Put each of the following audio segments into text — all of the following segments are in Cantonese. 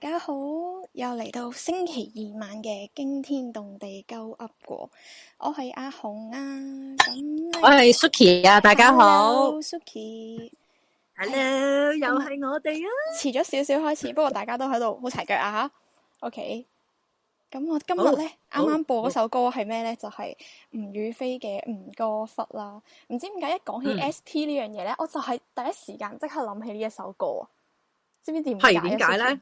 大家好，又嚟到星期二晚嘅驚天動地 9up 過，我係阿紅啊，咁我係 Suki 啊，大家好，Suki，Hello，又係我哋啊，遲咗少少開始，不過大家都喺度好齊腳啊吓、啊、，OK，咁我今日咧啱啱播嗰首歌係咩咧？就係吳雨霏嘅《吳哥窟》啦，唔知點解一講起 SP 呢樣嘢咧，嗯、我就係第一時間即刻諗起呢一首歌啊，知唔知點解咧？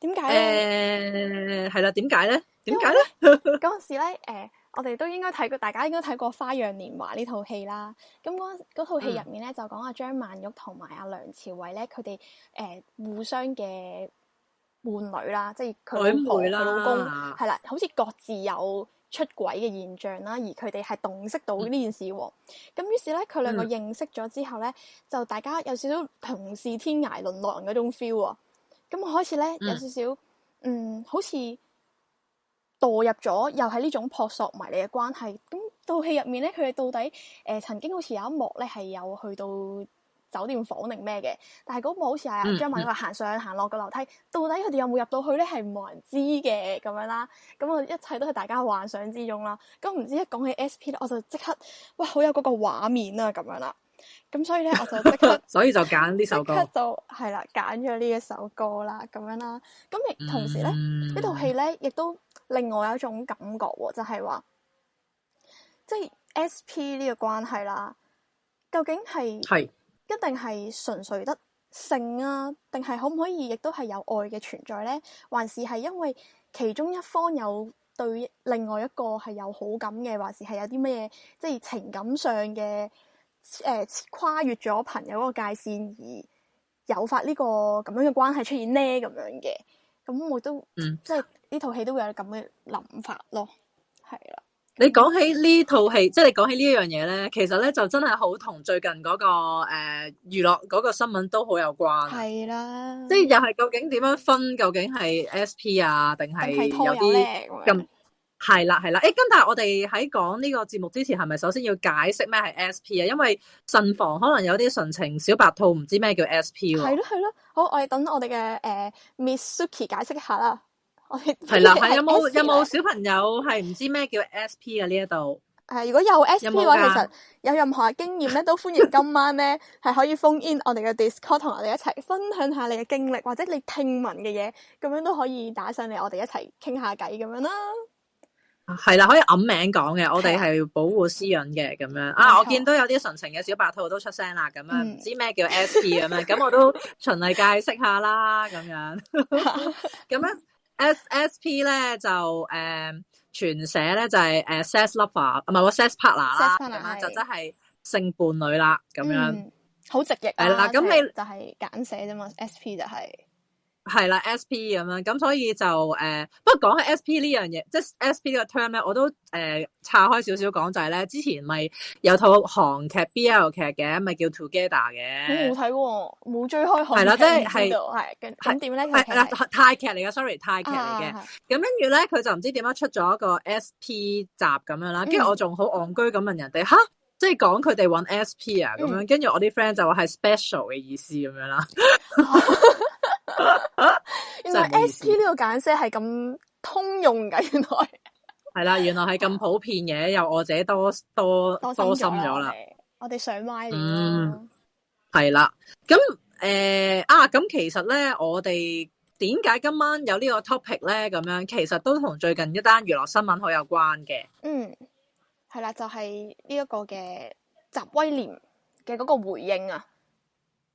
點解咧？誒，係啦，欸，點解咧？點解咧？嗰陣 時咧，誒、呃，我哋都應該睇過，大家應該睇過《花樣年華》呢套戲啦。咁嗰套戲入面咧，就講阿張曼玉同埋阿梁朝偉咧，佢哋誒互相嘅伴侶啦，即係佢老婆、老公係啦，好似各自有出軌嘅現象啦，而佢哋係洞悉到呢件事喎。咁於、嗯、是咧，佢兩個認識咗之後咧，就大家有少少同是天涯淪落人嗰種 feel 啊。咁我開始咧、嗯、有少少，嗯，好似墮入咗，又係呢種撲朔迷離嘅關係。咁套戲入面咧，佢哋到底誒、呃、曾經好似有一幕咧係有去到酒店房定咩嘅？但係嗰幕好似阿張敏佢行上行落個樓梯，到底佢哋有冇入到去咧，係冇人知嘅咁樣啦。咁我一切都係大家幻想之中啦。咁唔知一講起 SP 咧，我就即刻，哇！好有嗰個畫面啊，咁樣啦。咁所以咧，我就即刻，所以就揀呢首歌，就係啦，揀咗呢一首歌啦，咁樣啦。咁亦同時咧，呢套戲咧，亦都令我有一種感覺喎，就係話，即係 SP 呢個關係啦，究竟係係一定係純粹得性啊，定係可唔可以亦都係有愛嘅存在咧？還是係因為其中一方有對另外一個係有好感嘅，還是係有啲咩嘢，即係情感上嘅？誒、呃，跨越咗朋友嗰個界線而誘發呢、這個咁樣嘅關係出現咧，咁樣嘅，咁我都，嗯，即係呢套戲都會有咁嘅諗法咯，係啦。你講起呢套戲，即係你講起呢一樣嘢咧，其實咧就真係好同最近嗰、那個誒娛樂嗰個新聞都好有關，係啦，即係又係究竟點樣分？究竟係 SP 啊，定係有啲咁？係啦，係啦，誒，咁但係我哋喺講呢個節目之前，係咪首先要解釋咩係 S.P. 啊？因為慎防可能有啲純情小白兔唔知咩叫 S.P. 係咯，係咯，好，我哋等我哋嘅誒、呃、Miss Suki 解釋下啦。我哋係啦，係有冇有冇的小朋友係唔知咩叫 S.P. 啊？呢一度誒？如果有 S.P. 嘅話，有有其實有任何嘅經驗咧，都歡迎今晚咧係 可以 phone in Discord, 我哋嘅 Discord，同我哋一齊分享下你嘅經歷，或者你聽聞嘅嘢，咁樣都可以打上嚟，我哋一齊傾下偈咁樣啦。係啦，可以暗名講嘅，我哋係保護私隱嘅咁樣。啊，冇錯，我見到有啲純情嘅小白兔都出聲啦，咁樣唔知咩叫 SP，S P 咁樣，咁我都循例解釋下啦，咁樣。咁咧 S S, S P 咧就誒全寫咧就係誒 sex lover 唔係個 sex partner 啦，就真係性伴侶啦，咁樣。好、嗯、直譯、啊。係啦，咁你就係簡寫啫嘛，S P 就係。係啦，SP 咁樣，咁所以就誒、呃，不過講起 SP 呢樣嘢，即係 SP 個 term 咧，我都誒岔、呃、開少少講就係咧，之前咪有套韓劇 BL 劇嘅，咪叫 Together 嘅。我冇睇喎，冇追開韓劇。係啦，即係係係咁點咧？係啦是，泰劇嚟嘅，sorry，泰劇嚟嘅。咁跟住咧，佢就唔知點樣出咗一個 SP 集咁樣啦。跟住、啊、我仲好戇居咁問人哋，吓、嗯，即係講佢哋揾 SP 啊咁、嗯、樣。跟住我啲 friend 就話係 special 嘅意思咁樣啦。啊 原來 S, P 呢個簡稱係咁通用噶，原來係 啦，原來係咁普遍嘅，又我自己多多多心咗啦，嗯呃啊。我哋想歪啲，嗯，係啦。咁誒啊，咁其實咧，我哋點解今晚有呢個 topic 咧？咁樣其實都同最近一單娛樂新聞好有關嘅。嗯，係啦，就係呢一個嘅翟威廉嘅嗰個回應啊。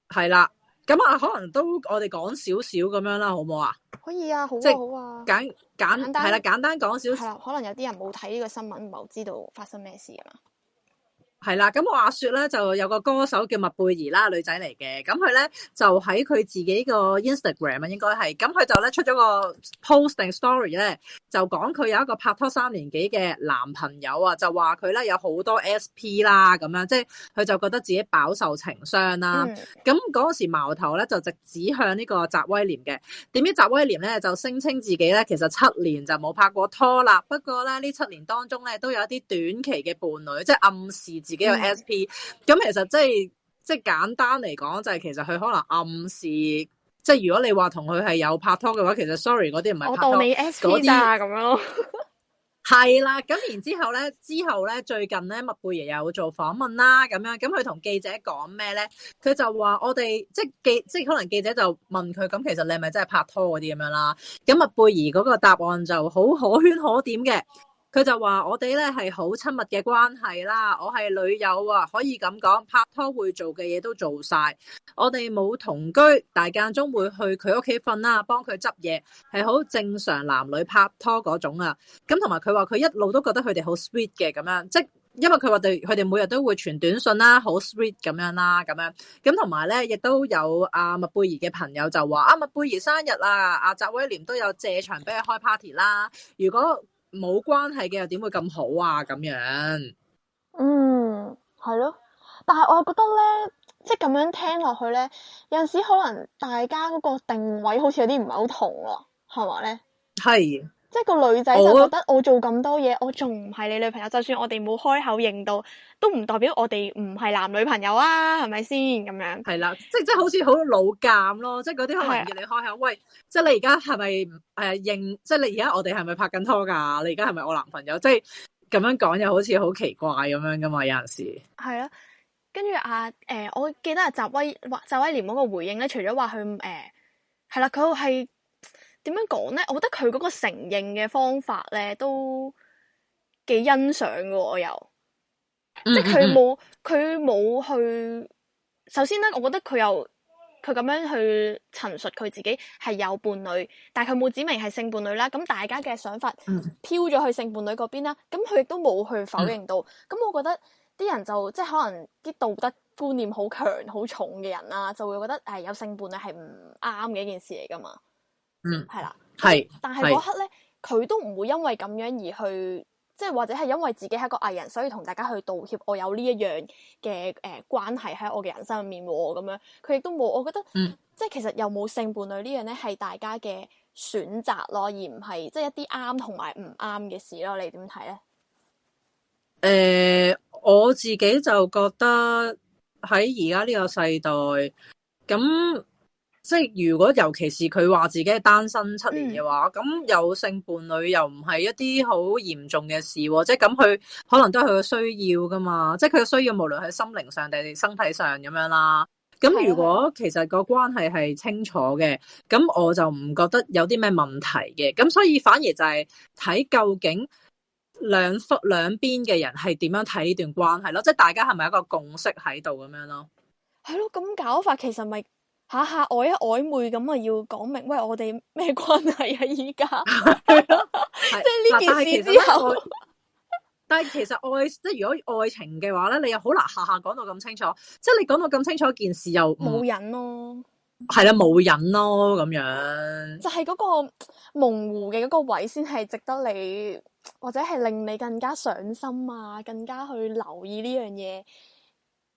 係啦。咁啊，可能都我哋講少少咁樣啦，好唔好啊？可以啊，好啊，好啊。簡簡單係啦，簡單講少少。係啦，可能有啲人冇睇呢個新聞，唔係好知道發生咩事啊。係啦，咁話說咧，就有個歌手叫麥貝夷啦，女仔嚟嘅，咁佢咧就喺佢自己個 Instagram 啊，應該係，咁佢就咧出咗個 posting story 咧，就講佢有一個拍拖三年幾嘅男朋友啊，就話佢咧有好多 SP 啦，咁樣，即係佢就覺得自己飽受情傷啦、啊。咁嗰、嗯、時矛頭咧就直指向呢個翟威廉嘅，點知翟威廉咧就聲稱自己咧其實七年就冇拍過拖啦，不過咧呢七年當中咧都有一啲短期嘅伴侶，即係暗示。自己有 SP，咁其實即係即係簡單嚟講就係其實佢可能暗示，即係如果你話同佢係有拍拖嘅話，其實 sorry 嗰啲唔係拍拖，你 SP 啲到的啊。咁樣咯，係啦，咁然之後咧之後咧最近咧麥貝夷又有做訪問啦，咁樣咁佢同記者講咩咧，佢就話我哋即係記即係可能記者就問佢，咁其實你係咪真係拍拖嗰啲咁樣啦，咁麥貝夷嗰個答案就好可圈可點嘅。佢就話我哋咧係好親密嘅關係啦，我係女友啊，可以咁講，拍拖會做嘅嘢都做晒，我哋冇同居，但係間中會去佢屋企瞓啦，幫佢執嘢，係好正常男女拍拖嗰種啊。咁同埋佢話佢一路都覺得佢哋好 sweet 嘅咁樣，即因為佢話佢佢哋每日都會傳短信啦，好 sweet 咁樣啦，咁樣咁同埋咧亦都有阿、啊、麥貝夷嘅朋友就話阿、啊、麥貝夷生日啊，阿翟威廉都有借場俾佢開 party 啦，如果。冇關係嘅又點會咁好啊？咁樣，嗯，係咯。但係我又覺得咧，即係咁樣聽落去咧，有陣時可能大家嗰個定位好似有啲唔係好同咯，係咪咧？係。即係個女仔就覺得我做咁多嘢，哦、我仲唔係你女朋友？就算我哋冇開口認到，都唔代表我哋唔係男女朋友啊？係咪先咁樣？係啦，即係即係好似好老尷咯，即係嗰啲可能要你開口的喂，即係你而家係咪誒認？即係你而家我哋係咪拍緊拖噶？你而家係咪我男朋友？即係咁樣講又好似好奇怪咁樣噶嘛？有陣時係咯，跟住啊，誒、呃，我記得阿翟威或翟威廉嗰個回應咧，除咗話佢誒係啦，佢、呃、係。點樣講咧？我覺得佢嗰個承認嘅方法咧，都幾欣賞噶。我又， 即係佢冇佢冇去。首先咧，我覺得佢又佢咁樣去陳述佢自己係有伴侶，但係佢冇指明係性伴侶啦。咁大家嘅想法飄咗去性伴侶嗰邊啦，咁佢亦都冇去否認到。咁 我覺得啲人就即係可能啲道德觀念好強好重嘅人啦、啊，就會覺得誒、哎、有性伴侶係唔啱嘅一件事嚟噶嘛。嗯，係啦，係，但係嗰刻咧，佢都唔會因為咁樣而去，即係是或者係因為自己係一個藝人，所以同大家去道歉我、呃我。我有呢一樣嘅誒關係喺我嘅人生入面，咁樣佢亦都冇。我覺得，嗯、即係其實有冇性伴侶呢樣咧，係大家嘅選擇咯，而唔係即係一啲啱同埋唔啱嘅事咯。你點睇咧？誒、呃，我自己就覺得喺而家呢個世代咁。即係如果尤其是佢話自己係單身七年嘅話，咁、嗯、有性伴侶又唔係一啲好嚴重嘅事，啊，即係咁佢可能都係佢嘅需要噶嘛。即係佢嘅需要，無論喺心靈上定係身體上咁樣啦。咁如果其實個關係係清楚嘅，咁我就唔覺得有啲咩問題嘅。咁所以反而就係睇究竟兩兩邊嘅人係點樣睇呢段關係咯，即係大家係咪一個共識喺度咁樣咯？係咯，咁搞法其實咪。下下曖一曖昧咁啊，要講明，喂，我哋咩關係啊？依家，即係呢件事之後 但 但係其實愛， 即係如果愛情嘅話咧，你又好難下下講到咁清楚，即係你講到咁清楚件事又冇癮咯，係啦， 冇癮咯，咁樣就係嗰個模糊嘅嗰個位先係值得你或者係令你更加上心啊，更加去留意呢樣嘢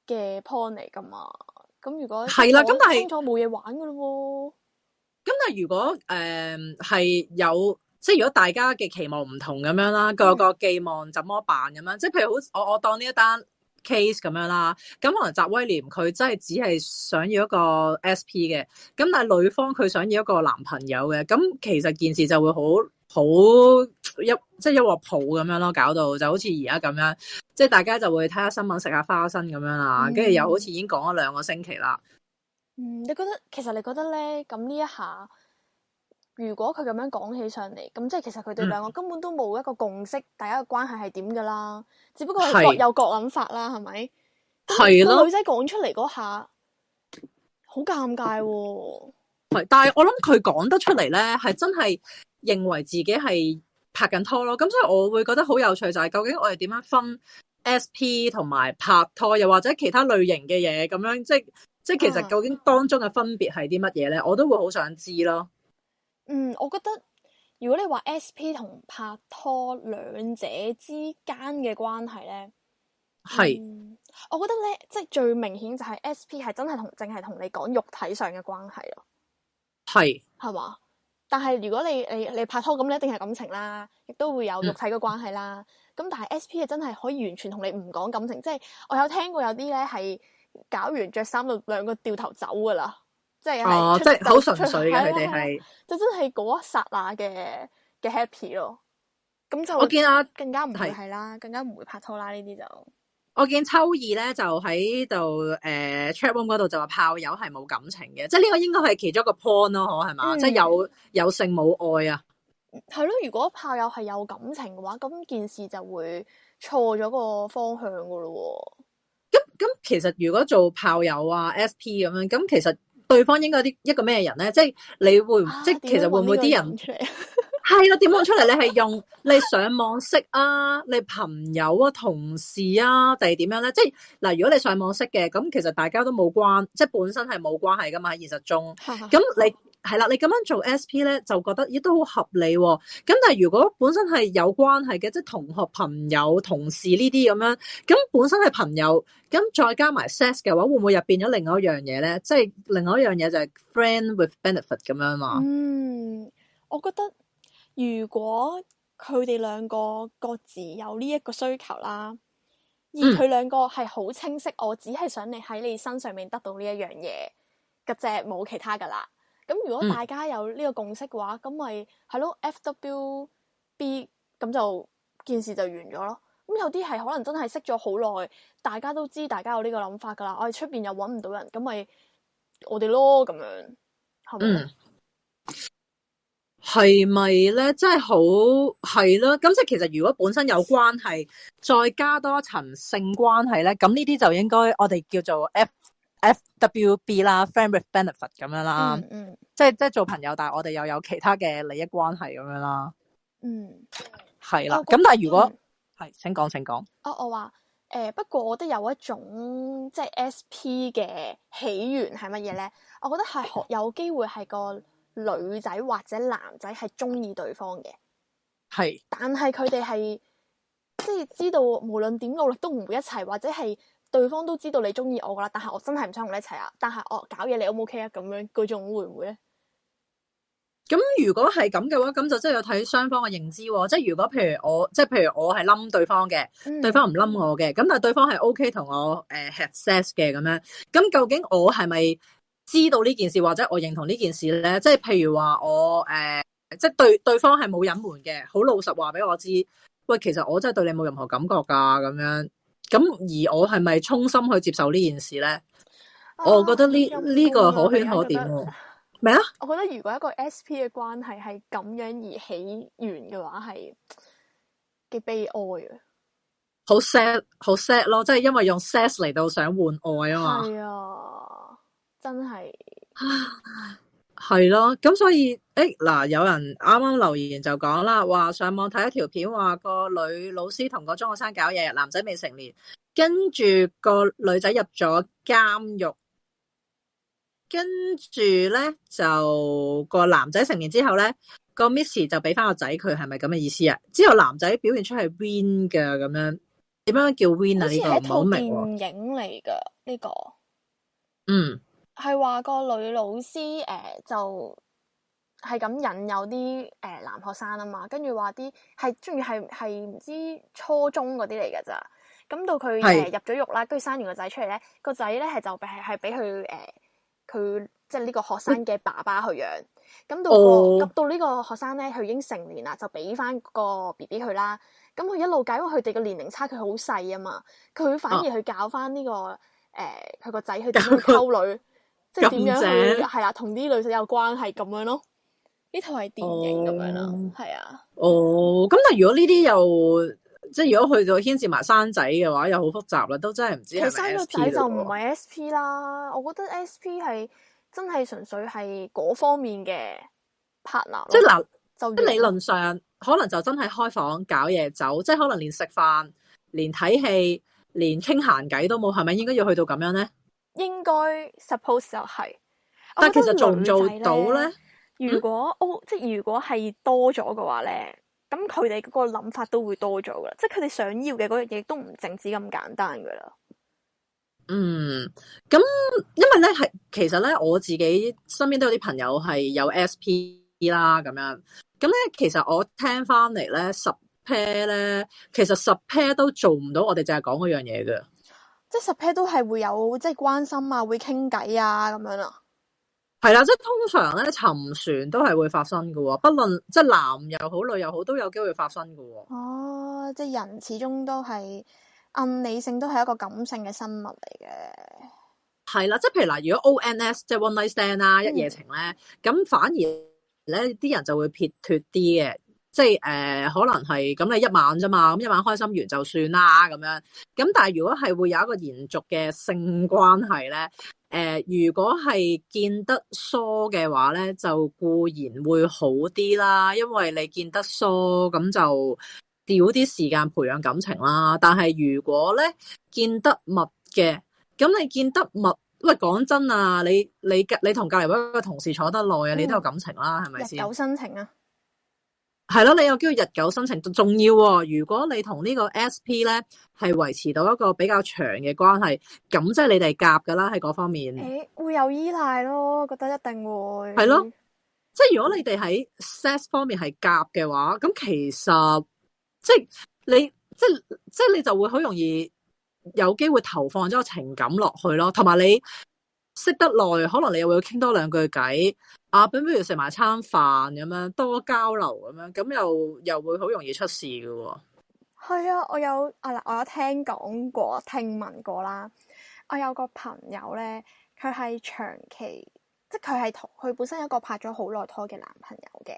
嘅 point 嚟噶嘛。咁如果係啦，咁但係清楚冇嘢玩噶咯喎。咁但係如果誒係、呃、有，即係如果大家嘅期望唔同咁樣啦，個個寄望怎麼辦咁樣？即係譬如好，我我當呢一單 case 咁樣啦。咁可能翟威廉佢真係只係想要一個 SP 嘅，咁但係女方佢想要一個男朋友嘅，咁其實件事就會好好。一即係一鑊泡咁樣咯，搞到就好似而家咁樣，即係大家就會睇下新聞，食下花生咁樣啦，跟住、嗯、又好似已經講咗兩個星期啦。嗯，你覺得其實你覺得咧？咁呢一下，如果佢咁樣講起上嚟，咁即係其實佢哋兩個根本都冇一個共識，嗯、大家嘅關係係點噶啦？只不過係各有各諗法啦，係咪是？係啦吧。女仔講出嚟嗰下，好尷尬、啊。係，但係我諗佢講得出嚟咧，係真係認為自己係。拍緊拖咯，咁所以我會覺得好有趣，就係、是、究竟我哋點樣分 S.P. 同埋拍拖，又或者其他類型嘅嘢咁樣，即係即係其實究竟當中嘅分別係啲乜嘢咧？啊、我都會好想知咯。嗯，我覺得如果你話 S.P. 同拍拖兩者之間嘅關係咧，係、嗯，是我覺得咧，即係最明顯就係 S.P. 係真係同，淨係同你講肉體上嘅關係咯。係是，係嘛？但係如果你你你拍拖咁你一定係感情啦，亦都會有肉體嘅關係啦。咁、嗯、但係 SP 係真係可以完全同你唔講感情，即係我有聽過有啲咧係搞完着衫就兩個掉頭走噶啦，即係哦，即係好純粹嘅佢哋係，出出就真係嗰一剎那嘅嘅 happy 咯。咁就我見啊的，更加唔會係啦，更加唔會拍拖啦呢啲就。我見秋意咧就喺度誒 chat room 嗰度就話炮友係冇感情嘅，即係呢個應該係其中一個 point 咯，嗬係嘛，嗯、即係有有性冇愛啊。係咯，如果炮友係有感情嘅話，咁件事就會錯咗個方向噶咯、哦。咁咁其實如果做炮友啊 SP 咁樣，咁其實對方應該係一個咩人咧？即係你會唔、啊、即係其實會唔會啲人？出來 係啦，點樣出嚟？你係用你上網識啊，你朋友啊，同事啊，定係點樣咧？即係嗱，如果你上網識嘅，咁其實大家都冇關，即係本身係冇關係噶嘛喺現實中。咁你係啦，你咁樣做 S P 咧，就覺得亦都好合理。咁但係如果本身係有關係嘅，即係同學、朋友、同事呢啲咁樣，咁本身係朋友，咁再加埋 S P 嘅話，會唔會入變咗另外一樣嘢咧？即係另外一樣嘢就係 friend with benefit 咁樣嘛。嗯，我覺得。如果佢哋兩個各自有呢一個需求啦，而佢兩個係好清晰，我只係想你喺你身上面得到呢一樣嘢，咁即係冇其他噶啦。咁、嗯、如果大家有呢個共識嘅話，咁咪係咯。FWB，咁就件事就完咗咯。咁有啲係可能真係識咗好耐，大家都知，大家有呢個諗法噶啦。我哋出邊又搵唔到人，咁咪我哋咯，咁樣係咪？嗯係咪咧？真係好係咯。咁即係其實如果本身有關係，再加多一層性關係咧，咁呢啲就應該我哋叫做 F FWB 啦，friend with benefit 咁樣啦。嗯，嗯即係即係做朋友，但係我哋又有其他嘅利益關係咁樣啦。嗯，係啦的。咁但係如果係，請講，請講。哦，我話誒、呃，不過我覺得有一種即係 SP 嘅起源係乜嘢咧？我覺得係可有機會係個。女仔或者男仔係中意對方嘅，係是，但係佢哋係即係知道無論點努力都唔會一齊，或者係對方都知道你中意我噶啦，但係我真係唔想同你一齊、哦、啊！但係我搞嘢你 O 唔 OK 啊？咁樣，嗰種會唔會咧？咁如果係咁嘅話，咁就真係要睇雙方嘅認知。即係如果譬如我，即係譬如我係冧對方嘅，嗯、對方唔冧我嘅，咁但係對方係 O K 同我誒、呃、have sex 嘅咁樣，咁究竟我係咪？知道呢件事或者我認同呢件事咧？即係譬如話我誒，即係對對方係冇隱瞞嘅，好老實話俾我知。喂，其實我真係對你冇任何感覺噶咁樣，咁而我係咪衷心去接受呢件事咧？我覺得呢呢個可圈可點喎。咩啊？我覺得如果一個 SP 嘅關係係咁樣而起源嘅話，係嘅悲哀啊，好 sad 好 sad 咯，即係因為用 sad 嚟到想換愛啊嘛。真係係咯，咁所以誒嗱、欸，有人啱啱留言就講啦，話上網睇一條片，話個女老師同個中學生搞嘢，男仔未成年，跟住個女仔入咗監獄，跟住咧就個男仔成年之後咧，是是個 miss 就俾翻個仔佢，係咪咁嘅意思啊？之後男仔表現出係 win 嘅咁樣，點樣叫 win 啊？呢個唔係好明。影嚟噶呢個，嗯。係話個女老師誒、呃、就係咁引誘啲誒男學生啊嘛，跟住話啲係仲要係係唔知初中嗰啲嚟噶咋，咁到佢誒、呃、入咗獄啦，跟住生完個仔出嚟咧，個仔咧係就係係俾佢誒佢即係呢個學生嘅爸爸去養，咁到、哦、到呢個學生咧佢已經成年寶寶啦，就俾翻個 B B 佢啦，咁佢一路解，因為佢哋個年齡差距好細啊嘛，佢反而去教翻、這、呢個誒佢個仔去點樣溝女。 即係點樣？係啊，同啲女仔有關係咁樣咯。呢套係電影咁樣啦，係啊、呃。哦的，咁、呃、但係如果呢啲又即係如果去到牽涉埋生仔嘅話，又好複雜啦，都真係唔知是是。其實生咗仔就唔係 S P 啦，我覺得 S P 係真係純粹係嗰方面嘅 partner。即係是嗱，就即理論上可能就真係開房搞嘢走，即係可能連食飯、連睇戲、連傾閒偈都冇，係咪應該要去到咁樣咧？應該 suppose 又係，但係其實做唔做到咧？如果 O、嗯哦、即係如果係多咗嘅話咧，咁佢哋嗰個諗法都會多咗噶啦，即係佢哋想要嘅嗰樣嘢都唔淨止咁簡單噶啦。嗯，咁因為咧係其實咧我自己身邊都有啲朋友係有 SP 啦咁樣，咁咧其實我聽翻嚟咧十 pair 咧，其實十 pair 都做唔到我，我哋淨係講嗰樣嘢噶。即係十 p 都係會有即係關心啊，會傾偈啊咁樣咯。係啦，即係通常咧沉船都係會發生噶，哦，不論即係男又好，女又好，都有機會發生噶，哦。哦，即係人始終都係暗理性，都係一個感性嘅生物嚟嘅。係啦，即係譬如嗱，如果 O N S 即係 one night stand 啊，嗯、一夜情咧，咁反而咧啲人就會撇脫啲嘅。即係誒、呃，可能係咁，你一晚啫嘛，咁一晚開心完就算啦咁樣。咁但係如果係會有一個延續嘅性關係咧，誒、呃，如果係見得疏嘅話咧，就固然會好啲啦，因為你見得疏，咁就少啲時間培養感情啦。但係如果咧見得密嘅，咁你見得密，喂，講真啊，你你你同隔離位個同事坐得耐啊，你都有感情啦，係咪先？有心情啊！係咯，你有機會日久生情，仲重要。如果你同呢個 SP 咧係維持到一個比較長嘅關係，咁即係你哋夾噶啦，喺嗰方面。誒，會有依賴咯，覺得一定會。係咯，即係如果你哋喺 sex 方面係夾嘅話，咁其實即係你即係即係你就會好容易有機會投放咗個情感落去咯，同埋你。識得耐，可能你又會傾多兩句偈啊，不如食埋餐飯咁樣，多交流咁樣，咁又又會好容易出事㗎喎。係啊，我有啊，我有聽講過、聽聞過啦。我有個朋友咧，佢係長期，即係佢係同佢本身有一個拍咗好耐拖嘅男朋友嘅。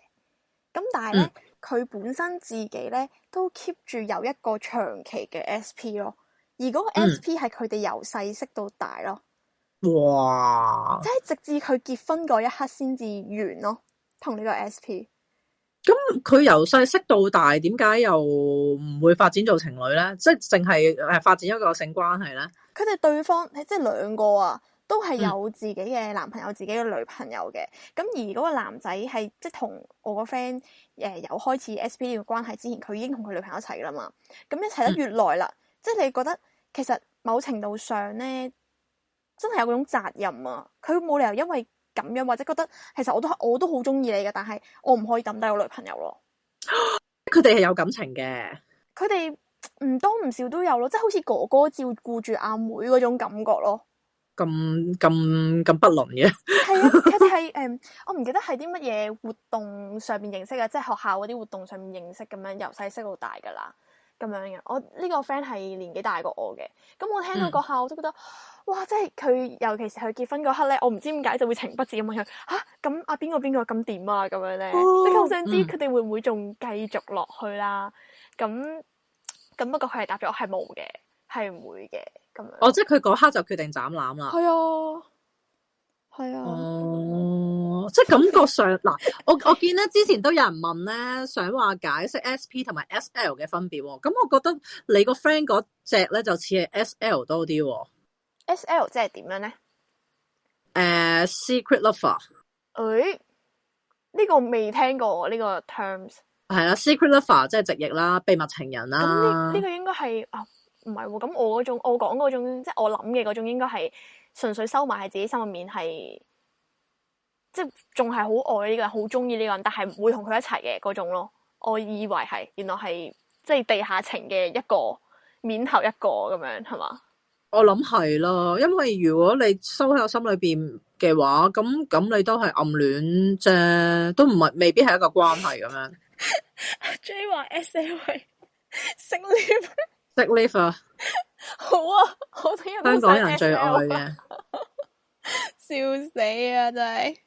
咁但係咧，佢、嗯、本身自己咧都 keep 住有一個長期嘅 SP 咯，而嗰個 SP 係佢哋由細識到大咯。嗯嗯哇！即係直至佢結婚嗰一刻先至完咯，同呢個、SP、S P。咁佢由細識到大，點解又唔會發展做情侶咧？即係淨係誒發展一個性關係咧？佢哋對方即係兩個啊，都係有自己嘅男朋友、嗯、自己嘅女朋友嘅。咁而嗰個男仔係即係同我個 friend 誒有開始 S P 呢個關係之前，佢已經同佢女朋友一齊㗎啦嘛。咁一齊得越耐啦，嗯、即係你覺得其實某程度上咧。真係有嗰種責任啊！佢冇理由因為咁樣或者覺得，其實我都我都好中意你噶，但係我唔可以抌低我女朋友咯。佢哋係有感情嘅，佢哋唔多唔少都有咯,即係好似哥哥照顧住阿妹嗰種感覺咯。咁咁咁不倫嘅係啊，佢哋係誒，我唔記得係啲乜嘢活動上面認識啊，即係學校嗰啲活動上面認識咁樣，由細識到大噶啦。咁樣嘅，我呢個 friend 係年紀大過我嘅，咁我聽到嗰下，我都覺得，哇！即係佢尤其是佢結婚嗰刻咧，我唔知點解就會情不自禁去嚇咁啊邊個邊個咁點啊咁樣咧，即係好想知佢哋會唔會仲繼續落去啦，咁咁不過佢係答咗係冇嘅，係唔會嘅咁樣。哦，即係佢嗰刻就決定斬攬啦。係啊。係啊，哦，即係感覺上嗱， 我我見咧之前都有人問咧，想話解釋 S P 同埋 S L 嘅分別，咁我覺得你個 friend 嗰隻咧就似係 S L 多啲。S, SL 即 S、uh, L 即係點樣咧？誒，secret lover。誒，呢個未聽過呢、這個 terms。係啦、啊，secret lover 即係直譯啦，秘密情人啦。呢、這個應該係啊，唔係喎，咁我嗰種，我講嗰種，即係我諗嘅嗰種應該，應該係。純粹收埋喺自己心個面係，即係仲係好愛呢個人，好中意呢個人，但係唔會同佢一齊嘅嗰種咯。我以為係，原來係即係地下情嘅一個面頭一個咁樣，係嘛？我諗係啦，因為如果你收喺我心裏邊嘅話，咁咁你都係暗戀啫，都唔係未必係一個關係咁樣。J Y S A 食 Liver 食 Liver。 好啊！ 香港人最愛嘅，， 笑死啊！真係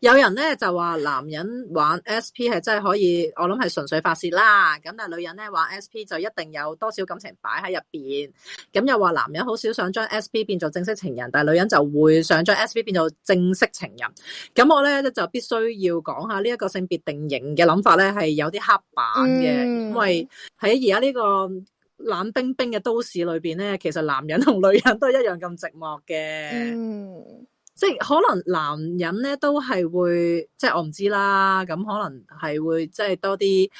有人咧就話男人玩 S P 係真係可以，我諗係純粹發泄啦。咁但係女人咧玩 S P 就一定有多少感情擺喺入邊。咁又話男人好少想將 S P 變做正式情人，但係女人就會想將 S P 變做正式情人。咁我咧就必須要講下呢一個性別定型嘅諗法咧係有啲刻板嘅，嗯、因為喺而家呢個。冷冰冰嘅都市裏邊咧，其實男人同女人都係一樣咁寂寞嘅。嗯，即係可能男人咧都係會，即係我唔知啦。咁可能係會即係多啲，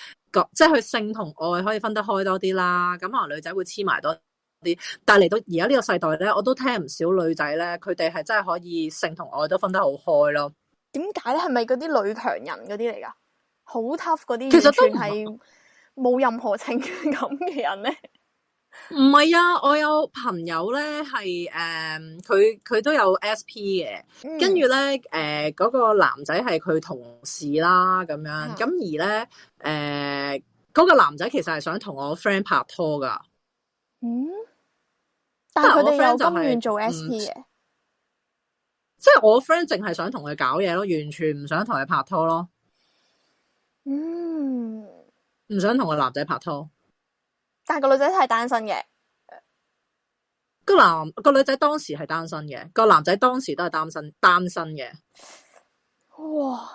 即係佢性同愛可以分得開多啲啦。咁可能女仔會黐埋多啲，但係嚟到而家呢個世代咧，我都聽唔少女仔咧，佢哋係真係可以性同愛都分得好開咯。點解咧？係咪嗰啲女強人嗰啲嚟㗎？好 tough 嗰啲，其實都係。冇任何情感嘅人咧，唔係啊！我有朋友咧係誒，佢佢、嗯、都有 SP S P 嘅、嗯，跟住咧誒嗰個男仔係佢同事啦，咁樣咁、嗯、而咧誒嗰個男仔其實係想同我 friend 拍拖噶，嗯，但係我 friend 就係、是、做 SP S P 嘅、嗯，即係我 friend 淨係想同佢搞嘢咯，完全唔想同佢拍拖咯，嗯。唔想同個，個男仔拍拖，但、個女仔都係單身嘅。個男個女仔當時係單身嘅，個男仔當時都係單身，單身嘅。哇，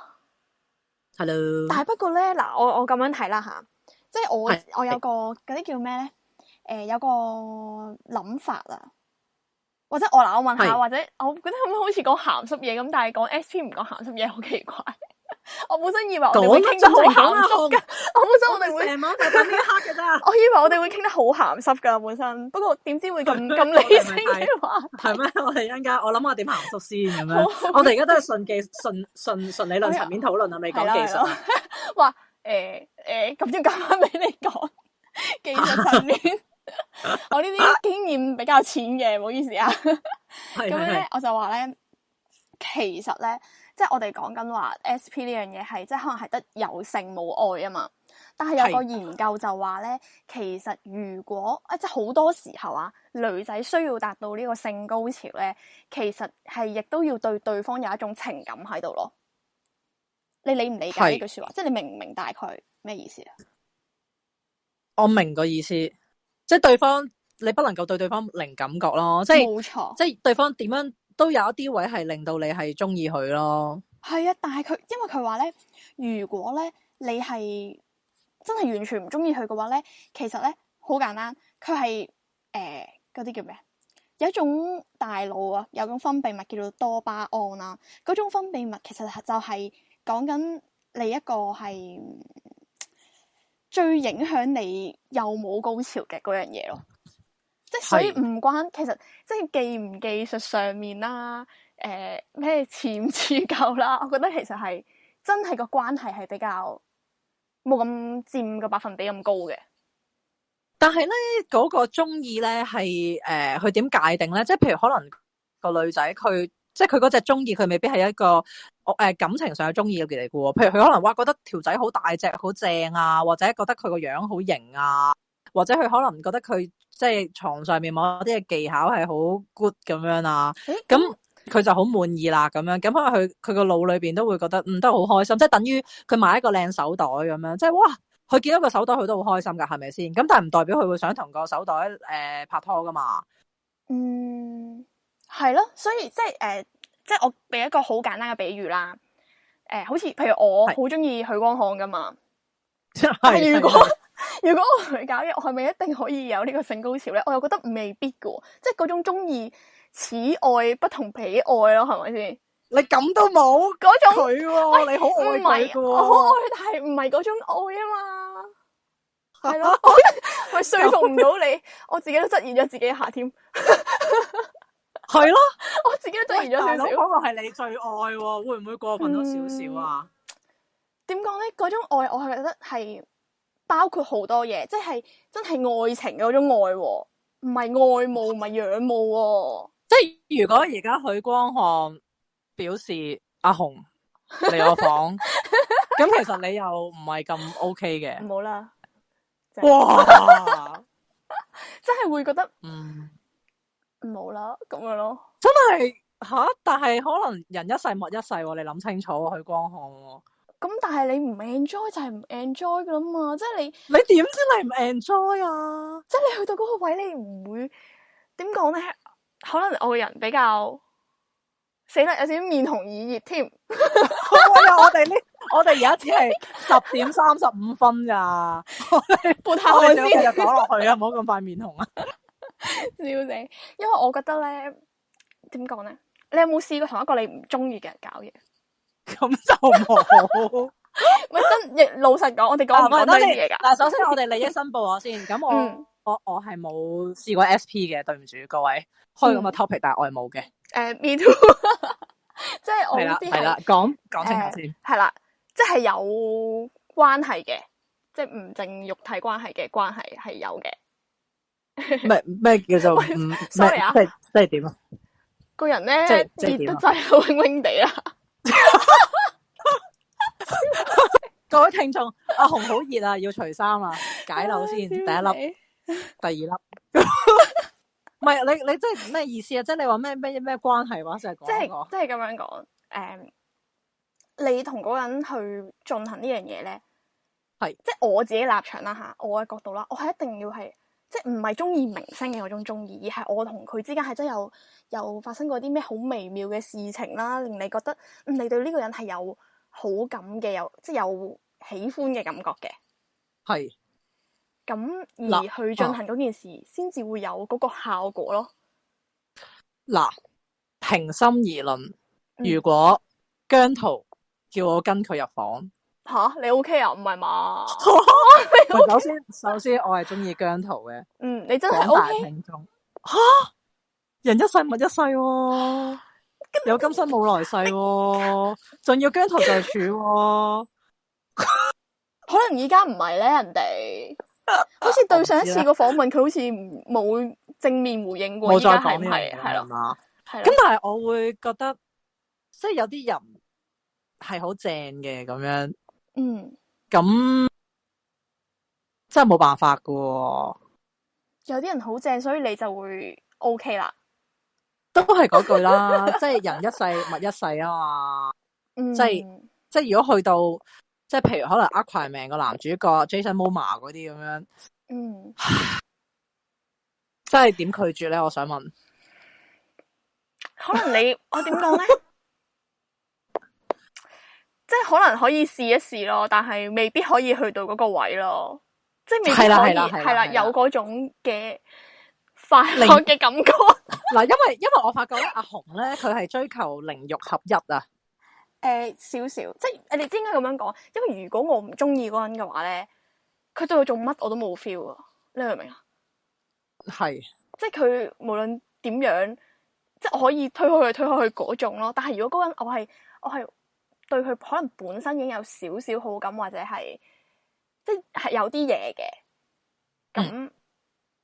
係咯 Hello。但係不過咧，嗱，我我咁樣睇啦吓，即係我是我有個嗰啲叫咩咧？誒、呃，有個諗法啊，或者我嗱，我問下，是或者我覺得咁樣好似講鹹濕嘢咁，但係講 SP 唔講鹹濕嘢，好奇怪。我本身以為我哋會傾得好咸濕噶我本身我哋會傾得黑嘅咋。我以為我哋會傾得好咸濕噶本身，不過點知會咁咁理性嘅話，係咩？我哋而家我諗下點咸濕先咁樣？我哋而家都係順記、順順順理論層面討論啊，未講技術。話誒誒，咁都要咁啱俾你講技術層面。我呢啲經驗比較淺嘅，唔好意思啊。咁樣咧，我就話咧，其實咧。即係我哋講緊話 SP 呢樣嘢係即係可能係得有性冇愛啊嘛，但係有個研究就話咧，其實如果啊，即係好多時候啊，女仔需要達到呢個性高潮咧，其實係亦都要對對方有一種情感喺度咯。你理唔理解呢句說話？是即係你明唔明大概咩意思啊？我明個意思，即係對方你不能夠對對方零感覺咯，即係錯即係對方點樣？都有一啲位係令到你係中意佢咯，係啊，但係佢因為佢話咧，如果咧你係真係完全唔中意佢嘅話咧，其實咧好簡單，佢係誒嗰啲叫咩，有一種大腦啊，有種分泌物叫做多巴胺啊，嗰種分泌物其實就係講緊你一個係最影響你又冇高潮嘅嗰樣嘢咯。即係所以唔關，是其實即係技唔技術上面啦、啊，誒咩持唔持久啦，我覺得其實係真係個關係係比較冇咁佔個百分比咁高嘅。但係咧嗰個中意咧係誒，佢點、呃、界定咧？即係譬如可能個女仔佢即係佢嗰隻中意，佢未必係一個誒、呃、感情上有中意嘅嘢嚟嘅，譬如佢可能哇覺得條仔好大隻好正啊，或者覺得佢個樣好型啊。或者佢可能覺得佢即係床上面某啲嘅技巧係好 good 咁樣啊，咁佢咦就好滿意啦，咁樣咁可能佢佢個腦裏邊都會覺得嗯，都好開心，即係等於佢買一個靚手袋咁樣，即係哇，佢見到個手袋佢都好開心噶，係咪先？咁但係唔代表佢會想同個手袋誒、呃、拍拖噶嘛？嗯，係咯，所以即係誒，即係我俾一個好簡單嘅比喻啦，誒、呃，好似譬如我好中意許光漢噶嘛，但係如果。 如果我同佢搞嘢，我係咪一定可以有呢個性高潮咧？我又覺得未必喎，即係嗰種中意此愛不同彼愛咯，係咪先？你咁都冇嗰種佢、啊、喂你好愛佢嘅喎，好愛，但係唔係嗰種愛啊嘛，係咯， 我係 說服唔到你，我自己都質疑咗自己一下添，係 咯 了，我自己都質疑咗少少。嗰個係你最愛，會唔會過分咗少少啊？點講咧？嗰種愛，我係覺得係。包括好多嘢，即係真係愛情嘅嗰種愛，唔係愛慕，唔係仰慕、啊。即係如果而家許光漢表示， 表示阿紅你有房，咁 其實你又唔係咁 OK 嘅。冇啦，就是、哇！ 真係會覺得，嗯，冇啦咁樣咯。真係吓，但係可能人一世物一世、啊，你諗清楚、啊，許光漢、啊。咁但係你唔 enjoy 就係唔 enjoy 噶啦嘛，即係你你點知你唔 enjoy 啊？即係你去到嗰個位你唔會點講咧？可能我個人比較死啦，有少少面紅耳熱添。我哋呢？我哋而家只係十點三十五分咋？半 下我先又講落去啊！唔好咁快面紅啊！笑死！因為我覺得咧，點講咧？你有冇試過同一個你唔中意嘅人搞嘢？咁就冇，喂 真亦老實講，我哋講唔講得嘢噶？嗱、啊，首先我哋利益申報我先，咁我、嗯、我我係冇試過 SP 嘅，對唔住各位，開咁嘅 topic，但係我係冇嘅。誒、嗯呃，Me too， 即係我係啦，講講清楚先，係啦、嗯，即係、就是、有關係嘅，即係唔正肉體關係嘅關係係有嘅。唔係咩叫做唔 ？Sorry 啊，即係點啊？個人咧熱得滯，暈暈地啦。 各位聽眾，阿、 啊、紅好熱啊，要除衫啦，解紐先， 第一粒， 第二粒，唔 係你你即係咩意思啊？即係你話咩咩咩關係話成日講，即係我即係咁樣講，誒、嗯，你同嗰人去進行呢樣嘢咧，係即係我自己立場啦、啊、吓，我嘅角度啦、啊，我係一定要係。即係唔係中意明星嘅嗰種中意，而係我同佢之間係真有有發生過啲咩好微妙嘅事情啦，令你覺得你對呢個人係有好感嘅，有即係有喜歡嘅感覺嘅。係是。咁而去進行嗰件事，先至會有嗰個效果咯。嗱，平心而論，如果姜濤叫我跟佢入房。吓你 O K 啊？唔係嘛？ 你 OK? 首先，首先我係中意姜濤嘅。嗯，你真係好、OK? 大聽眾吓，人一世物一世、啊，有今生冇來世、啊，仲要姜濤就喺度。 可能而家唔係咧，人哋 好似對上一次個訪問，佢 好似冇正面回應過。冇再講，而家係唔係？係嘛？係。咁但係我會覺得，即係有啲人係好正嘅咁樣。嗯，咁真係冇辦法噶、啊，有啲人好正，所以你就會 OK 啦。都係嗰句啦， 即係人一世物一世啊嘛、嗯。即係即係，如果去到即係，譬如可能呃 Aquaman 個男主角 Jason Momoa 嗰啲咁樣，嗯，即係點拒絕咧？我想問，可能你 我點講咧？ 即係可能可以試一試咯，但係未必可以去到嗰個位咯。即係未必可以係啦，有嗰種嘅快活嘅感覺零。嗱， 因為因為我發覺咧，阿紅咧佢係追求靈肉合一啊。誒、呃，少少，即係你哋知應該咁樣講。因為如果我唔中意嗰人嘅話咧，佢對我做乜我都冇 feel 啊。你明唔明啊？係是。即係佢無論點樣，即係我可以推開佢，推開佢嗰種咯。但係如果嗰人我係我係。我對佢可能本身已經有少少好感，或者係即係有啲嘢嘅，咁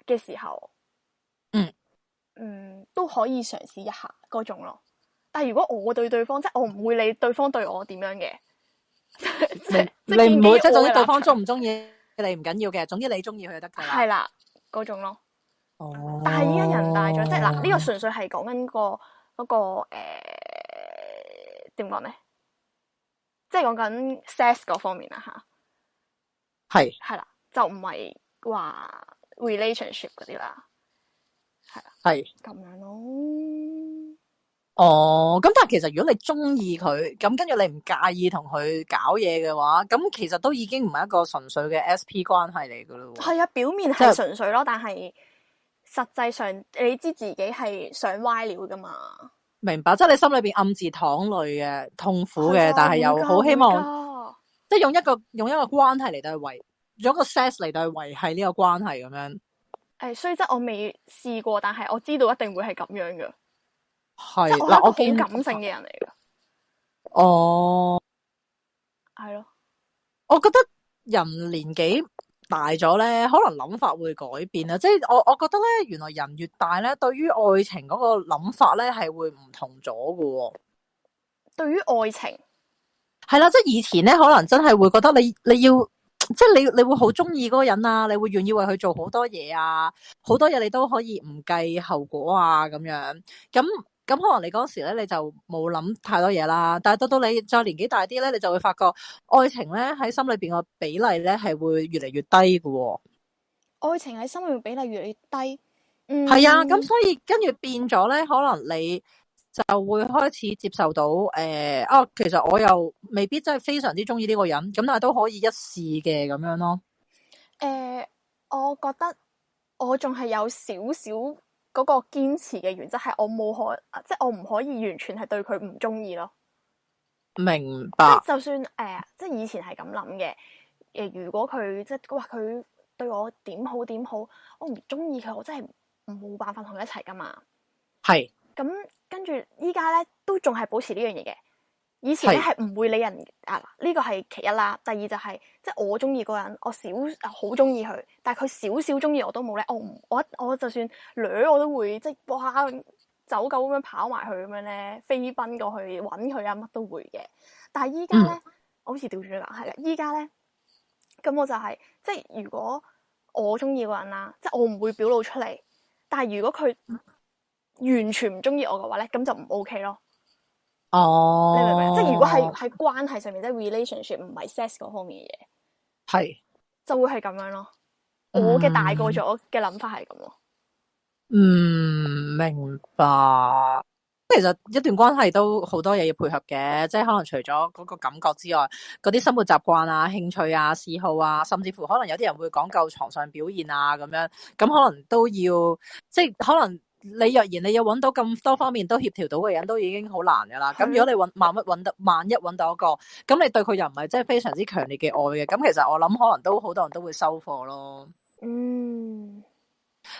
嘅時候，嗯，嗯都可以嘗試一下嗰種咯。但係如果我對對方，即係我唔會理對方對我點樣嘅，即係即係唔會即係，總之對方中唔中意你唔緊要嘅，總之你中意佢就得噶啦。係啦，嗰種咯。哦，但係依家人大咗，即係嗱，呢個純粹係講緊個嗰個誒，點講咧？即係講緊 sex 嗰方面啦吓，係係啦，就唔係話 relationship 嗰啲啦，係係咁樣咯。哦，咁但係其實如果你中意佢，咁跟住你唔介意同佢搞嘢嘅話，咁其實都已經唔係一個純粹嘅 SP 關係嚟噶咯。係啊，表面係純粹咯，但係實際上你知自己係想歪料噶嘛。明白，即係你心裏邊暗自淌淚嘅痛苦嘅，的但係又好希望，即係用一個用一個關係嚟到去維，用一個 sex 嚟到去維繫呢個關係咁樣。誒、欸，雖則我未試過，但係我知道一定會係咁樣嘅。係的，嗱，我幾感性嘅人嚟噶。哦，係咯的，我覺得人年紀。大咗咧，可能諗法會改變啦。即係我，我覺得咧，原來人越大咧，對於愛情嗰個諗法咧，係會唔同咗噶。對於愛情，係啦，即係以前咧，可能真係會覺得你你要，即係你你會好中意嗰個人啊，你會願意為佢做好多嘢啊，好多嘢你都可以唔計後果啊，咁樣咁。咁可能你嗰時咧，你就冇諗太多嘢啦。但係到到你再年紀大啲咧，你就會發覺愛情咧喺心裏邊個比例咧係會越嚟越低㗎、哦。愛情喺心裏邊比例越嚟越低，嗯，係啊。咁所以跟住變咗咧，可能你就會開始接受到誒，哦、呃啊，其實我又未必真係非常之中意呢個人，咁但係都可以一試嘅咁樣咯。誒、呃，我覺得我仲係有少少。嗰個堅持嘅原則係我冇可，即係我唔可以完全係對佢唔中意咯。明白。即係就算誒、呃，即係以前係咁諗嘅。誒，如果佢即係話佢對我點好點好，我唔中意佢，我真係冇辦法同佢一齊噶嘛。係。咁跟住依家咧，都仲係保持呢樣嘢嘅。以前咧係唔會理人啊，呢個係其一啦。第二就係、是，即、就、係、是、我中意個人，我少好中意佢，但係佢少少中意我都冇咧。我唔，我我就算女，我都會即係哇，走狗咁樣跑埋去咁樣咧，飛奔過去揾佢啊，乜都會嘅。但係依家咧，嗯、我好似調轉咗，係啦，依家咧，咁我就係、是，即係如果我中意個人啦，即係我唔會表露出嚟。但係如果佢完全唔中意我嘅話咧，咁就唔 OK 咯。哦，你明唔明？即係如果係喺關係上面，即係 relationship 唔係 sex 嗰方面嘅嘢，係是就會係咁樣咯。嗯、我嘅大個咗嘅諗法係咁咯。嗯，明白。其實一段關係都好多嘢要配合嘅，即係可能除咗嗰個感覺之外，嗰啲生活習慣啊、興趣啊、嗜好啊，甚至乎可能有啲人會講究床上表現啊咁樣，咁可能都要，即係可能。你若然你要揾到咁多方面都協調到嘅人都已經好難㗎啦，咁如果你揾萬一揾到，萬一揾到一個，咁你對佢又唔係真係非常之強烈嘅愛嘅，咁其實我諗可能都好多人都會收貨咯。嗯。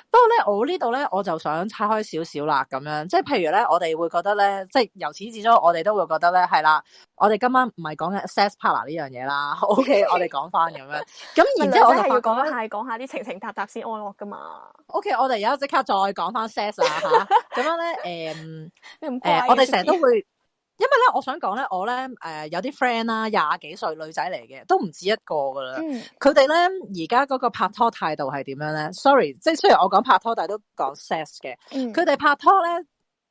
不過咧，我呢度咧，我就想拆開少少啦，咁樣，即係譬如咧，我哋會覺得咧，即係由始至終，我哋都會覺得咧係啦，我哋今晚唔係講緊 s e s partner 呢樣嘢啦，OK，我哋講翻咁樣，咁 然之後，後我就講係講下啲情情塔塔先安樂噶嘛，OK，我哋而家即刻再講翻 set 啊吓，咁樣咧，誒、啊，誒、啊，我哋成日都會。因為咧，我想講咧，我咧，誒、呃，有啲 friend 啦，廿幾歲女仔嚟嘅，都唔止一個噶啦。佢哋咧而家嗰個拍拖態度係點樣咧？Sorry，即係雖然我講拍拖，但係都講 sex 嘅。佢哋、嗯、拍拖咧，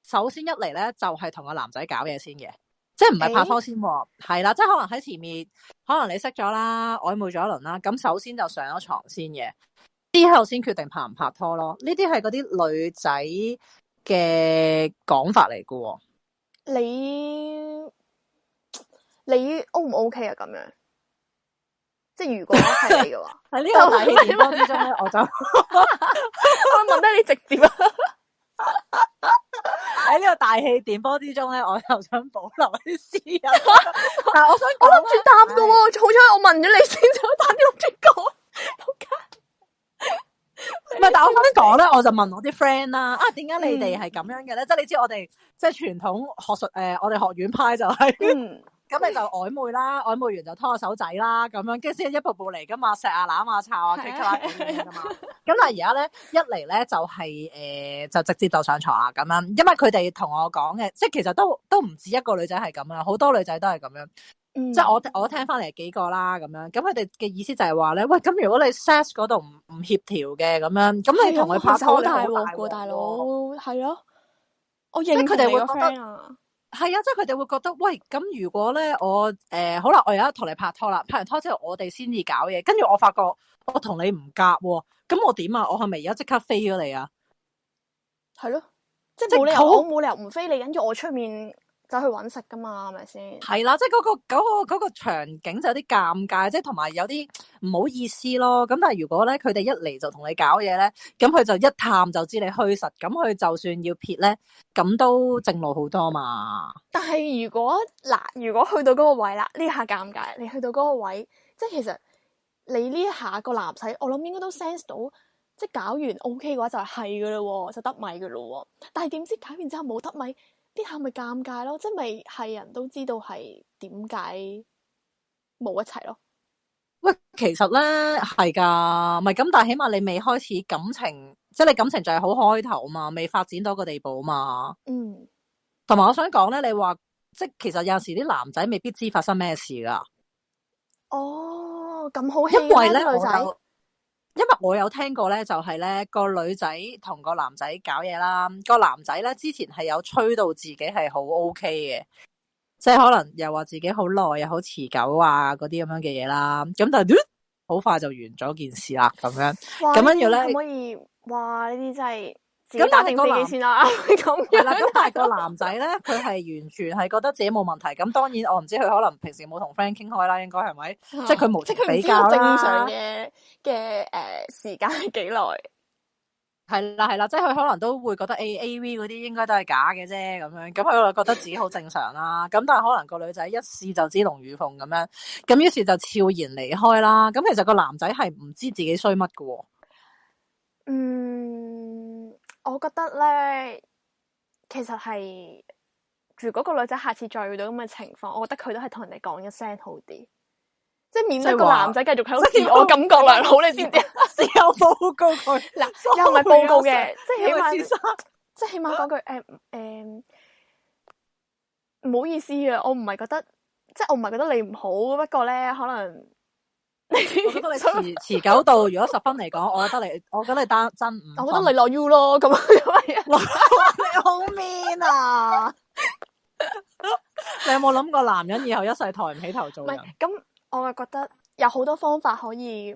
首先一嚟咧就係同個男仔搞嘢先嘅，即係唔係拍拖先喎。係啦、欸，即係可能喺前面，可能你識咗啦，曖昧咗一輪啦，咁首先就上咗床先嘅，之後先決定拍唔拍拖咯。呢啲係嗰啲女仔嘅講法嚟嘅。你你 O 唔 O K 啊？咁樣，即係如果係你嘅話，喺呢 個大氣電波之中咧， 我就我問得你直接啊！喺呢個大氣電波之中咧，我又想保留啲私隱啊！我想，我諗住答嘅喎，好彩我問咗你先，想打啲諗住講。 唔係，但我咁樣講咧，我就問我啲 friend 啦，啊，點解你哋係咁樣嘅咧？即係你知我哋即係傳統學術誒，我哋學院派就係，咁你就曖昧啦，曖昧完就拖手仔啦，咁樣跟住先一步步嚟噶嘛，錫啊攬啊耖啊，即刻啦咁樣噶嘛。咁但係而家咧，一嚟咧就係誒，就直接就上床啊咁樣，因為佢哋同我講嘅，即係其實都都唔止一個女仔係咁樣，好多女仔都係咁樣。嗯、即係我我聽翻嚟幾個啦，咁樣咁佢哋嘅意思就係話咧，喂，咁如果你 sex 嗰度唔唔協調嘅咁樣，咁你同佢拍拖嘅的大佬係咯，我認佢哋會覺得係啊，即係佢哋會覺得喂，咁如果咧我誒，呃、好啦我而家同你拍拖啦，拍完拖之後我哋先至搞嘢，跟住我發覺我同你唔夾，咁、啊、我點啊？我係咪而家即刻飛咗你啊？係咯了，即係冇理由冇理由唔 飛你，跟住我出面。走去搵食噶嘛，係咪先？係啦，即係嗰個嗰個嗰個場景就有啲尷尬，即係同埋有啲唔好意思咯。咁但係如果咧，佢哋一嚟就同你搞嘢咧，咁佢就一探就知你虛實。咁佢就算要撇咧，咁都正路好多嘛。但係如果嗱，如果去到嗰個位啦，呢下尷尬。你去到嗰個位，即係其實你呢下個男仔，我諗應該都 sense 到，即係搞完 OK 嘅話就係係噶啦，就得米噶啦。但係點知搞完之後冇得米。啲下咪尷尬咯，即係咪係人都知道係點解冇一齊咯？喂，其實咧係噶，咪咁，但係起碼你未開始感情，即係你感情就係好開頭嘛，未發展到個地步嘛。嗯，同埋我想講咧，你話即係其實有陣時啲男仔未必知發生咩事噶。哦，咁好，因為咧女仔我。因為我有聽過咧，就係咧個女仔同個男仔搞嘢啦，個男仔咧之前係有吹到自己係好 O K 嘅，即係可能又話自己好耐又好持久啊嗰啲咁樣嘅嘢啦，咁但係好快就完咗件事啦，咁樣咁樣，嘢咧可唔可以？哇！呢啲真係～咁但打定幾錢啊？咁樣咁但係個男仔咧，佢係完全係覺得自己冇問題。咁當然，我唔知佢可能平時冇同 friend 傾開啦，應該係咪？即係佢無意比較正常嘅嘅，誒，時間幾耐？係啦係啦，即係佢可能都會覺得 A A V 嗰啲應該都係假嘅啫。咁樣咁佢就覺得自己好正常啦。咁但係可能個女仔一試就知龍與鳳咁樣，咁於是就悄然離開啦。咁其實個男仔係唔知自己衰乜㗎。嗯。我覺得咧，其實係如果個女仔下次再遇到咁嘅情況，我覺得佢都係同人哋講一聲好啲，即係免咗個男仔繼續喺度自我感覺良好。你知唔知啊？ 有報告佢，嗱又唔係報告嘅， 即係起碼，即係起碼講句誒誒，唔、嗯、好意思啊，我唔係覺得，即係我唔係覺得你唔好，不過咧可能。持持 久度，如果十分嚟講，我覺得你，我覺得你單真五分，我覺得你落 U 咯，咁樣，你好 man 啊！ 你有冇諗過男人以後一世抬唔起頭做人？唔係，咁 我啊覺得有好多方法可以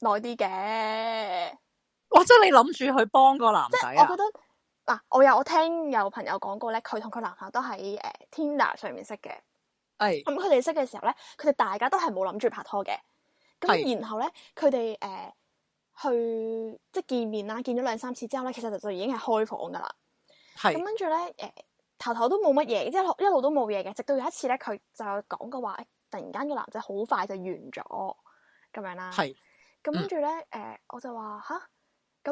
耐啲嘅。或者你諗住去幫個男仔我啊？嗱、 啊，我有我聽有朋友講過咧，佢同佢男朋友都喺誒、呃、Tinder 上面識嘅。係咁，佢哋識嘅時候咧，佢哋大家都係冇諗住拍拖嘅。咁然後咧，佢哋誒去即係見面啦，見咗兩三次之後咧，其實就已經係開房噶啦。係咁跟住咧，誒頭頭都冇乜嘢，即係一路都冇嘢嘅。直到有一次咧，佢就講過話，突然間個男仔好快就完咗咁樣啦。係咁跟住咧，誒我就話吓，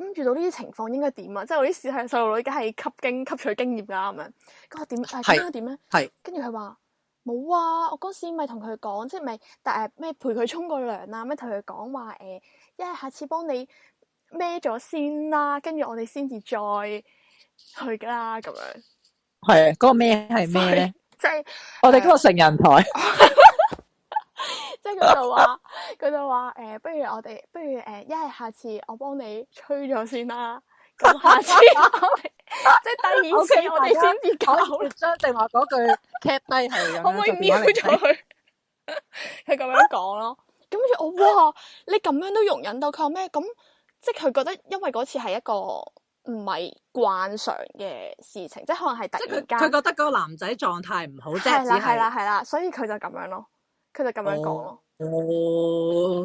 咁遇到呢啲情況應該點啊？即係我啲事係細路女梗係吸經吸取經驗噶咁樣。咁我點？但係點咧？係跟住佢話。冇啊！我嗰時咪同佢講，即係咪？但係咩、呃、陪佢沖個涼啊，咩同佢講話？誒，一、呃、係下次幫你孭咗先啦，跟住我哋先至再去噶啦，咁樣。係啊，嗰、那個孭係咩咧？即係、就是、我哋嗰個成人台。 即係佢就話，佢就話，誒、呃，不如我哋， 不如誒，一、呃、係下次我幫你吹咗先啦，咁下黐 次。 即係第二次我，我哋先至搞好，即係話嗰句 cap 低係咁樣嚟，咗佢咁樣講咯。咁跟住我哇， 你咁樣都容忍到佢咩？咁即係佢覺得，因為嗰次係一個唔係慣常嘅事情，即係可能係突然間。佢覺得嗰個男仔狀態唔好，即係啦，係啦，係啦，所以佢就咁樣咯，佢就咁樣講咯。哦，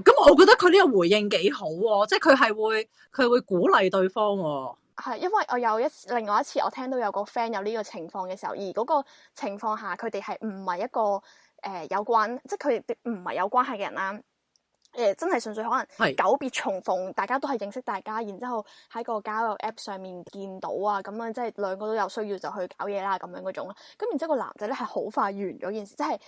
咁我覺得佢呢個回應幾好，即係佢係會佢會鼓勵對方。係，因為我有一次，另外一次我聽到有個 friend 有呢個情況嘅時候，而嗰個情況下佢哋係唔係一個誒、呃、有關，即係佢哋唔係有關係嘅人啦。誒、呃，真係純粹可能久別重逢，是大家都係認識大家，然之後喺個交友 app 上面見到啊，咁樣即係兩個都有需要就去搞嘢啦，咁樣嗰種啦。咁然之後個男仔咧係好快完咗件事，即係。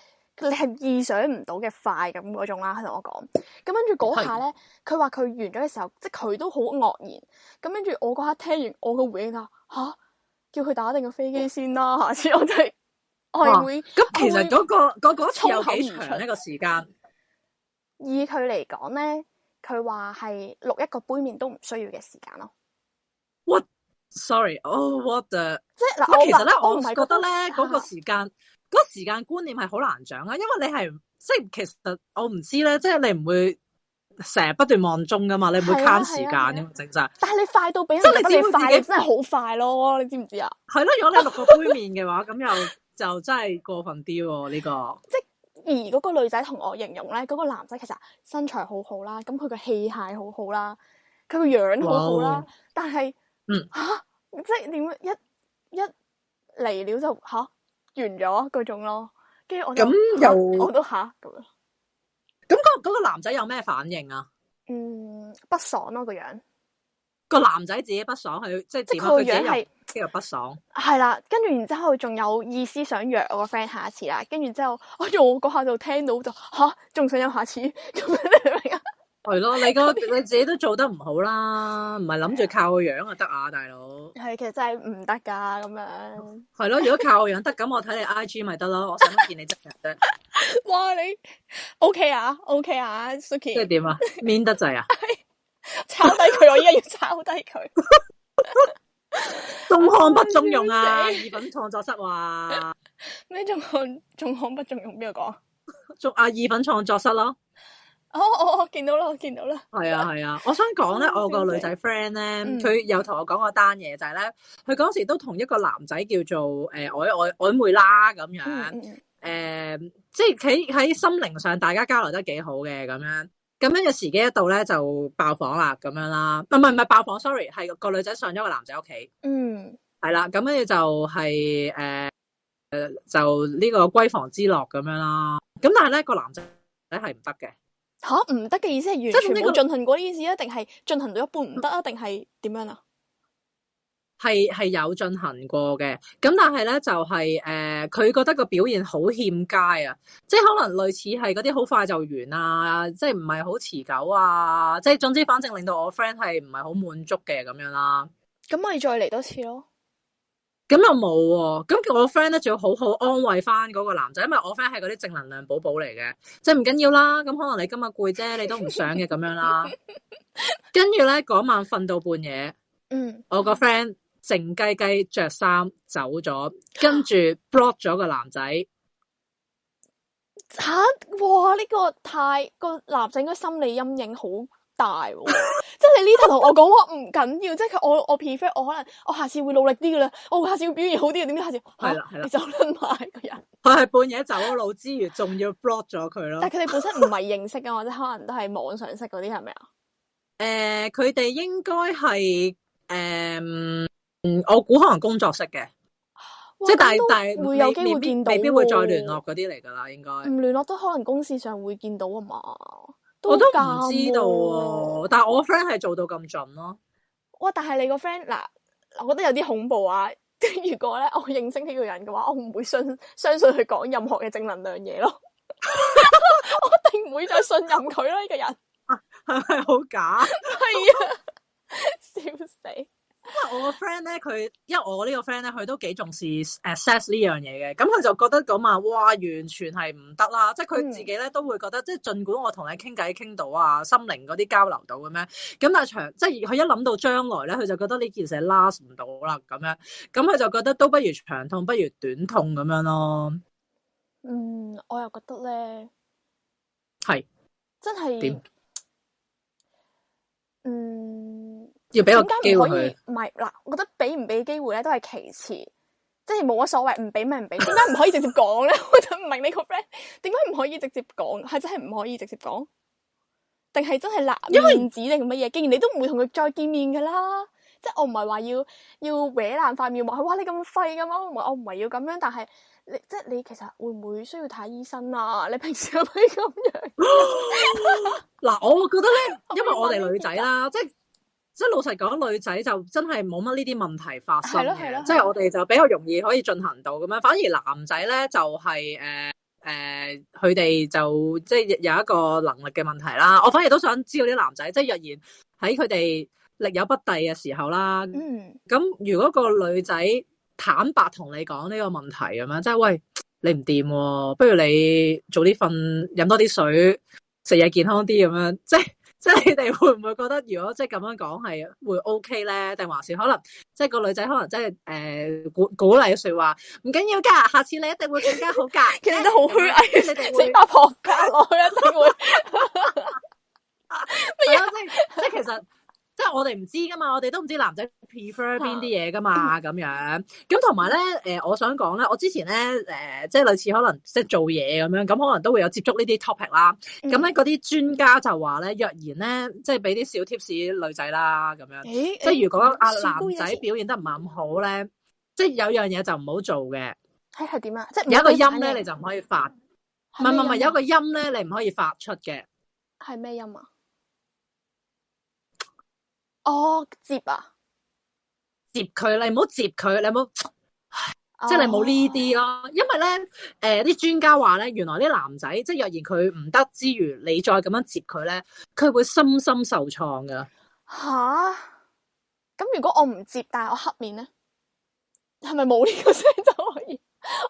你係意想唔到嘅快咁嗰種啦，佢同我講。咁跟住嗰下咧，佢話佢完咗嘅時候，即係佢都好愕然。咁跟住我嗰刻聽完我嘅回應啦，嚇、啊！叫佢打定個飛機先啦，下次我真、就、係、是啊、我係會。咁、啊、其實嗰、那個嗰會、那個沖一、那個時間，以佢嚟講咧，佢話係錄一個杯麵都唔需要嘅時間咯。What？Sorry、oh, what。Oh，what？即係嗱，嘞其實咧，我唔係覺得咧，嗰個時間。嗰個時間觀念係好難掌握，因為你係即係其實我唔知咧，即係你唔會成日不斷望鐘噶嘛，你唔會 count 時間噶嘛，整真。 但係你快到俾，即係你自己快，真係好快咯，你知唔知啊？係咯、嗯， 如果你六個杯麵嘅話，咁又就真係過分啲喎、哦、呢、這個。即係而嗰個女仔同我形容咧，嗰、那個男仔其實身材好，好好啦，咁佢個器械好好啦，佢個樣好好啦，但係嗯吓，即係點一一嚟了就吓。啊完咗嗰種咯，跟住我咁又他我都下。咁嗰嗰個男仔有咩反應啊？嗯，不爽咯、啊、個樣。個男仔自己不爽，佢即係點啊？佢自己又不爽。係啦，跟住然之後仲有意思想約我個 friend 下一次啦，跟住之後我仲嗰下就聽到就吓，仲、啊、想有下次，明唔明啊？ 係咯，你個你自己都做得唔好啦，唔係諗住靠個樣啊得啊，大佬係其實真係唔得噶咁樣。係咯，如果靠個樣得咁，我睇你 I G 咪得咯，我想見你真人得。 哇，你 OK 啊，OK 啊，Suki。即係點啊？面得滯啊？ 抄低佢，我依家要抄低佢。中看不中用啊！意粉創作室話咩？中看中看不中用邊個講？仲阿意粉創作室咯。哦，我我見到啦，我見到啦。係啊，係啊。我想講咧，我個女仔 friend 咧，佢有同我講過單嘢就係、是、咧，佢嗰時都同一個男仔叫做誒曖曖曖昧啦咁樣誒，即係企喺心靈上大家交流得幾好嘅咁樣咁樣嘅時機一到咧就爆房啦咁樣啦，唔係唔係爆房，sorry，係個女仔上咗個男仔屋企，嗯、mm，係、hmm. 啦，咁跟住就係誒誒就呢個閨房之樂咁樣啦。咁但係咧個男仔係唔得嘅。吓，唔得嘅意思係完全即係，總之佢進行過呢件事，一定係進行到一半唔得啊，定係點樣啊？係，係有進行過嘅，咁但係咧就係、是、誒，佢、呃、覺得個表現好欠佳啊，即係可能類似係嗰啲好快就完啊，即係唔係好持久啊，即係總之反正令到我 friend 係唔係好滿足嘅咁樣啦。咁可以再嚟多次咯。咁又冇喎，咁、 哦、我 friend 咧仲要好好安慰翻嗰個男仔，因為我 friend 係嗰啲正能量寶寶嚟嘅，即係唔緊要啦，咁可能你今日攰啫，你都唔想嘅咁樣啦。 跟住咧嗰晚瞓到半夜，嗯，我個 friend 靜雞雞着衫走咗，跟住 block 咗個男仔。吓、啊，哇！呢、這個太個男仔應該心理陰影好大，即係你呢頭同我講我唔緊要，即係佢我我 prefer 我可能我下次會努力啲嘅咧，我下次會表現好啲嘅。點知下次係啦係啦，走兩下個人，佢係半夜走佬之餘，仲要 block 咗佢咯。但係佢哋本身唔係認識嘅，或者可能都係網上識嗰啲，係咪啊？誒，佢哋應該係誒，我估可能工作識嘅，即係但係會有機會見到，未必會再聯絡嗰啲嚟噶啦應該唔聯絡都可能公事上會見到啊嘛。都我都唔知道喎，但係我個 friend 係做到咁準咯。哇！但係你個 friend 嗱，我覺得有啲恐怖啊。即如果咧，我認識呢個人嘅話，我唔會信相信佢講任何嘅正能量嘢咯。 我一定唔會再信任佢咯，呢、這個人係咪 好假？係啊，笑死！因為我個 friend 咧，佢因為我呢個 friend 咧，佢都幾重視 satisfy 呢樣嘢嘅，咁佢就覺得咁啊，哇完全係唔得啦，嗯、即係佢自己咧都會覺得，即係儘管我同你傾偈傾到啊，心靈嗰啲交流到咁樣，咁但係長即係佢一諗到將來咧，佢就覺得呢件事係 last 唔到啦，咁樣，咁佢就覺得都不如長痛不如短痛咁樣咯。嗯，我又覺得咧，係是真係，點嗯。要俾個機會佢，唔係嗱，我覺得俾唔俾機會咧都係其次，即係冇乜所謂，唔俾咪唔俾，點解唔可以直接講咧？ 我就唔明你個 friend 點解唔可以直接講，係真係唔可以直接講，定係真係難？因為唔指定咁乜嘢，既然你都唔會同佢再見面噶啦，即係我唔係話要要搲爛塊面，話哇你咁廢噶嘛，我唔係要咁樣，但係你即係你其實會唔會需要睇醫生啊？你平時係咪咁樣？嗱、 啊，我覺得咧， 因為我哋女仔啦，即係。即係老實講，女仔就真係冇乜呢啲問題發生嘅，即係我哋就比較容易可以進行到咁樣。反而男仔咧就係誒誒，佢哋就即係有一個能力嘅問題啦。我反而都想知道啲男仔，即係若然喺佢哋力有不逮嘅時候啦，嗯，咁如果個女仔坦白同你講呢個問題咁樣，即係喂，你唔掂啊，不如你早啲瞓，飲多啲水，食嘢健康啲咁樣，即係。即係你哋會唔會覺得，如果即係咁樣講係會 OK 咧？定還是可能，即係個女仔可能真係誒鼓鼓勵說話，唔緊要噶，下次你一定會更加好噶。 其實你都好虛偽，你哋會阿婆教我， 一定會咩啊？即係即係其實。即係我哋唔知噶嘛，我哋都唔知男仔 prefer 邊啲嘢噶嘛，咁、嗯、樣咁同埋咧，誒、呃，我想講咧，我之前咧，誒、呃，即係類似可能即係做嘢咁樣，咁可能都會有接觸、啊嗯、呢啲 topic 啦。咁咧，嗰啲專家就話咧，若然咧，即係俾啲小 tips 女仔啦，咁樣，即係如果阿男仔表現得唔係咁好咧，即係有樣嘢就唔好做嘅。誒，係點啊？即係有一個音咧，你就唔可以發。唔係唔係，有一個音咧，你唔可以發出嘅。係咩音啊？哦，oh，接啊，接佢，你唔好接佢，你唔好，oh。即係你冇呢啲咯。因為咧，誒啲專家話咧，原來啲男仔即係若然佢唔得之餘，你再咁樣接佢咧，佢會心心受創噶。吓，咁如果我唔接，但係我黑面咧，係咪冇呢個聲？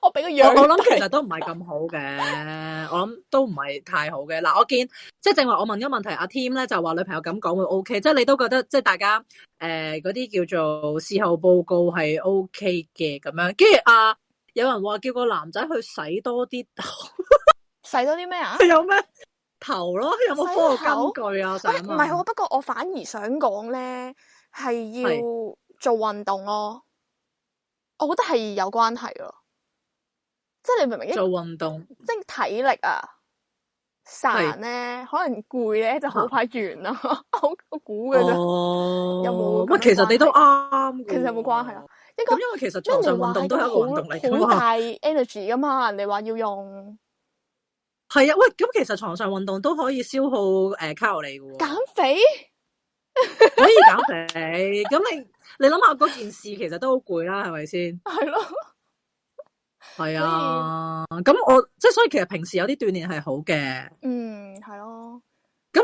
我俾個樣，對我諗其實都唔係咁好嘅， 我諗都唔係太好嘅。嗱，我見即係正話，就是、我問咗問題，阿添咧就話女朋友咁講會 O K，即係你都覺得即係、就是、大家誒嗰啲叫做事後報告係 O K 嘅咁樣。跟住啊，有人話叫個男仔去洗多啲， 洗多啲咩啊？有咩頭咯？有冇科學根據啊？唔係頭，我、欸、不過我反而想講咧，係要做運動咯，是我覺得係有關係咯。即係你明唔明？做運動，即係體力啊，散咧可能攰，咧就好快轉咯，好我估嘅啫。有冇？喂，其實你都啱。其實有冇關係啊？應該因為其實床上運動都係一個運動嚟，好大 energy 噶嘛人哋話要用，係啊。喂，咁其實床上運動都可以消耗誒卡路里嘅。減肥，可以減肥，咁你你諗下嗰件事其實都好攰啦，係咪先？係咯。係啊，咁我即係所以，其實平時有啲鍛煉係好嘅。嗯，係咯。咁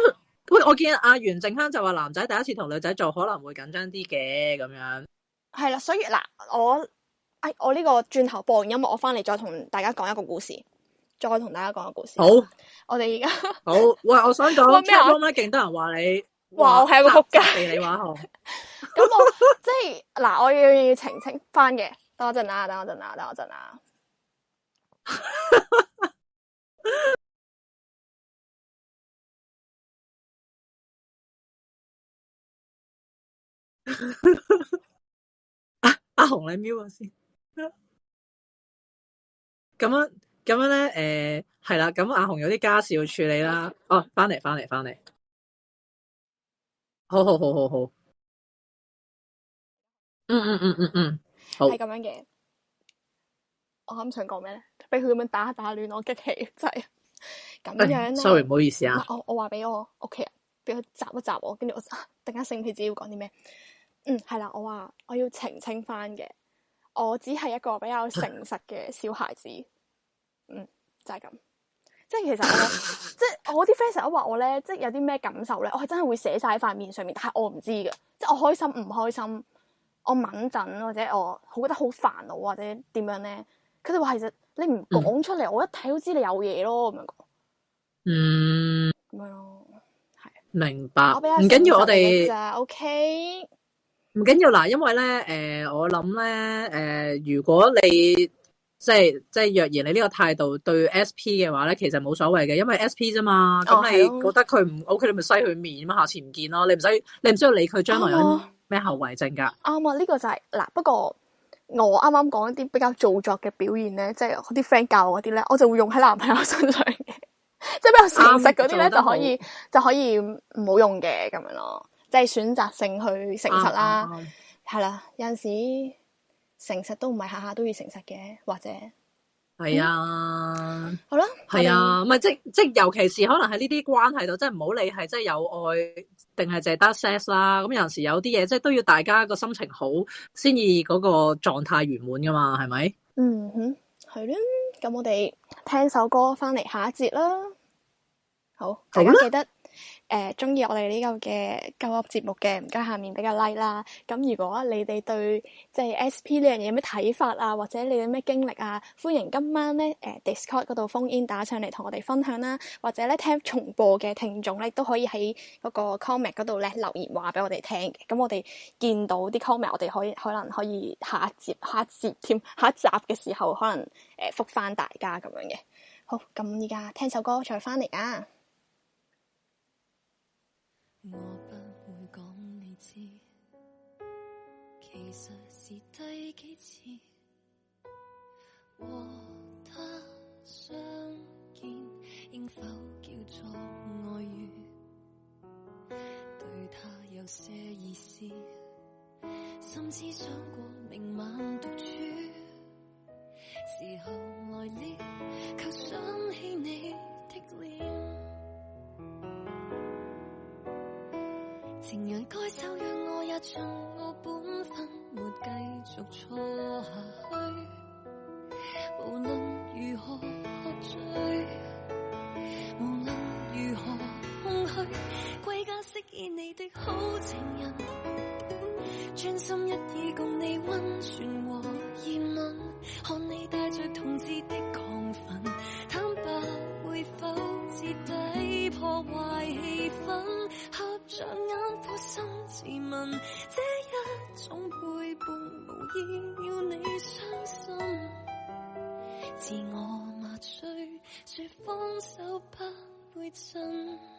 喂，我見阿袁靜香就話男仔第一次同女仔做可能會緊張啲嘅，咁樣係啦。所以嗱，我誒，我呢個轉頭播完音樂，我翻嚟再同大家講一個故事，再同大家講個故事。好，我哋而家好喂，我想講咩話？勁多人話你，哇我係一個國家地理網紅。咁我即係嗱，我要要澄清翻嘅，等我陣啊，等我陣啊，等我陣啊。 啊阿啊紅你瞄我先，咁 樣咁樣咧，誒、呃、係啦，咁阿紅有啲家事要處理啦，哦，翻嚟翻嚟翻嚟，好好好好好，嗯嗯嗯嗯嗯，好，係咁樣嘅，我啱想講咩咧？俾佢咁樣打打亂，我激氣真係咁樣。sorry，唔、哎啊、好意思啊。啊我我話俾我屋企人俾佢集一集我，跟住我突然間醒起自己要講啲咩？嗯，係啦，我話我要澄清翻嘅，我只係一個比較誠實嘅小孩子。啊、嗯，就係、是、咁。即係其實 即我即係我啲 friend 成日都話我咧，即係有啲咩感受咧，我係真係會寫晒喺塊面上面。但係我唔知嘅，即係我開心唔開心，我敏感或者我好覺得好煩惱或者點樣咧。佢哋話其實。你唔講出嚟，我一睇都知你有嘢咯，咁樣講。嗯，咁咯，係明白。唔緊們、okay? 要，我哋。O K，唔緊要嗱，因為咧，誒、呃，我諗咧，誒、呃，如果你即係即係若然你呢個態度對 S P 嘅話咧，其實冇所謂嘅，因為 S P 啫嘛。咁你覺得佢唔 O K，你咪嘥佢面，咁啊，下次唔見咯。你唔使，你唔需要理佢將來有咩後遺症噶。啱啊，呢、啊啊這個就係、是、嗱，不過。啊我啱啱講一啲比較做作嘅表現咧，即係啲 friend 教我啲咧，我就會用喺男朋友身上嘅，即係比較誠實啲咧，做得好就可以就可以唔好用嘅咁樣咯，即係選擇性去誠實啦，係、啊啊啊啊、啦，有陣時誠實都唔係下下都要誠實嘅，或者。係啊，嗯、好啦，係啊，唔係即即尤其是可能喺呢啲關係度，即唔好理係即有愛定係淨係得 sex 啦。咁有陣時有啲嘢即都要大家個心情好，先至嗰個狀態圓滿噶嘛，係咪？嗯哼，係啦、啊。咁我哋聽首歌翻嚟下一節啦。好，大家記得、啊。誒，中意、呃、我哋呢個嘅購物節目嘅，唔該，下面比個 like 啦。咁如果你哋對即係 S P 呢樣嘢有咩睇法啊，或者你有咩經歷啊，歡迎今晚咧誒、呃、Discord 嗰度封 i 打上嚟，同我哋分享啦。或者咧聽重播嘅聽眾咧，都可以喺嗰個 comment 嗰度咧留言話俾我哋聽嘅。咁我哋見到啲 comment，我哋可以可能可以下一節下一節添下一集嘅時候，可能誒復翻大家咁樣嘅。好，咁依家聽首歌再翻嚟啊！我不會講你知，其實是第幾次和他相見，應否叫做愛戀？對他有些意思，甚至想過明晚獨處，時候來了，卻想起你的臉。情人該收養我也盡我本分，沒繼續錯下去。無論如何喝醉，無論如何空虛，歸家飾演你的好情人，專心一意共你溫存和熱吻，看你帶着同志的亢奮，坦白會否徹底破壞？着眼，撫心自問，這一種背叛無意要你傷心，自我麻醉，説放手不會真。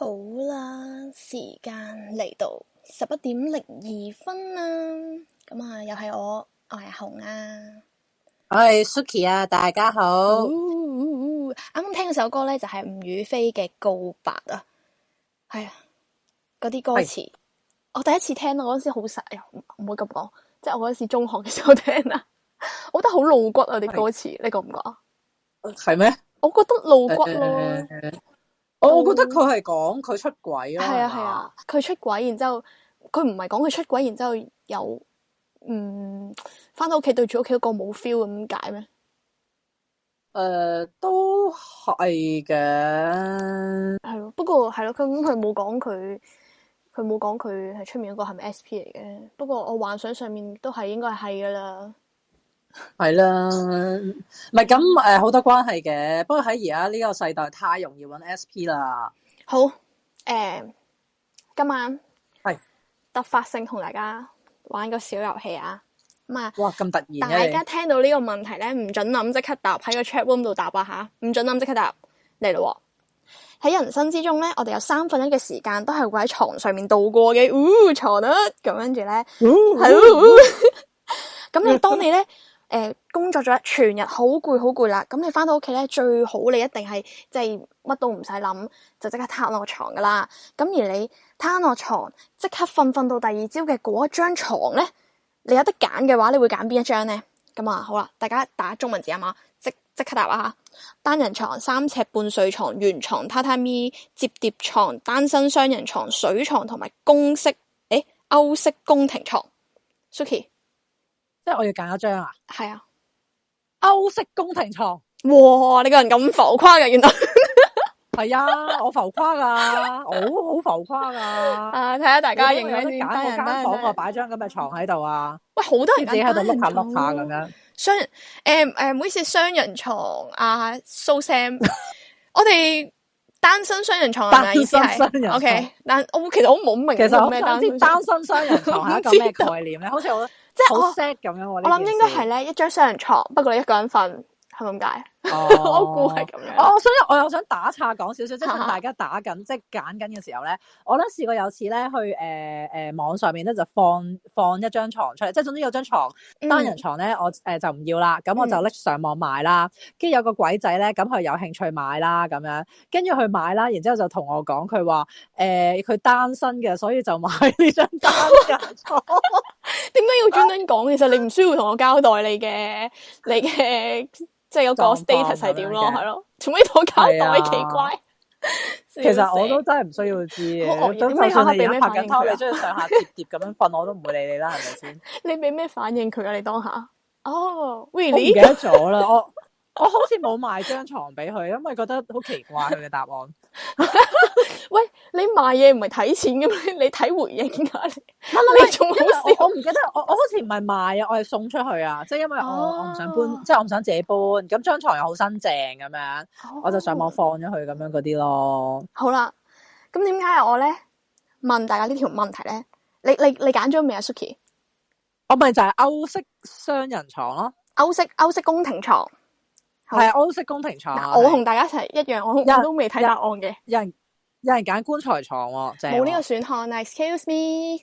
好啦，時間嚟到十一點零二分啦，咁、嗯、啊又係我，我係紅啊，我係、hey, Suki Su 啊，大家好。啱啱、哦、聽嗰首歌咧，就係吳雨霏嘅《告 白、 哎》啊，係啊，嗰啲歌詞我第一次聽到、哎，我嗰時好實，唔唔會咁講，即係我嗰時中學嘅時候聽啊。 我覺得好露骨啊啲歌詞，你覺唔覺啊？係咩？我覺得露骨咯。 嗯 Oh, 我覺得佢係講佢出軌咯，係啊係啊，佢、啊、出軌，然之後佢唔係講佢出軌，然之後又嗯有嗯翻到屋企對住屋企嗰個冇 feel 咁解咩？誒、呃，都係嘅，係咯、啊，不過係咯，咁佢冇講佢，佢冇講佢係出面嗰個係咪 SP 嚟嘅？不過我幻想上面都係應該係噶啦。係啦，唔係咁誒，好、 呃、多關係嘅。不過喺而家呢個世代太容易揾 SP 啦。好、呃、誒，今晚係突唉發性同大家玩個小遊戲啊。咁、嗯、啊，哇咁突然咧，大家聽到呢個問題咧，唔准諗，即刻答喺個 chat room 度答啊吓，唔准諗，即刻答嚟咯。喺、啊、人生之中咧，我哋有三分一嘅時間都係會喺床上面度過嘅。嗚、哦、床啊，咁跟住咧，係咁你當你咧。 呃，工作咗全日很累很累，好攰好攰啦。咁你返到屋企咧，最好你一定係即係乜都唔使諗，就即、是、刻攤落床噶啦。咁而你攤落床，即刻瞓瞓到第二朝嘅嗰一張床咧，你有得揀嘅話，你會揀邊一張咧？咁啊，好啦，大家打中文字啊嘛，即即刻答啊。吓。單人床、三尺半睡床、圓床、榻榻米、摺疊床、單身雙人床、水床同埋公式誒歐、欸、式宮廷床，Suki。即係我要揀一張啊？係啊，歐式宮廷床。哇，你個人咁浮誇嘅，原來係啊，我浮誇啊，我好浮誇噶。啊，睇下大家認唔認同？揀個間房啊，擺張咁嘅床喺度啊。喂，好多人自己喺度碌下碌下咁樣。雙人誒誒，每次雙人床啊，So Sam，我哋單身雙人床啊，O K，但我其實我冇明，其實我唔知單身雙人床係一個咩概念咧，好似我。即係我，我諗應該係咧一張雙人床，不過你一個人瞓。係咁解，哦、 我估係咁樣。哦，所以我又想打岔講少少，即、就、係、是、大家打緊、啊呃呃，即係揀緊嘅時候咧，我咧試過有次咧去誒誒網上面咧就放放一張床出嚟，即係總之有張床單人床咧，我誒、呃、就唔要啦，咁我就拎上網賣啦。跟住、嗯、有個鬼仔咧，咁佢有興趣買啦，咁樣跟住去買啦。然之後就同我講，佢話誒佢單身嘅，所以就買呢張單人床。點解 要專登講？其實你唔需要同我交代你嘅，你嘅。你 即係有個 status 係點咯，係咯，做咩度監，做咩奇怪？其實我都真係唔需要知，我都想下俾你，你拍緊拖，你鍾意上下疊疊咁樣瞓，我都唔會理你啦，係咪先？你俾咩反應佢啊？你當下哦喂，你。唔記得咗啦，我我好似冇買張床俾佢，因為覺得好奇怪佢嘅答案。 喂，你賣嘢唔係睇錢嘅咩？你睇回應㗎！ 你你仲好笑， 我唔記得，我我好似唔係賣啊，我係送出去啊，即係因為我、啊、我唔想搬，即係我唔想自己搬，咁張床，床又好新淨咁樣，我就上網放咗佢，咁樣嗰啲咯。哦、好啦，咁點解我咧問大家呢條問題咧？你你你揀咗未啊，Suki？我咪就係歐式雙人床咯，歐式歐式宮廷床係歐式宮廷床。廷床啊、我同大家一齊一樣，我有我都未睇答案嘅人。有人揀棺材床，哦，冇呢個選項啊！Excuse me，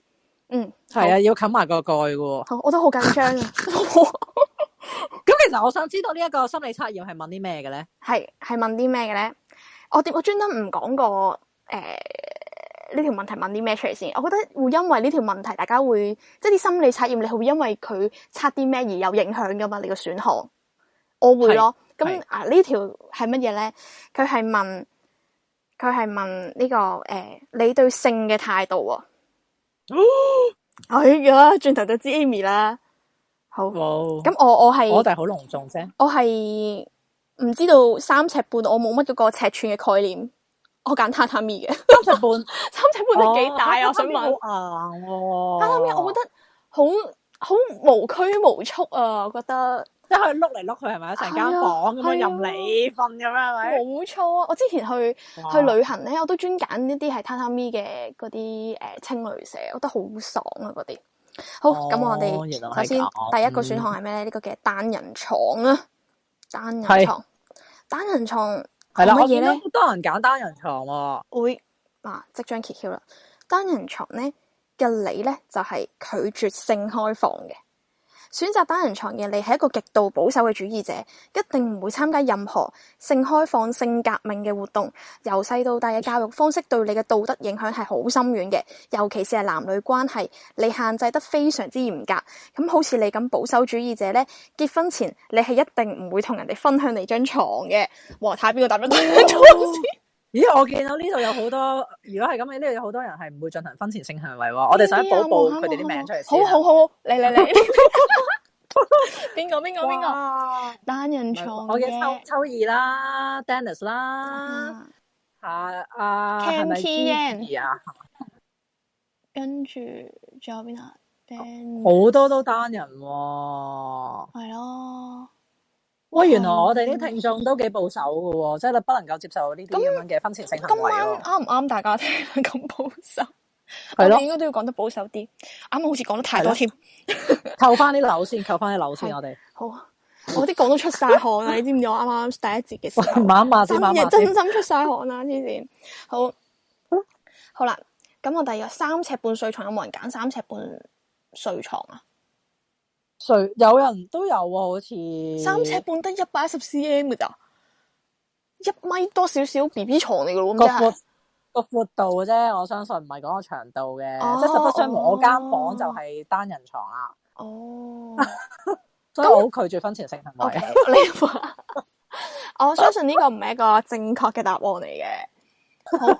嗯，係啊，要冚埋個蓋噶。好，我都好緊張啊。咁 其實我想知道呢一個心理測驗係問啲咩嘅咧？係係問啲咩嘅咧？我我專登唔講個誒呢條問題問啲咩出嚟先？我覺得會因為呢條問題，大家會即係啲心理測驗，你會因為佢測啲咩而有影響噶嘛？你個選項，我會咯。咁啊呢條係乜嘢咧？佢係問。佢係問呢、這個誒、呃，你對性嘅態度喎、哦？ 哎呀，轉頭就知 Amy 啦，好。咁哇我我係我哋好隆重啫。我係唔知道三尺半，我冇乜嗰個尺寸嘅概念。我揀榻榻米嘅 三尺半、啊，三尺半都幾大。我想問，好硬喎。榻榻米、啊哦、我覺得好好無拘無束啊，我覺得。即係碌嚟碌去係咪？成間房咁任你瞓咁樣，係咪？冇錯啊！我之前去哇去旅行咧，我都專揀呢啲係榻榻米嘅嗰啲誒青旅社，我覺得好爽啊！嗰啲好咁，哦、我哋首先第一個選項係咩咧？呢、這個嘅單人牀啊。單人牀，是單人牀係啦，乜嘢咧好多人揀單人牀啊。會啊，即將揭曉啦，單人牀咧嘅你咧就係拒絕性開放嘅。選擇單人床嘅你係一個極度保守嘅主義者，一定唔會參加任何性開放、性革命嘅活動。由細到大嘅教育方式對你嘅道德影響係好深遠嘅，尤其是係男女關係，你限制得非常之嚴格。咁好似你咁保守主義者咧，結婚前你係一定唔會同人哋分享你張床嘅。哇太邊個大乜？ 咦，我見到呢度有好多，如果係咁嘅，呢度有好多人係唔會進行婚前性行為喎。 我哋想補報佢哋啲名出嚟先。 好好好，嚟嚟嚟，邊個邊個邊個單人床，我嘅？秋秋怡啦，Dennis 啦，嚇阿 Ken Tian 啊，跟住仲有邊個、Dennis、啊 Dennis 好多都單人喎，哦，係咯。 喂，原來我哋啲聽眾都幾保守噶，即係你不能夠接受呢啲咁樣嘅婚前性行為。今晚啱唔啱大家聽？咁保守係咯，應該都要講得保守啲。啱啱好似講得太多添，扣翻啲樓先，扣翻啲樓先，我哋好。我啲講到出晒汗啊，你知唔知？我啱啱第一節嘅時候，真係真心出晒汗啦！之前好好啦，咁我第二日，三尺半睡床有冇人揀三尺半睡床啊？誰有人都有啊，好似三尺半得一百一十 cm 噶、啊、咋？一米多少少 B B 床嚟噶咯，個闊個闊度啫，我相信唔係講個長度嘅，即係實不相瞞我間度房間就係單人床啊。哦， 所以我好拒絕婚前性行為。你話， 我相信呢個唔係一個正確嘅答案嚟嘅。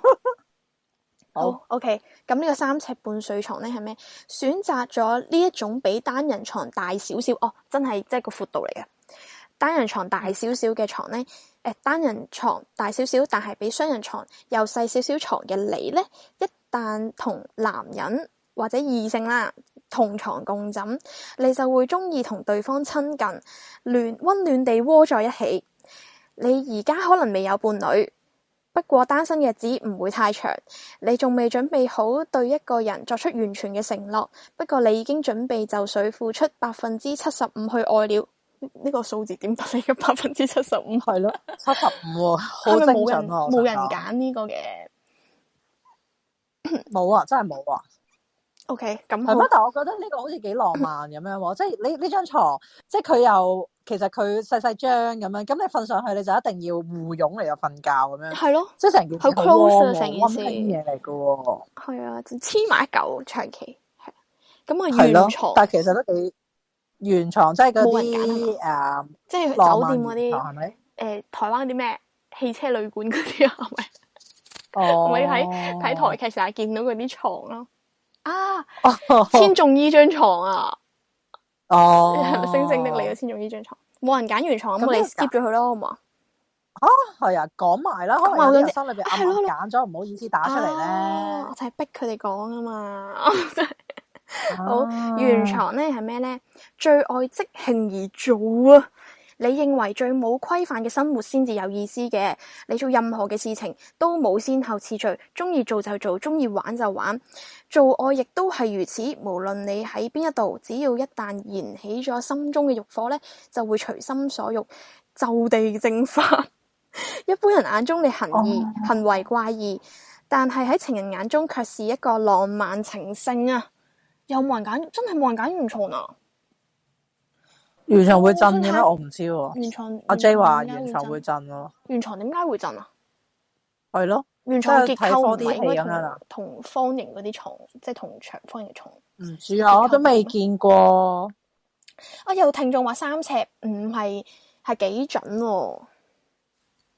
好、oh，OK。咁呢個三尺半睡床咧係咩？選擇咗呢一種比單人床大少少，哦，真係即係個闊度嚟嘅。單人床大少少嘅床咧，誒、呃，單人床大少少，但係比雙人床又細少少床嘅你咧，一旦同男人或者異性啦同床共枕，你就會鍾意同對方親近，暖溫暖地窩在一起。你而家可能未有伴侶。不過單身日子唔會太長，你仲未準備好對一個人作出完全嘅承諾。不過你已經準備就緒付出百分之七十五去愛了，呢個數字點得你嘅百分之七十五？係咯， 七十五喎，好精準啊！冇、 啊、人冇人揀呢個嘅，冇 啊，真係冇啊！OK，咁好。Okay, 嗯、嗎但係我覺得呢個好似幾浪漫咁樣喎，嗯、即係呢呢張床，即係佢又其實佢細細張咁樣，咁你瞓上去你就一定要互擁嚟又瞓覺咁樣，係咯，即係成件好 close warm 嘅溫馨嘢嚟嘅喎。係啊，黐埋一嚿長期係。咁啊，我原床。但係其實都幾原床，即係嗰啲誒，uh, 即係酒店嗰啲係咪？誒、呃，台灣啲咩汽車旅館嗰啲係咪？我喺睇台劇成日見到佢啲床咯。啊！千中呢張床啊！哦、oh. oh. 啊，星星的你千中呢張床，冇人揀原床咁，你 skip 咗佢咯，好嘛？啊，係啊，講埋啦，可能有人心裏邊啱揀咗，唔好意思打出嚟咧、啊，就係、是、逼佢哋講啊嘛。 好，啊、原床咧係咩咧？最愛即興而做啊！你認為最冇規範嘅生活先至有意思嘅，你做任何嘅事情都冇先後次序，中意做就做，中意玩就玩，做愛亦都係如此。無論你喺邊一度，只要一旦燃起咗心中嘅欲火咧，就會隨心所欲，就地正法。 一般人眼中你行異，oh. 行為怪異，但係喺情人眼中卻是一個浪漫情聖啊！有冇人揀？真係冇人揀完床啊！原床會震嘅咩？我唔知喎。阿 J 話原床會震咯。原床點解會震啊？係咯。原床結構啲係咁同方形嗰啲床，即係同長方形嘅床。唔知啊，我都未見過。啊！有聽眾話三尺五係係幾準喎？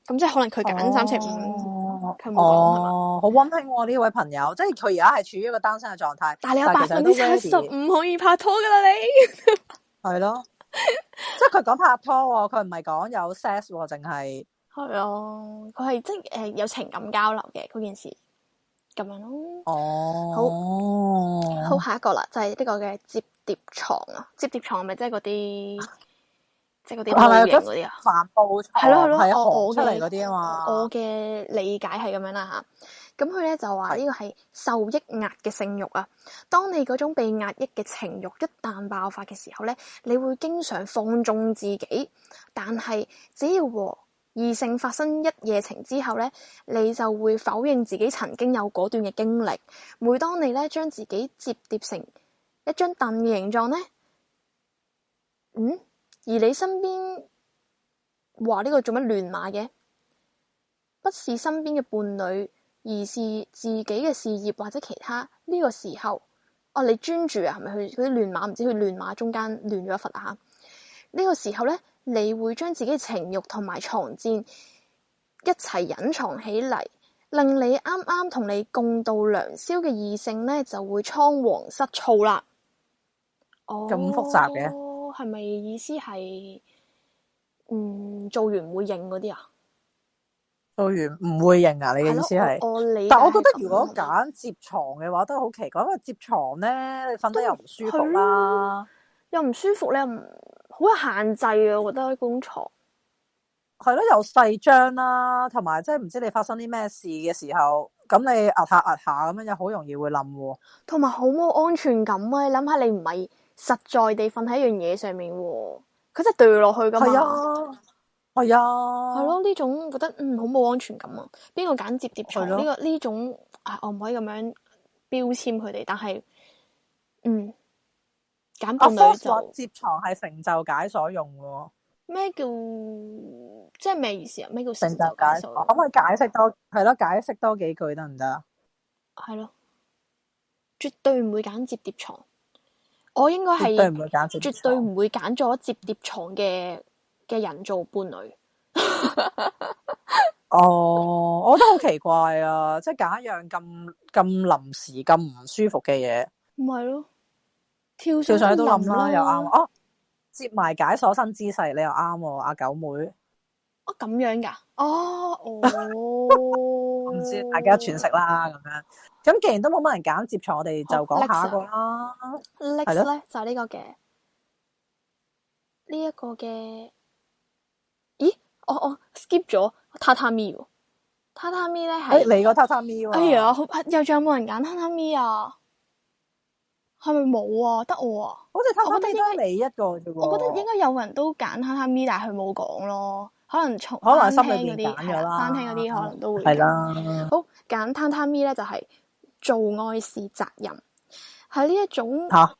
咁即係可能佢揀三尺五，佢冇講係嘛？好溫馨喎！呢位朋友，即係佢而家係處於一個單身嘅狀態。但係你有百分之七十五可以拍拖噶啦，你係咯。即係佢講拍拖，佢唔係講有 sex，淨係係啊，佢係即係誒有情感交流嘅嗰件事咁樣咯。哦、hmm.，好好，下一個啦，就係呢個嘅摺疊床啊，摺疊床係咪即係嗰啲即係嗰啲類型嗰啲啊？帆布係咯係咯，我我出嚟嗰啲啊嘛，我嘅理解係咁樣啦吓。咁佢咧就話呢個係受抑壓嘅性欲啊。當你嗰種被壓抑嘅情欲一旦爆發嘅時候咧，你會經常放縱自己。但係只要和異性發生一夜情之後咧，你就會否認自己曾經有嗰段嘅經歷。每當你咧將自己折疊成一張凳嘅形狀咧，嗯，而你身邊話呢個做乜亂馬嘅，不是身邊嘅伴侶而是自己嘅事業或者其他呢、這個時候，哦，你專注啊，係咪去嗰啲亂馬？唔知去亂馬中間亂咗一忽啊！呢、這個時候咧，你會將自己情欲同埋藏戰一齊隱藏起嚟，令你啱啱同你共度良宵嘅異性咧，就會倉皇失措啦。哦，咁複雜嘅，係咪意思係，嗯，做完會認嗰啲啊？做完唔會認啊？了你嘅意思係，哦、但我覺得如果揀接床嘅話都好奇怪，因為接床咧你瞓得又唔舒服啦、啊，又唔舒服咧，好有限制啊！我覺得嗰種床係咯，又細張啦，同埋即係唔知你發生啲咩事嘅時候，咁你壓下壓下咁樣，又好容易會冧。同埋好冇安全感啊！你諗下，你唔係實在地瞓喺一樣嘢上面、啊，佢真係墜落去噶嘛？係啊，係咯、oh yeah.，呢種覺得嗯好冇安全感啊！邊、oh yeah. 個揀折疊床呢個呢種啊，我唔可以咁樣標籤佢哋，但係嗯揀個咩折床係成就解所用嘅咩叫即係咩意思啊？咩叫成就解所用？成就解？可唔可以解釋多係咯？解釋多幾句得唔得啊？係咯，絕對唔會揀折疊床，我應該係絕對唔會揀，絕對唔會揀咗折疊床嘅。嘅人造伴侶，哦，我覺得好奇怪啊！即係揀一樣咁咁臨時、咁唔舒服嘅嘢，唔係咯？跳上都冧啦，又啱哦、啊！接埋解鎖身姿勢，你又啱喎、啊，阿、啊、九妹。哦、啊，咁樣噶？哦，哦，唔知大家詮食啦，咁樣。咁既然都冇乜人揀，接住我哋就講下個啦。Next 咧就係呢個嘅，呢一個嘅。哦哦、oh, oh, skip 咗榻榻米喎，榻榻米咧，係嚟你個榻榻米啊，哎呀好，又仲有冇人揀榻榻米啊？係咪冇啊？得我啊？好似我得咗你一個啫。我覺得應該有人都揀榻榻米，但係佢冇講咯，可能從可能餐廳嗰啲係啦，餐廳嗰啲可能都會係啦。了好，揀榻榻米咧，就係、是、做愛事責任，係呢一種呢、啊、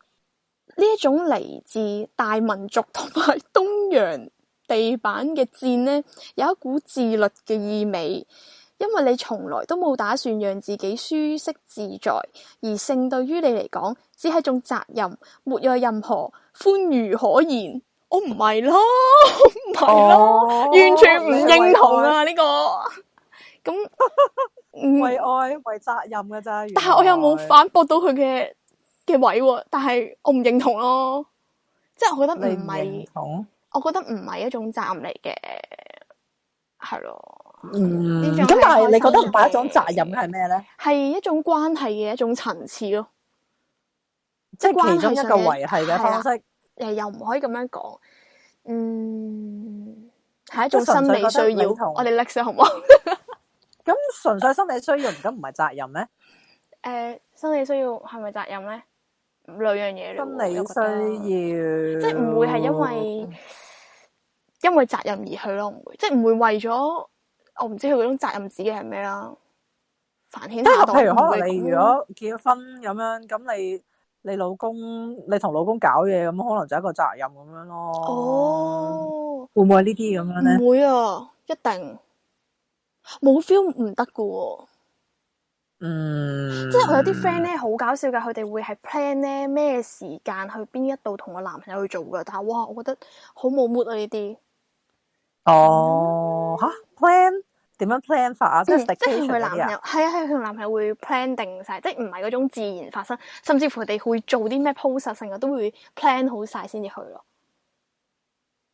一種嚟自大民族同埋東洋。地板嘅戰呢，有一股自律嘅意味，因為你從來都冇打算讓自己舒適自在，而性對於你嚟講只係一種責任，沒有任何歡愉可言。我唔係咯，唔係咯，哦、完全唔認同啊！呢個咁為愛為責任嘅咋？但係我又冇反駁到佢嘅嘅位，但係我唔認同咯，即係我覺得唔係。你我覺得唔係一種責任嚟嘅，係咯。嗯，咁但係你覺得唔係一種責任嘅係咩咧？係一種關係嘅一種層次咯，即係其中一個維繫嘅方式。誒，又唔可以咁樣講。嗯，係一種生理需要。我哋叻少，好唔好？咁純粹生理需要，而家唔係責任咧？誒，生理需要係咪責任咧？兩樣嘢。生理需要，即係唔會係因為。因為責任而去咯，唔會即係唔會為咗我唔知佢嗰種責任自己係咩啦。繁衍。但係、啊、譬如可能你如果結咗婚咁樣，咁你你老公你同老公搞嘢咁，可能就係一個責任咁樣咯。哦。會唔會係呢啲咁樣咧？會啊，一定。冇 feel 唔得噶喎。嗯。即係我有啲 friend 咧，好搞笑噶，佢哋會係 plan 咧咩時間去邊一度同個男朋友去做噶，但係哇，我覺得好冇 mood 啊呢啲。哦，吓 plan 點樣 plan 法啊？嗯、即係即係佢男朋友，係啊係佢同男朋友會 plan 定晒，即係唔係嗰種自然發生，甚至乎佢哋會做啲咩 pose 性嘅，都會 plan 好晒先至去咯。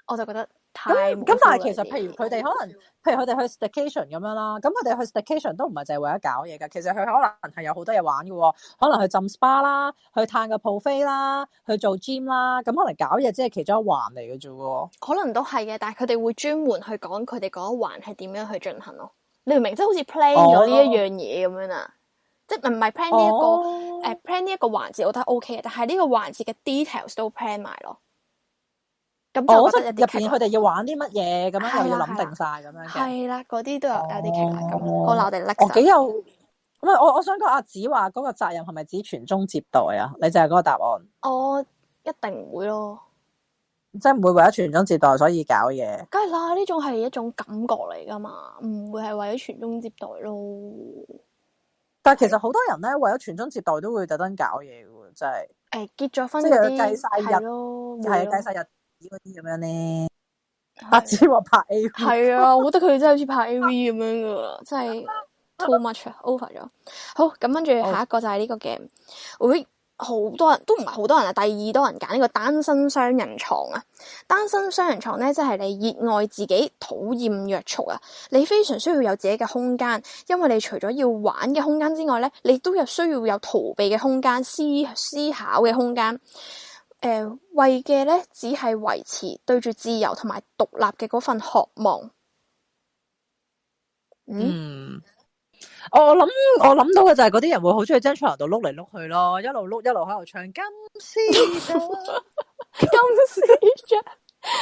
我就覺得。咁但係其實，譬如佢哋可能，譬如佢哋去 station 咁樣啦，咁佢哋去 station 都唔係淨係為咗搞嘢嘅，其實佢可能係有好多嘢玩嘅喎，可能去浸 spa 啦，去探個泡飛啦，去做 gym 啦，咁可能搞嘢只係其中一環嚟嘅啫喎。可能都係嘅，但係佢哋會專門去講佢哋嗰一環係點樣去進行咯，你明唔明？即係好似 plan 咗呢一樣嘢咁樣啊，哦、即係唔係 plan 呢一個誒 plan 呢一個環節，我覺得 OK 嘅，但係呢個環節嘅 details 都 plan 埋咯。咁就入邊佢哋要玩啲乜嘢咁樣，又要諗定晒咁樣。係啦，嗰啲都有有啲期待感，好留定力。我幾有咁我我想講阿子話嗰個責任係咪指傳宗接代啊？你就係嗰個答案。我一定唔會咯，即係唔會為咗傳宗接代所以搞嘢。梗係啦，呢種係一種感覺嚟噶嘛，唔會係為咗傳宗接代咯。但係其實好多人咧為咗傳宗接代都會特登搞嘢噶，即係。誒，結咗婚即係要計晒日咯，係計晒日。嗰啲咁樣咧，阿姿話拍，拍 AV 係 啊，我覺得佢真係好似拍 A V 咁樣噶，真係 too much 啊 ，over 咗。好，咁跟住下一個就係呢個 game，會好多人都唔係好多人啊，第二多人揀呢個單身雙人床啊，單身雙人床咧，即係你熱愛自己，討厭約束啊，你非常需要有自己嘅空間，因為你除咗要玩嘅空間之外咧，你都有需要有逃避嘅空間、思思考嘅空間。誒，為嘅咧只係維持對住自由同埋獨立嘅嗰份渴望。嗯，我諗我諗到嘅就係嗰啲人會好中意張床度碌嚟碌去咯，一路碌一路喺度唱金絲雀，金絲雀。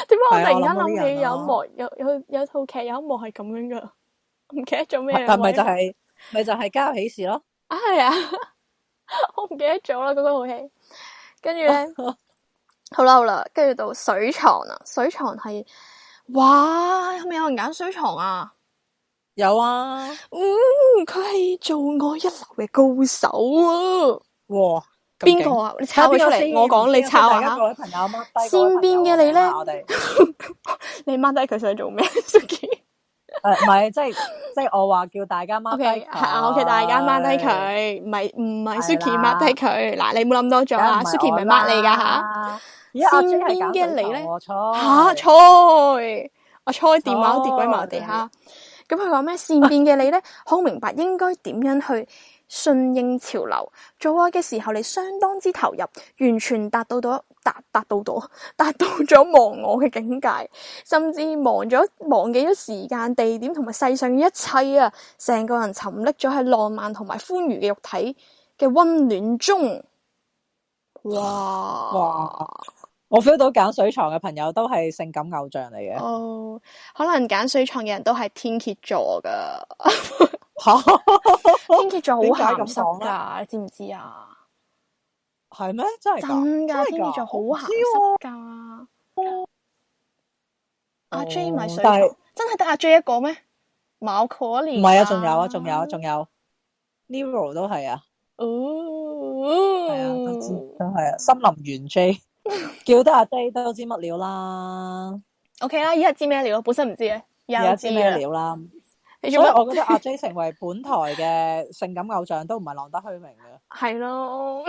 點解 我突然間諗起有一幕有有有套劇有一幕係咁樣噶？唔記得咗咩？但咪就係、係、咪就係《家有喜事》咯？啊，係啊，我唔記得咗啦嗰套戲。跟住咧。好嬲啦，跟住到水床啊！水床係哇，係咪有人揀水床啊？有啊，嗯，佢係做愛一流嘅高手啊！哇，邊個啊？你抄佢出嚟，我講你抄啊！先邊嘅你咧，你掹低佢想做咩？Suki，誒，唔係，即係即係我話叫大家掹低。O.K.，係啊，O.K.，大家掹低佢，唔係唔係 Suki 掹低佢。嗱，你冇諗多咗啊 Suki 唔係掹你噶吓。善變嘅你咧，吓、啊啊、菜，我、啊、菜、啊、菜電話跌鬼埋地下。咁佢話咩？善變嘅你咧，好 明白應該點樣去順應潮流。做愛嘅時候，你相當之投入，完全達到達達到達達到到達到咗忘我嘅境界，甚至忘咗忘記咗時間、地點同埋世上嘅一切啊！成個人沉溺咗喺浪漫同埋歡愉嘅肉體嘅溫暖中。哇哇！哇我 feel 到揀水床嘅朋友都係性感偶像嚟嘅。哦，可能揀水床嘅人都係天蠍座噶。天蠍座好鹹濕噶，你知唔知啊？係咩？真係真噶？天蠍座好鹹濕噶。阿 J 咪水床，真係得阿 J 一個咩？冇可能。唔係啊，仲、啊、有啊，仲有仲有，Nero 都係啊。啊哦，係、哦、啊，都係啊，森林園 J。 叫得阿 J 都知乜料啦，OK 啦，依家，okay, 知咩料？本身唔知嘅，而家知咩料啦？你做咩？我覺得阿 J 成為本台嘅性感偶像都唔係浪得虛名嘅。係 咯，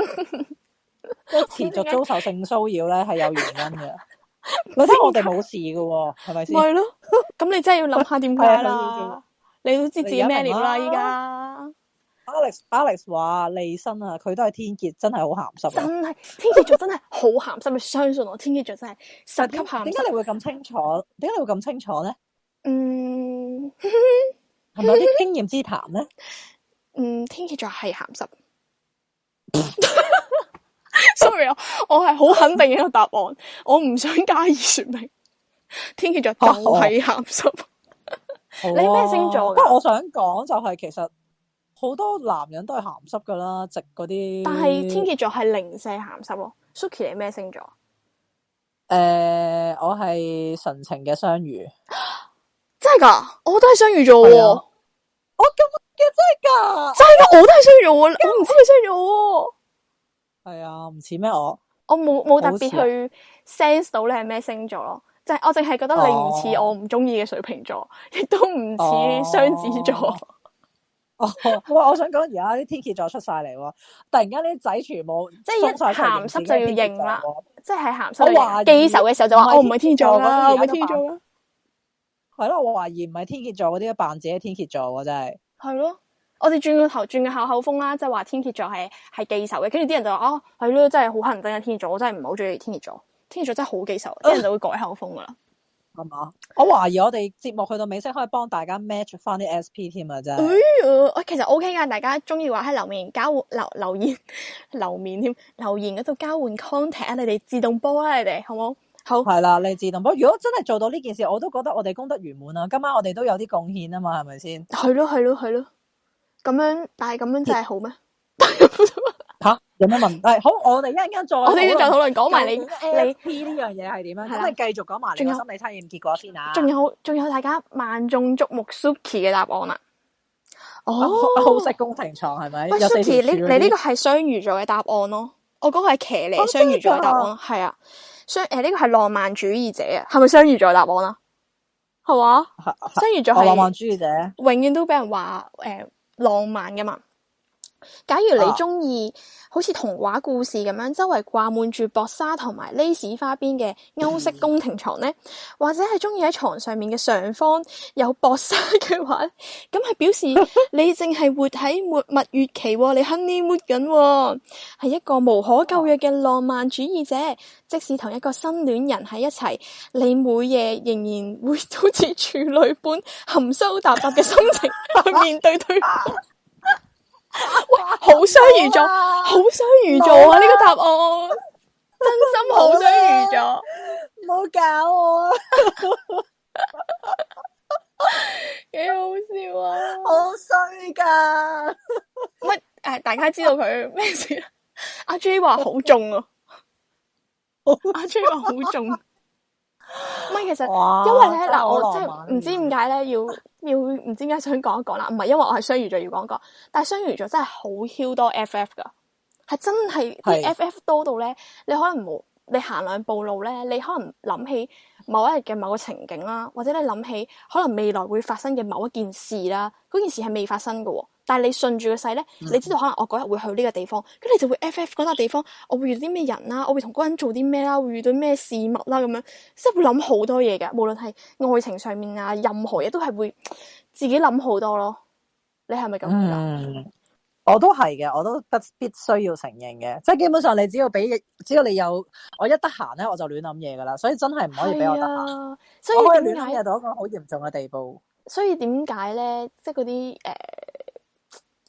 持續遭受性騷擾咧，係有原因嘅。唔係 常，我哋冇事嘅，哦，係咪先？係咯 咁你真係要諗下點解， 啊，啦？你都知自己咩料啦，依家。Alex，Alex 話 Alex, 利申啊，佢都係天蠍，真係好咸濕。真係天蠍座真係好咸濕，咪 相信我，天蠍座真係十級咸。點解你,你會咁清楚？點解你會咁清楚咧？嗯，係咪有啲經驗之談咧。嗯，天蠍座係咸濕。 Sorry 啊，我係好肯定呢個答案， 我唔想加以說明。天蠍座就係咸濕。哦、 你咩星座？不過我想講就係其實。好多男人都係鹹濕噶啦，直嗰啲。但係天蠍座係零舍鹹濕咯。Suki 你咩星座？誒、欸，我係純情嘅雙魚。啊、真係噶？我都係雙魚座啊。我咁嘅真係噶。真係咯，我都係雙魚座。我唔知你雙魚座。係啊，唔似咩我？我冇冇特別去像 sense 到你係咩星座咯？就係、是、我淨係覺得你唔似我唔中意嘅水瓶座，亦都唔似雙子座。啊 哇，哇！我想講而家啲天蠍座出晒嚟，突然間啲仔全部，即係鹹濕就要認啦，即係鹹濕。我話記仇嘅時候就話我唔係天蠍座啦，我係天蠍座啦。係咯，我懷疑唔係天蠍座嗰啲扮自己天蠍座，真係。係咯，我哋轉個頭轉個口口風啦，即係話天蠍座係係記仇嘅，跟住啲人就話哦，係咯，真係好乞人憎啊！天蠍座，我真係唔好中意天蠍座，天蠍座真係好記仇，啲人就會改口風啦。係我懷疑我哋節目去到尾聲可以幫大家 match 翻啲 SP 添啊，啫。誒，其實 OK 噶，大家中意話喺留面交留留言、留面添、留言嗰度交換 contact 你哋自動波啊，你哋好冇？好係啦，你自動波。如果真係做到呢件事，我都覺得我哋功德圓滿啊！今晚我哋都有啲貢獻啊嘛，係咪先？係咯，係咯，係咯。咁樣，但係咁樣就係好咩？別 吓，有咩問題？係好，我哋一陣間再，我哋先就討論講埋你，誒，你 P 呢樣嘢係點啊？咁你繼續講埋你嘅心理測驗結果先啊！仲有，仲有大家萬眾矚目 Suki 嘅答案啦。哦，好食宮廷床係咪？Suki 你你呢個係雙魚座嘅答案咯？我嗰個係騎呢雙魚座嘅答案，係啊，雙誒呢個係浪漫主義者啊？係咪雙魚座答案啊？係啊，雙魚座係浪漫主義者，永遠都俾人話誒浪漫嘅嘛。假如你鍾意、啊、好似童話故事咁樣，周圍掛滿住薄紗同埋 lace 花邊嘅歐式宮廷床呢？或者係鍾意喺床上面嘅上方有薄紗嘅話，咁係表示你淨係活喺末蜜月期，你 honeymoon 係、啊、一個無可救藥嘅浪漫主義者。即使同一個新戀人喺一齊，你每夜仍然會好似處女般含羞答答嘅心情去、啊、 面對對 哇！好雙魚座，好雙魚座啊！呢、啊、個答案， 真心好雙魚座，唔好、啊、搞我、啊，幾 好笑啊！ 好衰傷㗎的，乜 誒？大家知道佢咩事？ 阿 J 話好中咯，阿、 啊啊、J 話好中。唔係，其實哇因為咧嗱，我即係唔知點解咧要要唔知點解想講一講啦。唔係因為我係雙魚座要講講，但係雙魚座真係好 h 多 FF 噶，係真係啲是 FF 多到咧，你可能冇你行兩步路咧，你可能諗起某一日嘅某個情景啦，或者你諗起可能未來會發生嘅某一件事啦，嗰件事係未發生噶。但係你順住個勢咧，你知道可能我嗰日會去呢個地方，咁你就會 F F 嗰笪地方。我會遇到啲咩人啦、啊？我會同嗰人做啲咩啦？會遇到咩事物啦、啊？咁樣即係會諗好多嘢嘅，無論係愛情上面啊，任何嘢都係會自己諗好多咯。你係咪咁？嗯，我都係嘅，我都不必須要承認嘅。即係基本上，你只要俾，只要你有我一得閒咧，我就亂諗嘢噶啦。所以真係唔可以俾我得閒、啊，所以點解我亂到一個好嚴重嘅地步？所以點解咧？即係嗰啲誒。呃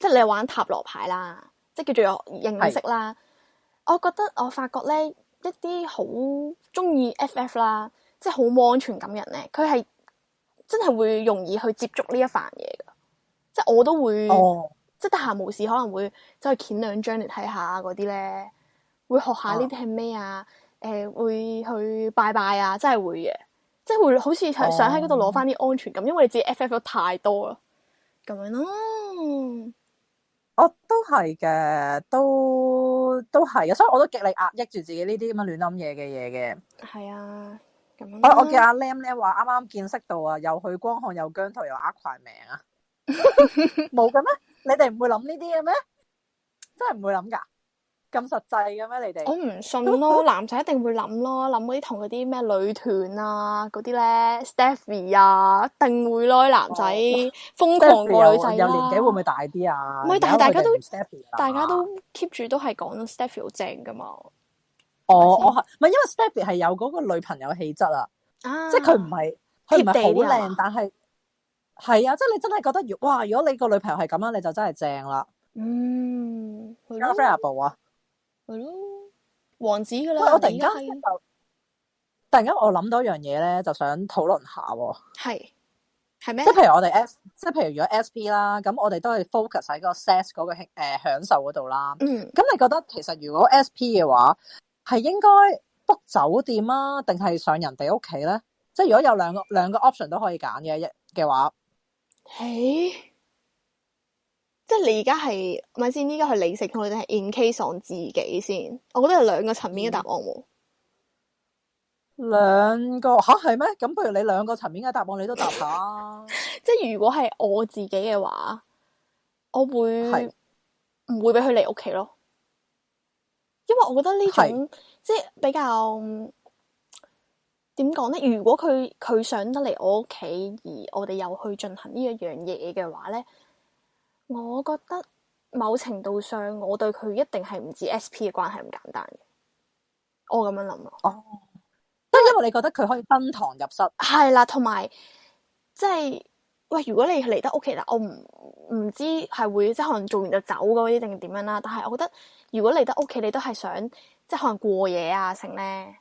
即係你玩塔羅牌啦，即係叫做認識啦。是我覺得我發覺咧，一啲好中意 FF 啦，即係好冇安全感嘅人咧，佢係真係會容易去接觸呢一範嘢㗎。即係我都會，哦、即係得閒無事可能會走去掀兩張嚟睇下嗰啲咧，會學下呢啲係咩啊？誒、啊呃，會去拜拜啊，真係會嘅，即係會好似係想喺嗰度攞翻啲安全感，哦、因為自己 FF 咗太多啦，咁樣咯、啊。我都係嘅，都都係嘅，所以我都極力壓抑住自己呢啲咁樣亂諗嘢嘅嘢嘅。係啊，咁我我見阿 Lam 呢話啱啱見識到啊，又去光漢，又姜濤，又呃塊命啊，冇嘅咩？你哋唔會諗呢啲嘅咩？真係唔會諗噶。咁實際嘅咩？你哋我唔信咯， 男仔一定會諗咯，諗嗰啲同嗰啲咩女團啊嗰啲咧，Stephy 啊，一定會咯。男仔瘋狂過女仔啦。有年紀會唔會大啲啊？唔係、哦，但係大家都大家都 keep 住、啊、都係講 Stephy 好正噶嘛。哦、吧我，我係唔係因為 Stephy 係有嗰個女朋友氣質啊？即係佢唔係佢唔係好靚，但係係啊！即係你真係覺得，哇！如果你個女朋友係咁樣，你就真係正啦。嗯，可唔可以 share 啊？嗯係咯，王子噶啦。喂，我突然間就突然間我諗到一樣嘢咧，就想討論下。係係咩？即係譬如我哋 S，即係譬如如果 S P 啦，咁我哋都係 focus 喺個 s e s 嗰、嗰個享誒、呃、享受嗰度啦。嗯。咁你覺得其實如果 S P 嘅話，係應該 book 酒店啊，定係上人哋屋企咧？即係如果有兩個兩個 option 都可以揀嘅一嘅話，誒。Hey. 即係你而家係，咪先？呢家係理性同你哋係 in case 上自己先。我覺得係兩個層面嘅答案喎。兩、嗯、個吓係咩？咁譬如你兩個層面嘅答案你都答下。 即係如果係我自己嘅話，我會唔會俾佢嚟屋企咯？因為我覺得呢種是即係比較點講咧？如果佢佢上得嚟我屋企，而我哋又去進行呢一樣嘢嘅話咧？我覺得某程度上我對佢一定係唔止 SP 嘅關係咁簡單嘅，我咁樣諗咯。哦，即係因為你覺得佢可以登堂入室，係啦，同埋即係喂，如果你嚟得屋企啦，我唔唔知係會即係可能做完就走嗰啲定點樣啦。但係我覺得如果嚟得屋企，你都係想即係可能過夜啊，剩咧。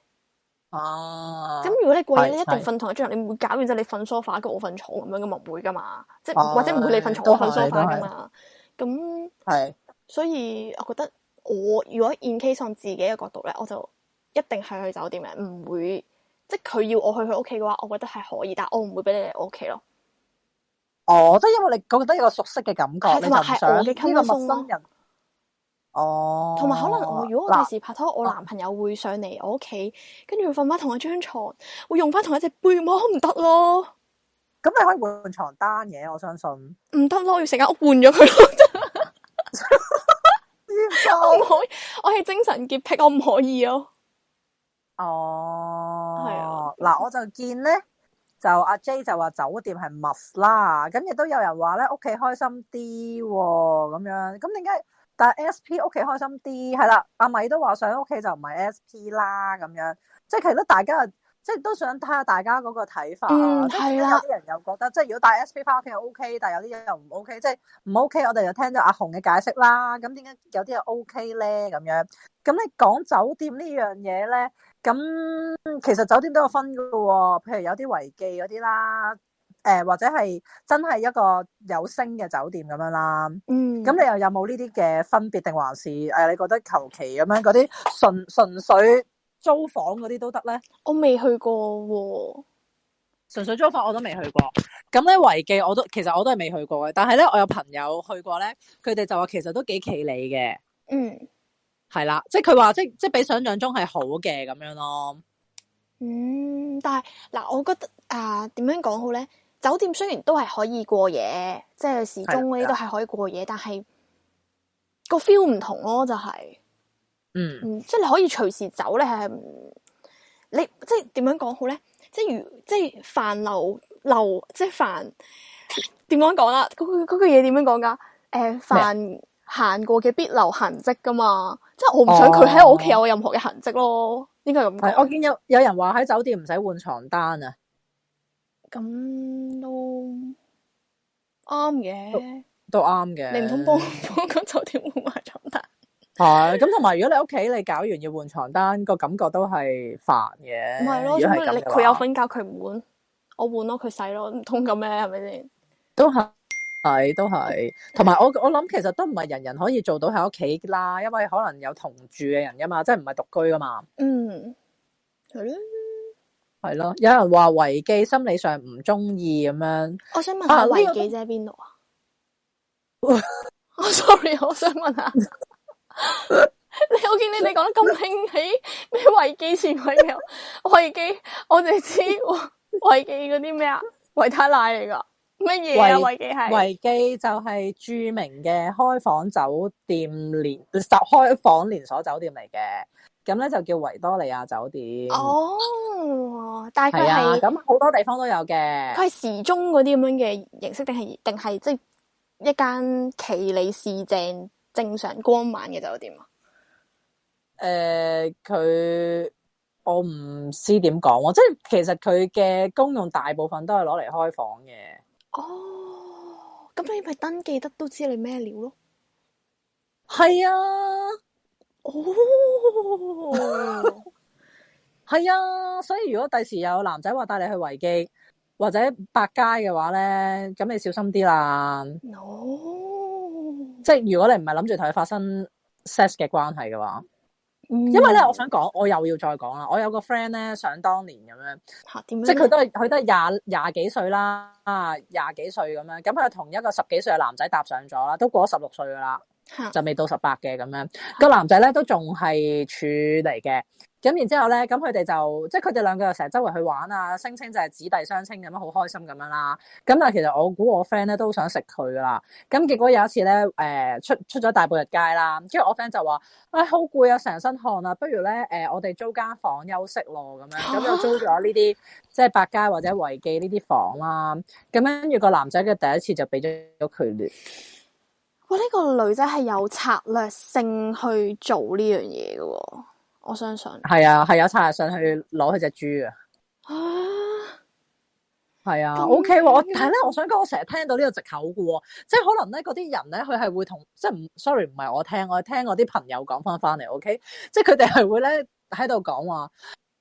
哦，咁、啊嗯、如果你過夜咧，是你一定瞓同一張床是。你唔會搞完之後，你瞓梳化，f 我瞓床咁樣咪唔會噶嘛，即係、啊、或者唔會你瞓床，是我瞓梳化 f 噶嘛。咁，那是所以我覺得我如果 in case 自己嘅角度咧，我就一定係去酒店嘅，唔會即係佢要我去佢屋企嘅話，我覺得係可以，但我唔會俾你嚟我屋企咯。哦，即係因為你覺得有個熟悉嘅感覺，的你唔想呢個陌生人。啊。哦，同埋可能我如果我第時拍拖，嘗我男朋友會上嚟我屋企，跟住會瞓翻同一張床，會用翻同一隻被，我唔得咯。咁你可以換床單嘅，我相信唔得咯，要成間屋換咗佢咯。唔 可以，我係精神潔癖，我唔可以咯、啊。哦，係啊。嗱，我就見咧，就阿、啊、J 就話酒店係 must 啦，咁亦都有人話咧屋企開心啲咁樣，咁點解？S 但 S P 屋企開心啲，係啦，阿米都話上屋企就唔係 S P 啦，咁樣，即係其實大家即係都想睇下大家嗰個睇法。係啦、嗯。有啲人、嗯、人又覺得，即係如果帶 S P 翻屋企又 O K，但係有啲嘢又唔 O K，即係唔 O K，我哋又聽到阿紅嘅解釋啦。咁點解有啲又 O K 咧？咁樣，咁你講酒店呢樣嘢咧？咁其實酒店都有分噶喎、哦，譬如有啲維記嗰啲啦。誒、呃，或者係真係一個有星嘅酒店咁樣啦。嗯，咁你又有冇呢啲嘅分別，定還是誒、哎、你覺得求其咁樣嗰啲純純粹租房嗰啲都得咧？我未去過喎、哦，純粹租房我都未去過。咁咧維記我都其實我都係未去過嘅，但係咧我有朋友去過咧，佢哋就話其實都幾企理嘅。嗯，係啦，即係佢話即即比想象中係好嘅咁樣咯。嗯，但係嗱，我覺得啊，點樣講好咧？酒店雖然都係可以過夜，即係時鐘嗰啲都係可以過夜，的但係個 feel 唔同咯，就係、是就是、嗯，即係你可以隨時走咧，係、嗯、你即係點樣講好咧？即係如即係凡流流，即係凡點樣講啦？嗰句句嘢點樣講噶？誒，凡行過嘅必留痕迹噶嘛？麼即係我唔想佢喺我屋企有任何嘅痕迹咯。哦、應該咁。係我見有有人話喺酒店唔使換床單啊。咁都啱嘅，都啱嘅。你唔通幫我個酒店換埋床單？係咁、 啊，同埋如果你屋企你搞完要換床單，個感覺都係煩嘅。唔係咯，因佢有瞓覺，佢唔換，我換咯，佢洗咯，唔通咁咩？係咪先？都係，係都係。同埋我我諗，其實都唔係人人可以做到喺屋企啦，因為可能有同住嘅人㗎嘛，即係唔係獨居噶嘛。嗯，係咯。係咯，有人話維基心理上唔中意咁樣。我想問下維基姐喺邊度啊？我 sorry，我想問下 你，我見你哋講得咁興起，起咩維基前女友？維基，我哋知維基嗰啲咩啊？維他奶嚟噶咩嘢啊？維基係維基就係著名嘅開房酒店連，十開房連鎖酒店嚟嘅。咁咧就叫維多利亞酒店哦，但係，係啊，咁好多地方都有嘅。佢係時鐘嗰啲咁樣嘅形式，定係定係即係一間企理正，正正常光猛嘅酒店啊？誒、呃，佢我唔知點講，即係其實佢嘅功用大部分都係攞嚟開房嘅。哦，咁你咪登記得都知你咩料咯？係啊。哦，係、oh. 啊，所以如果第時有男仔話帶你去維記，或者百佳嘅話咧，咁你小心啲啦。No. 即係如果你唔係諗住同佢發生 sex 嘅關係嘅話，mm. 因為咧，我想講，我又要再講啦。我有個 friend 咧，想當年咁樣，即係佢都係佢都係廿廿幾歲啦，啊，廿幾歲咁樣，咁佢就同一個十幾歲嘅男仔搭上咗啦，都過咗十六歲噶啦。就未到十八嘅咁樣，個男仔咧都仲係處嚟嘅。咁然之後咧，咁佢哋就即係佢哋兩個又成日周圍去玩啊，聲稱就係姊弟相稱咁樣，好開心咁樣啦。咁但係其實我估我 friend 咧都想食佢噶啦，咁結果有一次咧，誒出出咗大半日街啦，跟住我 friend 就話，誒好攰啊，成身汗啊，不如咧，誒、呃、我哋租間房休息咯咁樣，咁樣、啊、租咗呢啲即係百佳或者維記呢啲房啦、啊，咁樣跟住個男仔嘅第一次就俾咗佢。我呢、哦這個女仔係有策略性去做呢樣嘢嘅，我相信係啊，係有策略性去攞佢隻豬的啊。啊，係啊，O K 喎。但係咧，我想講，我成日聽到呢個借口嘅，即係可能咧，嗰啲人咧，佢係會同即係唔，sorry，唔係我聽，我係聽我啲朋友講翻翻嚟。OK，即係佢哋係會咧喺度講話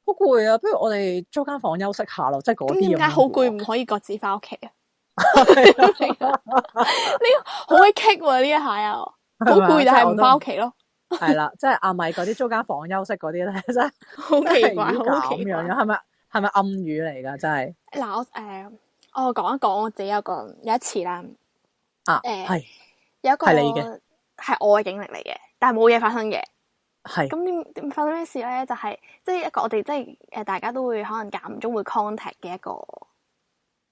好攰啊，不如我哋租間房休息下咯。即係嗰啲點解好攰，唔可以各自翻屋企啊？呢好鬼 kick 喎，呢 一下啊，好攰就係唔返屋企咯。係啦，即、就、係、是、阿米嗰啲租間房休息嗰啲咧， 真係是好奇怪，好奇怪，係咪係咪暗語嚟噶？真係嗱，我誒、呃，我講一講我自己有一個有一次啦，呃、啊，係有一個係我嘅經歷嚟嘅，但係冇嘢發生嘅。係咁點點發生咩事咧？就係即係一個我哋即係誒，大家都會可能間唔中會 contact 嘅一,一個。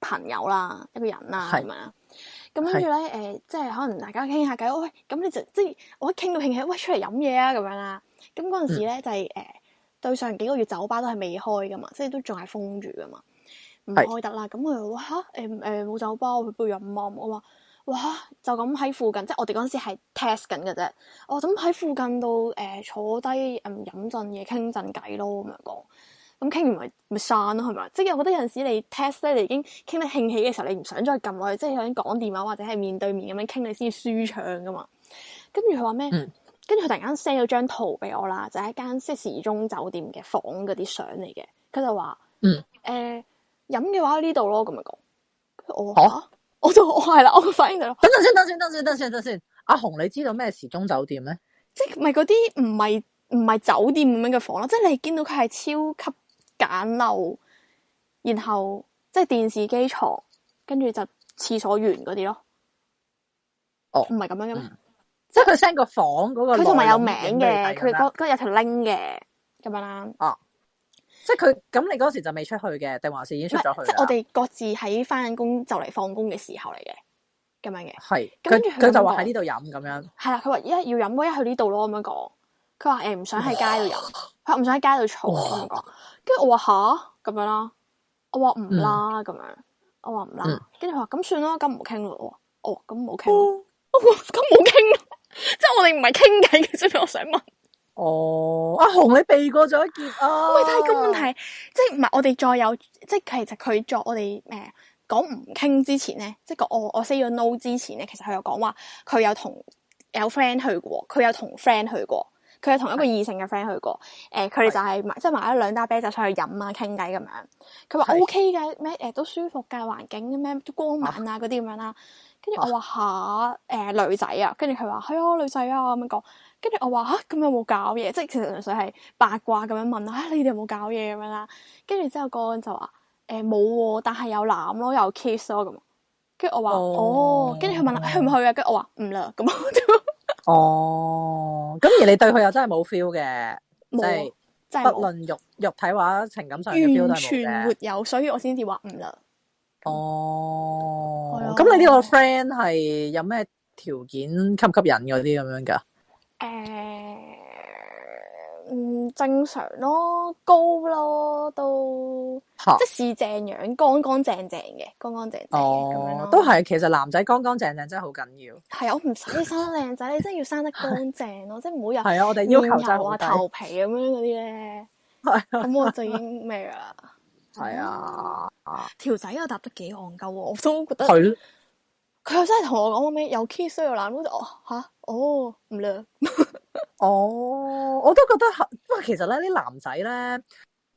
朋友啦，一個人啦係咪？啦是，咁跟住咧誒，即係可能大家傾下偈。喂，咁你就即係我一傾到興起，喂，出嚟飲嘢啊咁樣啦。咁嗰陣時咧就係、是、誒，對、呃、上幾個月酒吧都係未開噶嘛，即係都仲係封住噶嘛，唔開得啦。咁佢話嚇誒誒冇酒吧，去邊度飲啊？我話、啊、哇，就咁喺附近，即係我哋嗰陣時係 test 緊嘅啫。我咁喺附近度誒、呃、坐低嗯飲陣嘢傾陣偈咯，咁樣講。咁傾完咪咪散咯，係咪？即係有好多有陣時你 test 咧，你已經傾得興起嘅時候，你唔想再撳落去，即係想講電話或者係面對面咁樣傾，你先舒暢㗎嘛。跟住佢話咩？跟住佢突然間 send 咗張圖俾我啦，就係、是、一間時鐘酒店嘅房嗰啲相嚟嘅。佢就話：嗯，誒飲嘅話呢度咯。咁咪講，我、哦啊、我就我係啦，我反應佢咯。等先，等、啊、先，等先，等先，等先，等先。阿紅，你知道咩時鐘酒店咧？即係咪嗰啲唔係唔係酒店咁樣嘅房咯？即係你見到佢係超級，簡陋，然後即係電視機床，跟住就廁所圓嗰啲咯。哦、oh,，唔係咁樣嘅咩？即係佢 send 個房個，佢同埋有名嘅，佢嗰日有條 link 嘅咁樣啦。哦、oh.，即係佢咁，你嗰時就未出去嘅，定還係已經出咗去？即係我哋各自喺翻緊工，就嚟放工嘅時候嚟嘅咁樣嘅係。跟住佢就話喺呢度飲咁樣係啦。佢話 一要飲，我一去呢度咯。咁樣講，佢話誒唔想喺街度飲，佢唔想喺街度嘈咁樣講。 跟住我話吓咁樣啦，我話唔啦咁、嗯、樣，我話唔啦，跟住佢話咁算啦，咁唔傾咯，哦，咁唔傾，哦，咁唔傾， 即係我哋唔係傾偈嘅，所以我想問，哦，阿紅、哎、你避過咗一劫，啊、喂，但係個問題即係唔係我哋再有，即係其實佢作我哋咩？講唔傾之前咧，即係個我我 say 咗 no 之前咧，其實佢有講話佢有同有 friend 去過，佢有同 friend 去過。佢係同一個異性嘅 friend 去過，誒，佢哋就係、是、買即係買咗兩打啤酒上去飲啊，傾偈咁樣。佢話 O K 嘅咩？誒是、okay，都舒服嘅環境咁樣，光猛啊嗰啲咁樣啦。跟住、啊、我話吓，誒、呃，女仔啊。跟住佢話係啊，女仔啊咁樣講。跟住我話吓，咁有冇搞嘢？即係其實純粹係八卦咁樣問啊，你哋有冇搞嘢咁樣啦？跟住之後個人就話，誒，冇、呃啊，但係有攬咯，有 kiss 咯、啊、咁。跟住我話哦，跟住佢問啦，哎、去唔去啊？跟住我話唔啦，咁。哦，咁而你對佢又真係冇 feel 嘅，即係即係不論肉肉體話情感上嘅 feel 都冇，完全沒有，所以我先至話唔啦。哦，咁、啊、你呢個 friend 係有咩條件吸唔吸引嗰啲咁樣噶？誒、嗯。嗯，正常咯，高咯，都即係似正樣，乾乾淨淨嘅，乾乾淨淨哦，都係，其實男仔乾乾淨淨真係好緊要。係，我唔使生得靚仔，你真係要生得乾淨咯，即係唔好有係啊！我哋要求真係好低。面油啊，頭皮咁樣嗰啲咧，咁我就已經咩噶啦。係啊，條仔又搭得幾戇鳩，我都覺得。佢又真係同我講嗰咩又 kiss 衰又攬，我、啊、就哦吓哦唔靚哦，我都覺得係，不過其實咧啲男仔咧。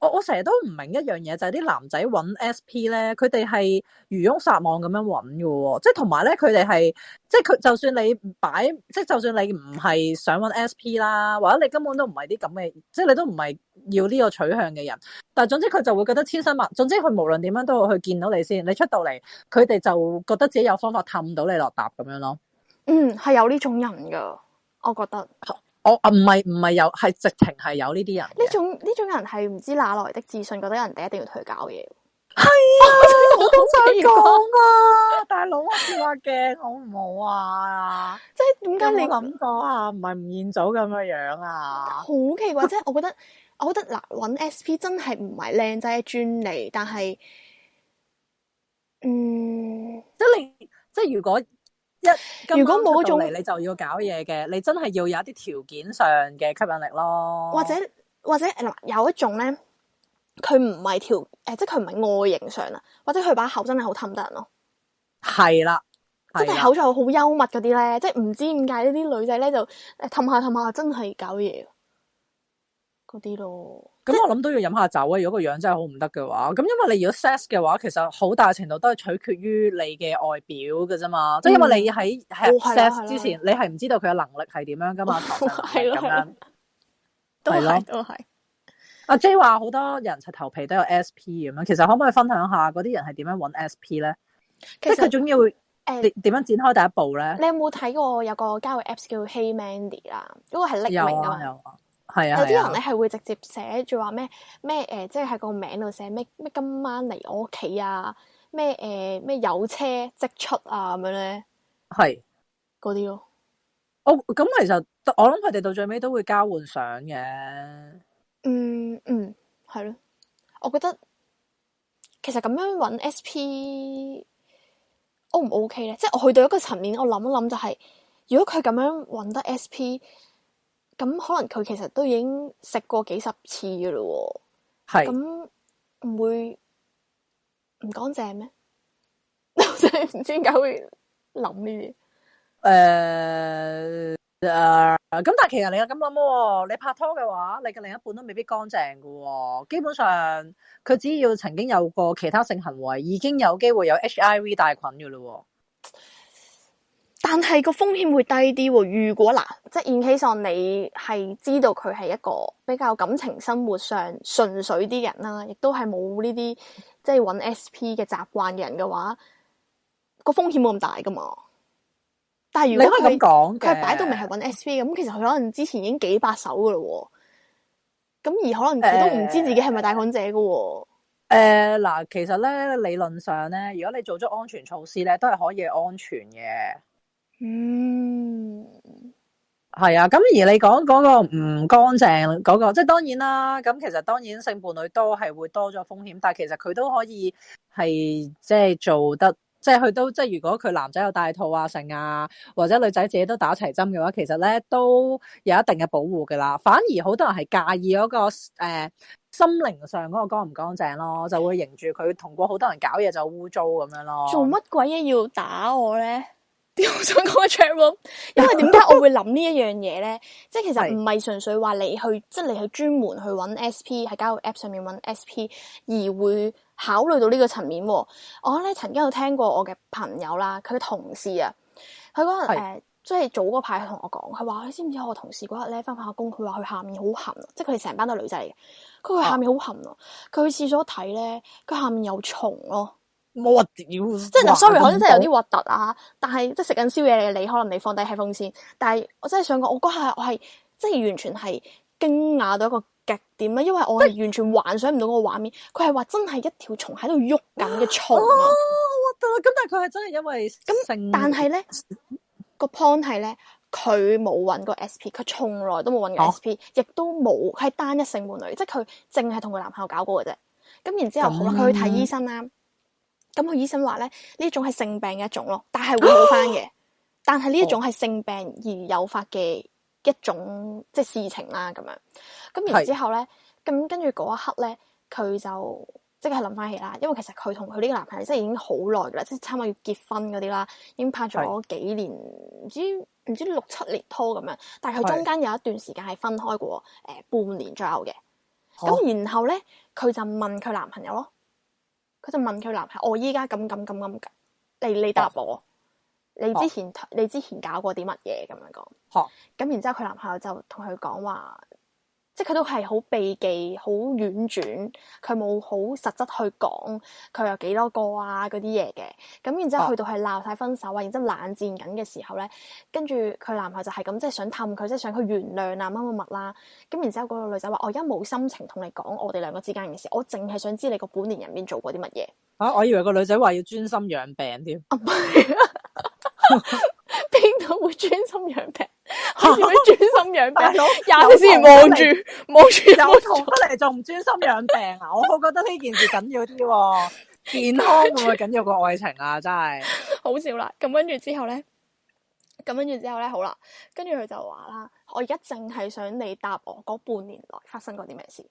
我成日都唔明一樣嘢，就係、是、啲男仔揾 SP 咧，佢哋係漁翁撒網咁樣揾嘅喎，即係同埋咧佢哋係即係佢就算你擺，即係就算你唔係想揾 SP 啦，或者你根本都唔係啲咁嘅，即係你都唔係要呢個取向嘅人。但係總之佢就會覺得千辛萬，總之佢無論點樣都會去見到你先，你出到嚟，佢哋就覺得自己有方法氹到你落搭咁樣咯。嗯，係有呢種人㗎，我覺得。我啊，唔係唔係有，係直情係有呢啲人。呢種呢種人係唔知哪來的自信，覺得人哋一定要去搞嘢。係、 哎、呀 啊，好難講啊！大佬，說話驚好唔好啊？即係點解你諗咗啊？唔係吳彥祖咁嘅樣,樣啊？好奇怪，即係我覺得，我覺得嗱，揾 S P 真係唔係靚仔嘅專利，但係，嗯，即係你，即係如果。一，如果冇嗰種，你就要搞嘢嘅，你真係要有一啲條件上嘅吸引力咯。或者或者，或者有一種咧，佢唔係條誒，即係佢唔係外形上啦，或者佢把口哄哄哄哄真係好氹得人咯。係啦，即係口就好幽默嗰啲咧，即係唔知點解呢啲女仔咧就氹下氹下，真係搞嘢嗰啲咯。咁我諗都要飲下酒啊！如果個樣真係好唔得嘅話，咁因為你如果 sex 嘅話，其實好大程度都係取決於你嘅外表噶啫嘛。即係因為你喺 sex 之前，你係唔知道佢嘅能力係點樣噶嘛，係咁樣。係咯，都係。阿 J 話好多人係頭皮都有 SP 咁樣，其實可唔可以分享下嗰啲人係點樣揾 SP 咧？即係佢仲要誒點樣展開第一步咧？你有冇睇過有個交友 apps 叫 Hey Mandy 啦？嗰個係匿名噶嘛？係啊，有啲人咧係會直接寫住話咩咩誒，即係喺個名度寫咩咩今晚嚟我屋企啊，咩誒咩有車即出啊咁樣咧，係嗰啲咯。我咁、哦、其實，我諗佢哋到最尾都會交換相嘅、嗯。嗯嗯，係咯，我覺得其實咁樣搵 S P O 唔 O K 咧，即係我去到一個層面，我諗一諗就係、是，如果佢咁樣搵得 S P。咁可能佢其實都已經食過幾十次嘅噶啦，咁唔係會唔乾淨咩？我真係唔知點解會諗呢啲。誒誒，咁但係其實你又咁諗喎，你拍拖嘅話，你嘅另一半都未必乾淨噶。基本上，佢只要曾經有過其他性行為，已經有機會有 H I V 帶菌噶啦、哦。但係個風險會低啲喎。如果嗱，即係原則上你係知道佢係一個比較感情生活上純粹啲人啦，亦都係冇呢啲即係揾 S P 嘅習慣嘅人嘅話，個風險冇咁大噶嘛。但係如果佢佢擺到明係揾 S P 嘅，咁其實佢可能之前已經幾百手噶咯。咁而可能佢都唔知自己係咪帶菌者噶。誒、呃，嗱、呃，其實咧理論上咧，如果你做咗安全措施咧，都係可以安全嘅。嗯，係啊，咁而你講嗰個唔乾淨嗰個，即係當然啦。咁其實當然性伴侶都係會多咗風險，但係其實佢都可以係即係做得，即係佢都即係如果佢男仔有戴套啊、成啊，或者女仔自己都打齊針嘅話，其實咧都有一定嘅保護噶啦。反而好多人係介意嗰、那個誒、呃、心靈上嗰個乾唔乾淨咯，就會凝住佢同過好多人搞嘢就污糟咁樣咯。做乜鬼嘢要打我咧？我想講嘅 trap 因為點解我會諗呢一樣嘢咧？ 即係其實唔係純粹話你去，即係你去專門去揾 SP，喺交友 app 上面揾 SP，而會考慮到呢個層面。我咧曾經有聽過我嘅朋友啦，佢嘅同事啊，佢嗰日誒，即係早嗰排同我講，佢話你知唔知我同事嗰日咧翻返下工，佢話佢下面好痕，即係佢哋成班都係女仔嚟嘅，佢話下面好痕啊，佢去廁所睇咧，佢下面有蟲咯。冇啊！屌，即係嗱，sorry，可能真係有啲核突啊。但係即係食緊宵夜，你可能你放低喺風扇。但係我真係想講，我嗰下我係即係完全係驚訝到一個極點啦，因為我係完全幻想唔到嗰個畫面。佢係話真係一條蟲喺度喐緊嘅蟲啊，核突！咁但係佢係真係因為咁，但係咧個 point 係咧，佢冇揾過 SP，佢從來都冇揾過 SP，亦都冇係單一性伴侶，即係佢淨係同佢男朋友搞過嘅啫。咁然之後好啦，佢去睇醫生啦。咁佢醫生話咧，呢一種係性病嘅一種咯，但係會好翻嘅。啊、但係呢一種係性病而誘發嘅一種即係事情啦，咁樣。咁然之後咧，咁是跟住嗰一刻咧，佢就即係諗翻起啦。因爲其實佢同佢呢個男朋友即係已經好耐噶啦，即係差唔多要結婚嗰啲啦，已經拍咗幾年，唔是知唔知六七年拖咁樣。但係佢中間有一段時間係分開過，誒、呃、半年左右嘅。咁是然後咧，佢就問佢男朋友咯。佢就問佢男朋友：我依家咁咁咁咁，你你答我，啊、你之前、啊、你之前搞過啲乜嘢咁樣講？咁、啊、然之後，佢男朋友就同佢講話。即係佢都係好避忌，好婉轉，佢冇好實質去講佢有幾多個啊嗰啲嘢嘅。咁然之後去到係鬧晒分手啊，然之後冷戰緊嘅時候咧，跟住佢男朋友就係咁，即係想氹佢，即係想佢原諒啊乜乜乜啦。咁然之後嗰個女仔話：我而家冇心情同你講我哋兩個之間嘅事，我淨係想知你個本年入邊做過啲乜嘢。啊，我以為個女仔話要專心養病添。 邊度會專心養病？點解專心養病？又先望住望住，就逃出嚟，就唔專心養病啊？ 我好覺得呢件事緊要啲，哦，健康會唔會緊要過愛情啊？真係 好笑啦！咁跟住之後咧，咁跟住之後咧，好啦，跟住佢就話啦，我而家淨係想你答我嗰半年內發生過啲咩事。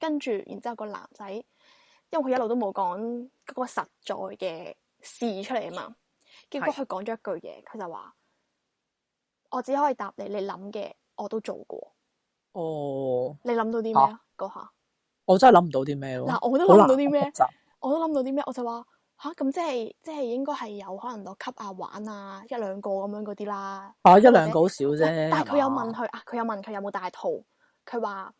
跟住，然之後，然後個男仔，因為佢一路都冇講嗰個實在嘅事出嚟啊嘛。結果佢講咗一句嘢，佢就話：就是我只可以答你，你諗嘅我都做過。哦，你諗到啲咩啊？下刻。我真係諗唔到啲咩咯。嗱，我都諗到啲咩？我都諗到啲咩？我就話：吓，啊，咁即係即係應該係有可能到吸啊、玩啊一兩個咁樣嗰啲啦。吓，一兩個好、啊、少啫。但係佢有問佢啊，佢有問佢有冇帶套，佢話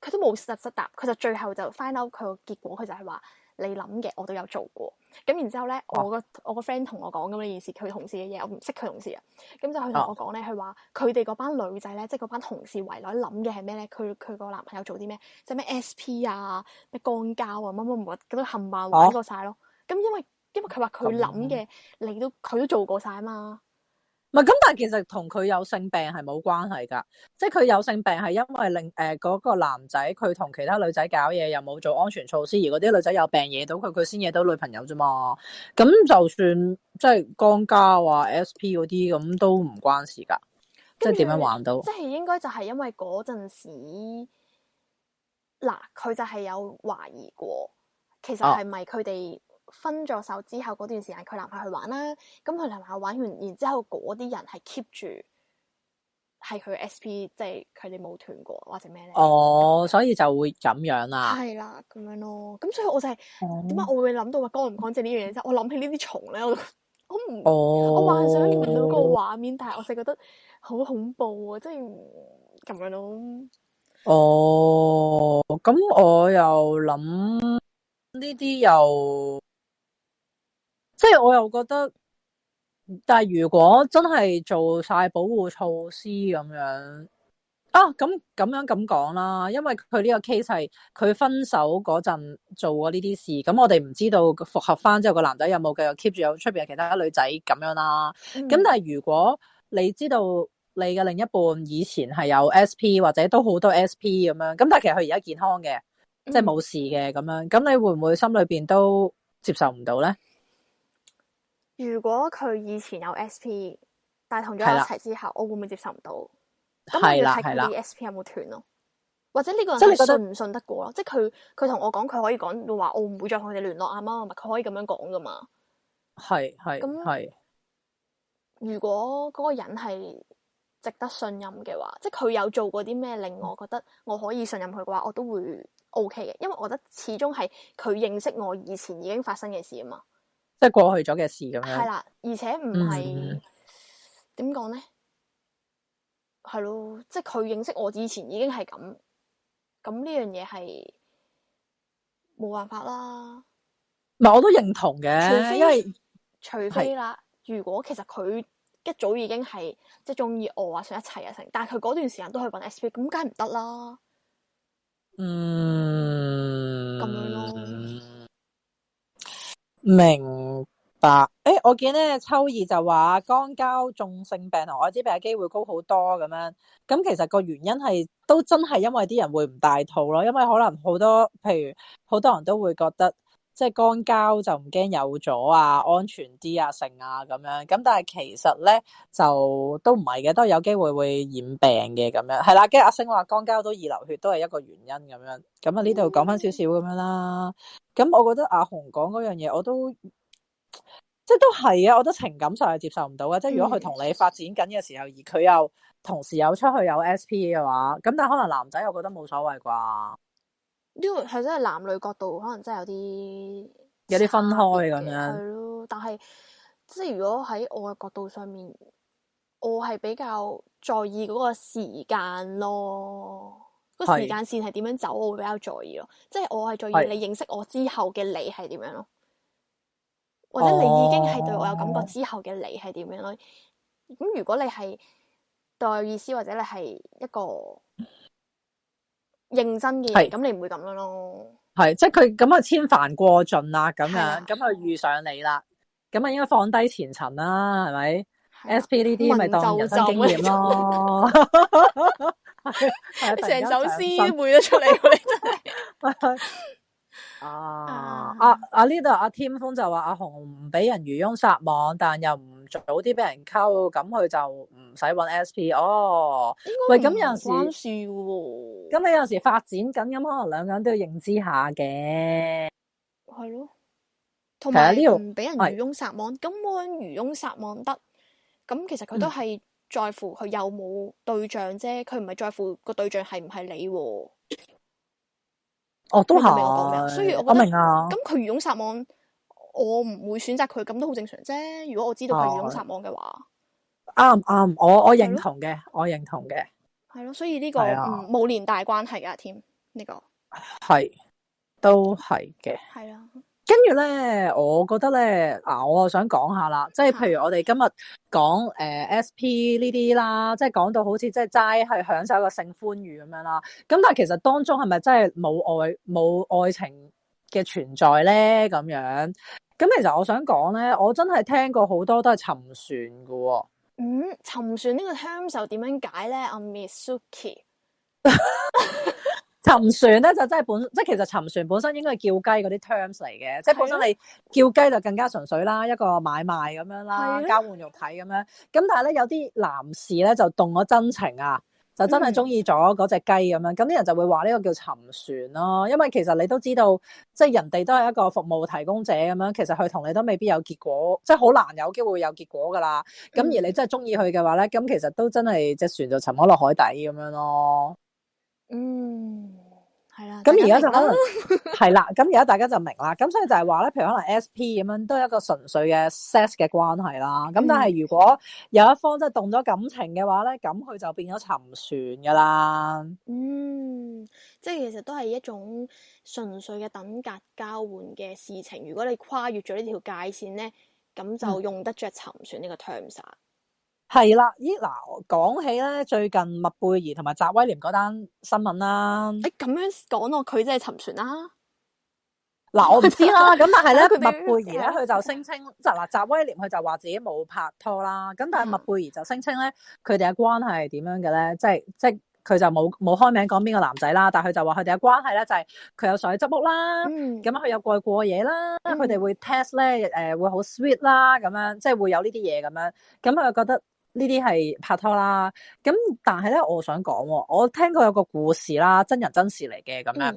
佢都冇實質答。佢就最後就 find out 佢個結果，佢就係話。你諗嘅我都有做過，咁然之後咧哇，我個我個 friend 同我講咁呢件事，佢同事嘅嘢，我唔識佢同事啊，咁就佢同我講咧，佢話佢哋嗰班女仔咧，即係嗰班同事圍內諗嘅係咩咧？佢佢個男朋友做啲咩？即係咩 SP 啊、咩肛交啊、乜乜乜咁都冚唪唥玩過曬咯。咁、啊、因為因為佢話佢諗嘅，啊、你都佢都做過晒啊嘛。咁，但係其實同佢有性病係冇關係噶，即係佢有性病係因為令誒嗰個男仔佢同其他女仔搞嘢又冇做安全措施，而嗰啲女仔有病惹到佢，佢先惹到女朋友啫嘛。咁就算即係肛交啊、S.P. 嗰啲咁都唔關事噶，即係點樣話都，即係應該就係因為嗰陣時，嗱佢就係有懷疑過，其實係咪佢哋？分咗手之後嗰段時間，佢男朋友去玩啦，咁佢男朋友玩完，然之後嗰啲人係 keep 住係佢 SP，即係佢哋冇斷過或者咩咧？哦，所以就會咁樣啦，啊。係啦，咁樣咯。咁所以我就係點解我會諗到話乾唔乾淨呢樣嘢？即係我諗起呢啲蟲咧，我好唔，我，我，哦，我幻想見到嗰個畫面，但係我就覺得好恐怖啊！即係咁樣咯。哦，咁我又諗呢啲又。即係我又覺得，但係如果真係做晒保護措施咁樣啊，咁咁樣咁講啦，因為佢呢個 case 係佢分手嗰陣做過呢啲事，咁我哋唔知道復合翻之後個男仔有冇繼續 keep 住有出邊其他女仔咁樣啦。咁但係如果你知道你嘅另一半以前係有 SP 或者都好多 SP 咁樣，咁但係其實佢而家健康嘅，即係冇事嘅咁樣，咁你會唔會心裏邊都接受唔到咧？如果佢以前有 SP，但係同咗我一齊之後，對了 我會唔會接受唔到？咁對了 要睇 SP 有冇斷咯，對了 或者呢個人覺得唔信得過咯？即係佢佢同我講佢可以講話我唔會再同佢哋聯絡啊嘛，佢可以咁樣講噶嘛？係係咁，那對如果嗰個人係值得信任嘅話，即係佢有做過啲咩令我覺得我可以信任佢嘅話，我都會 OK 嘅，因為我覺得始終係佢認識我以前已經發生嘅事啊嘛。即係過去咗嘅事咁樣，係啦、嗯，而且唔係點講咧，係咯、嗯，即係佢認識我以前已經係咁，咁呢樣嘢係冇辦法啦。唔係，我都認同嘅，除非，因為除非啦，係，如果其實佢一早已經係即係中意我話，想一齊啊，成，但係佢嗰段時間都去揾 SP，咁梗係唔得啦。嗯，咁樣咯。明白，誒、欸，我見咧，秋二就話肛交重性病同艾滋病嘅機會高好多咁樣，咁其實個原因係都真係因為啲人會唔戴套，咯因為可能好多，譬如好多人都會覺得。即係肛交就唔驚有咗啊，安全啲啊，成啊咁樣。咁但係其實咧就都唔係嘅，都係有機會會染病嘅咁樣。係啦，跟住阿星話肛交都易流血，都係一個原因咁樣。咁啊呢度講翻少少咁樣啦。咁、嗯、我覺得阿紅講嗰樣嘢我都即係都係啊，我覺得情感上係接受唔到嘅。即係如果佢同你發展緊嘅時候，而佢又同時有出去有 SP 嘅話，咁但係可能男仔又覺得冇所謂啩。呢個係真係男女角度，可能真係有啲有啲分開咁樣。係咯，但係即係如果喺我嘅角度上面，我係比較在意嗰個時間咯，是個時間線係點樣走，我會比較在意咯。即係我係在意你認識我之後嘅你係點樣咯，是或者你已經係對我有感覺之後嘅你係點樣咯。咁、哦、如果你係對我有意思，或者你係一個。認真嘅，咁是你唔會咁樣咯。係，即係佢咁啊，千帆過盡啦，咁樣，咁啊 遇上你啦，咁啊應該放低前塵啦，係咪？S P 呢啲咪當人生經驗咯。成首詩背咗出嚟，你真係。啊，A、阿阿呢度阿天峰就話阿紅唔俾人漁翁撒網，但又唔。早啲俾人溝，咁佢就唔使揾 SP 哦。應喂，咁有陣時關事喎。咁、啊、你有時發展緊，咁可能兩個人都要認知下嘅。係咯，同埋呢唔俾人漁翁撒網。咁我是漁翁撒網得，咁其實佢都係在乎佢有冇對象啫。佢唔係在乎個對象係唔係你、啊。哦，都係。所以我，我明啊。咁佢漁翁撒網。我唔會選擇佢咁都好正常啫。如果我知道佢遇凶殺網嘅話，啱啱，啊啊啊、我我認同嘅，我認同嘅係咯。所以呢個冇連帶關係噶，添呢個係都係嘅係啦。跟住咧，我覺得咧啊，我又想講下、呃、啦，即係譬如我哋今日講誒 SP 呢啲啦，即係講到好似即係齋係享受一個性歡愉咁樣啦。咁但係其實當中係咪真係冇愛冇愛情嘅存在咧？咁樣？咁其實我想講咧，我真係聽過好多都係沉船嘅。哦。嗯，沉船呢個 terms 又點樣解咧？阿、啊、Miss Suki， 沉船咧就真、是、係本，即係其實沉船本身應該係叫雞嗰啲 terms 嚟嘅，啊、即係本身你叫雞就更加純粹啦，一個買賣咁樣啦，啊、交換肉體咁樣。咁但係咧有啲男士咧就動咗真情啊。就真係中意咗嗰隻雞咁樣，咁啲、mm. 人就會話呢個叫沉船咯。因為其實你都知道，即、就、係、是、人哋都係一個服務提供者咁樣，其實佢同你都未必有結果，即係好難有機會有結果噶啦。咁而你真係中意佢嘅話咧，咁、mm. 其實都真係隻船就沉咗落海底咁樣咯。嗯。Mm. 係啦，咁而家 就可能係啦，咁而家大家就明啦，咁 所以就係話咧，譬如可能 SP 咁樣都係一個純粹嘅 sex 嘅關係啦，咁、嗯、但係如果有一方真係動咗感情嘅話咧，咁佢就變咗沉船噶啦。嗯，即係其實都係一種純粹嘅等價交換嘅事情，如果你跨越咗呢條界線咧，咁就用得着沉船呢個 terms 啊。嗯係啦，咦嗱，講起咧，最近麥貝夷同埋翟威廉嗰單新聞啦，誒咁、欸、樣講到佢真係沉船啦。嗱，我唔知啦，咁 但係咧，麥貝夷咧，佢就聲稱，就嗱翟威廉，佢就話自己冇拍拖啦。咁但係麥貝夷就聲稱咧，佢哋嘅關係點樣嘅咧，即係即係佢就冇冇開名講邊個男仔啦。但係佢就話佢哋嘅關係咧就係佢有上去執屋啦，咁樣佢有過去過嘢啦，咁佢哋會 test 咧，誒、呃、會好 sweet 啦，咁樣，樣即係會有呢啲嘢咁樣，咁佢就覺得。呢啲係拍拖啦，咁但係咧，我想講、啊，我聽過有個故事啦，真人真事嚟嘅咁樣，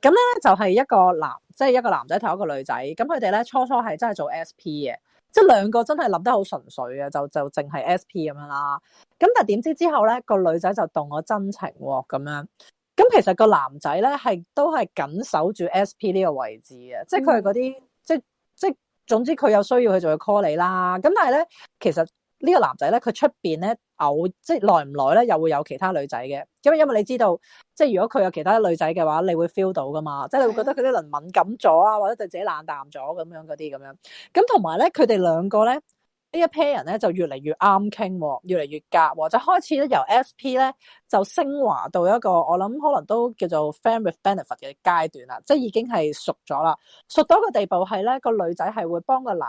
咁咧、嗯、就係、係、一個男，即係一個男仔同一個女仔，咁佢哋咧初初係真係做 S P 嘅，即係兩個真係諗得好純粹嘅，就就淨係 S P 咁樣啦。咁但係點知之後咧，個女仔就動咗真情喎，咁樣，咁其實個男仔咧係都係緊守住 S P 呢個位置嘅，即係佢嗰啲，嗯、即即總之佢有需要佢就會 call 你啦。咁但係咧，其實。呢個男仔咧，佢出邊咧，偶、呃、即係耐唔耐咧，又會有其他女仔嘅，因為因為你知道，即係如果佢有其他女仔嘅話，你會 feel 到㗎嘛，即係你會覺得佢啲人敏感咗啊，或者對自己冷淡咗咁樣嗰啲咁樣。咁同埋咧，佢哋兩個咧呢一 pair 人咧就越嚟越啱傾，越嚟越夾，就開始咧由 SP 咧就升華到一個我諗可能都叫做 friend with benefit 嘅階段啦，即係已經係熟咗啦，熟到一個地步係咧個女仔係會幫個男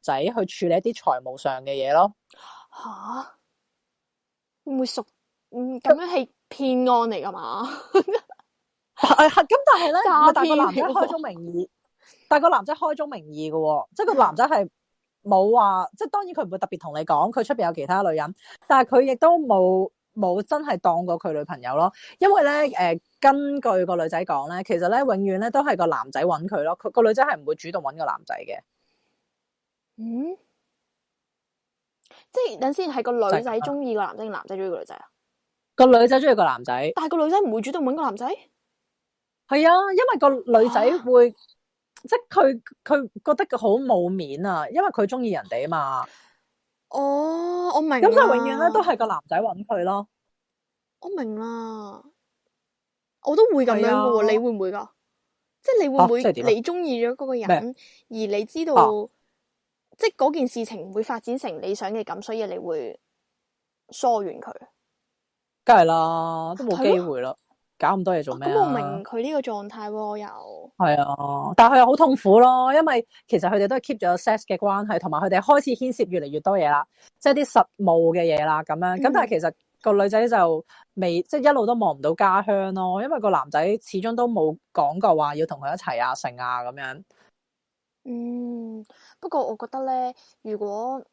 仔去處理一啲財務上嘅嘢咯，吓唔會熟？嗯，咁樣係騙案嚟噶嘛？誒騙，咁但係咧，詐騙，但個男仔開宗明義， 但個男仔開宗明義嘅，即係個男仔係冇話，即係當然佢唔會特別同你講佢出邊有其他女人，但係佢亦都冇冇真係當過佢女朋友咯。因為咧，誒、呃，根據個女仔講咧，其實咧永遠咧都係個男仔揾佢咯，佢個女仔係唔會主動揾個男仔嘅。嗯，即係等先，係個女仔中意個男仔，定的男仔中意個女仔啊？個女仔中意個男仔，但係個女仔唔會主動揾個男仔，係啊，因為個女仔會，啊、即係佢佢覺得佢好冇面啊，因為佢中意人哋啊嘛。哦，我明，咁就永遠咧都係個男仔揾佢咯。我明啦，我都會咁樣噶喎的、啊，你會唔會噶？即係你會唔會、啊、你中意咗嗰個人，麼而你知道、啊？啊即係嗰件事情唔會發展成理想嘅咁，所以你會疏遠佢。梗係啦，都冇機會啦，搞咁多嘢做咩啊？冇、啊、明佢呢個狀態喎，我又係啊，但係佢又好痛苦咯，因為其實佢哋都係 keep 咗有 sex 嘅關係，同埋佢哋開始牽涉越嚟越多嘢啦，即係啲實務嘅嘢啦，咁樣咁、嗯、但係其實個女仔就未即係一路都望唔到家鄉咯，因為個男仔始終都冇講過話要同佢一齊啊，成啊咁樣。嗯，不過我覺得咧，如果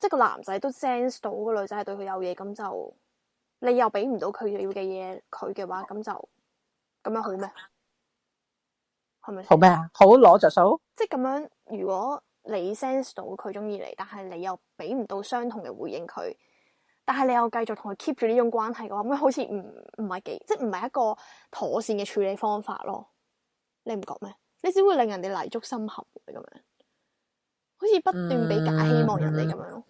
即係個男仔都 sense 到個女仔係對佢有嘢，咁就你又俾唔到佢要嘅嘢佢嘅話，咁就咁樣是是好咩？係咪好咩？好攞着數？即係咁樣，如果你 sense 到佢中意你，但係你又俾唔到相同嘅回應佢，但係你又繼續同佢 keep 住呢種關係嘅話，咁樣好似唔唔係幾，即係唔係一個妥善嘅處理方法咯？你唔覺咩？你先會令人哋泥足深陷咁樣，好似不斷俾假希望人哋咁樣。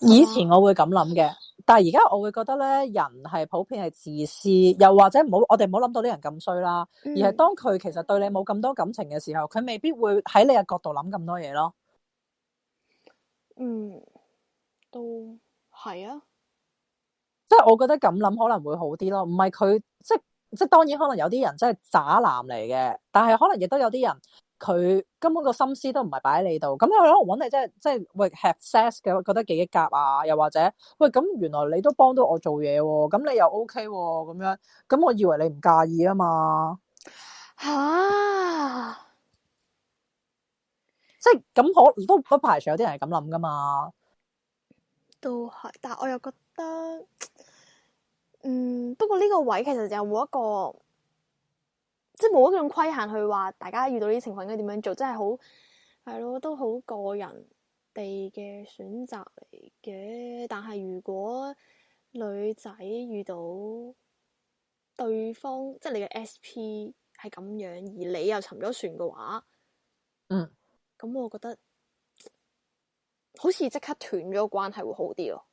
以前我會咁諗嘅，啊、但係而家我會覺得咧，人係普遍係自私，又或者唔好我哋唔好諗到啲人咁衰啦。嗯、而係當佢其實對你冇咁多感情嘅時候，佢未必會喺你嘅角度諗咁多嘢咯。嗯，都係啊，即係我覺得咁諗可能會好啲咯，唔係佢即係。即係當然，可能有啲人真係渣男嚟嘅，但係可能亦都有啲人佢根本個心思都唔係擺喺你度，咁佢攞嚟，即係即係喂，have sex 嘅，覺得幾夾啊，又或者喂，咁原來你都幫到我做嘢喎，咁你又 OK 喎，咁樣，咁我以為你唔介意啊嘛吓，即係咁可都不排除有啲人係咁諗噶嘛都係，但係我又覺得。嗯，不過呢個位其實就冇一個即係冇一種規限去話大家遇到呢啲情況應該點樣做，真係好係咯，都好個人哋嘅選擇嚟嘅。但係如果女仔遇到對方即係、就是、你嘅 SP 係咁樣，而你又沉咗船嘅話，嗯，咁我覺得好似即刻斷咗關係會好啲咯、哦。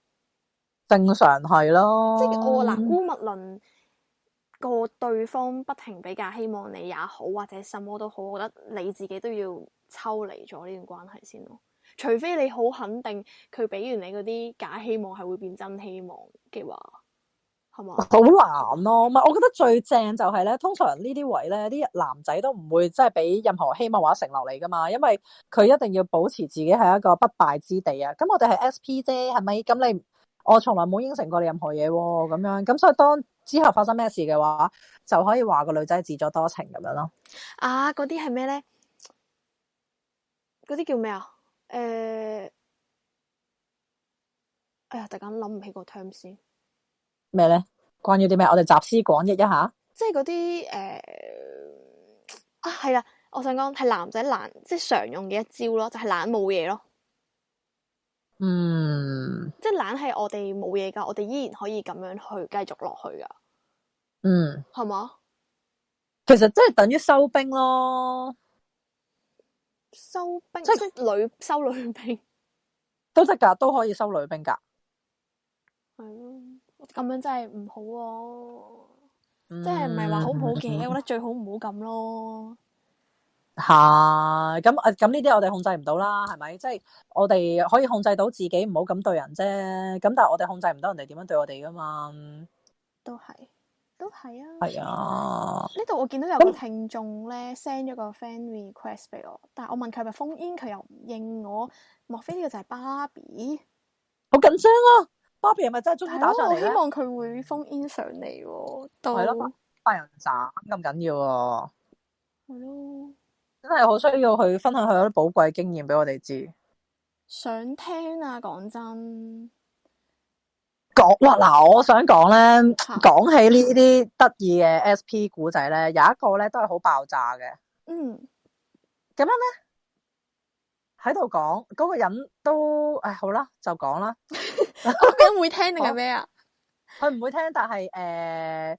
正常係咯，即係我嗱，姑勿論個對方不停俾假希望你也好，或者什麼都好，我覺得你自己都要抽離咗呢段關係先咯。除非你好肯定佢俾完你嗰啲假希望係會變真希望嘅話，係嘛好難咯、啊。唔係，我覺得最正就係、是、咧，通常呢啲位咧，啲男仔都唔會即係俾任何希望或者承諾你噶嘛，因為佢一定要保持自己係一個不敗之地啊。咁我哋係 S P 啫，係咪咁你？我從來冇應承過你任何嘢，咁樣，咁所以當之後發生咩事嘅話，就可以話個女仔自作多情咁樣咯。啊，嗰啲係咩咧？嗰啲叫咩啊？誒、呃，哎呀，突然間諗唔起個 term 先。咩咧？關於啲咩？我哋集思廣益一下。即係嗰啲誒，啊係啦，我想講係男仔懶，即係常用嘅一招咯，就係懶冇嘢咯。嗯，即係懶係我哋冇嘢噶，我哋依然可以咁樣去繼續落去噶。嗯，係嘛吧？其實即係等於收兵咯，收兵即係是女收女兵都得噶，都可以收女兵噶。係咯、嗯，咁樣真係唔好啊！嗯、即係唔係話好唔好嘅，我、嗯、覺得最好唔好咁咯。吓，咁啊，咁呢啲我哋控制唔到啦，係咪？即係我哋可以控制到自己唔好咁對人啫。咁但係我哋控制唔到人哋點樣對我哋噶嘛？都係，都係啊。係啊、哎呀。呢度我見到有個聽眾咧 send 咗個 friend request 俾我，但係我問佢係咪封煙，佢又唔應我。莫非呢個就係芭比？好緊張啊！芭比係咪真係中意打上嚟咧？我希望佢會封煙上嚟喎、哦。係咯，快人斬咁緊要喎、啊。係咯。真係好需要去分享佢嗰啲寶貴經驗俾我哋知，想聽啊！講真，講哇嗱，我想講咧，講、啊、起呢啲得意嘅 SP 古仔咧，有一個咧都係好爆炸嘅。嗯，咁樣咧喺度講，嗰、嗰個人都誒好啦，就講啦。咁會聽定係咩啊？佢唔會聽，但係誒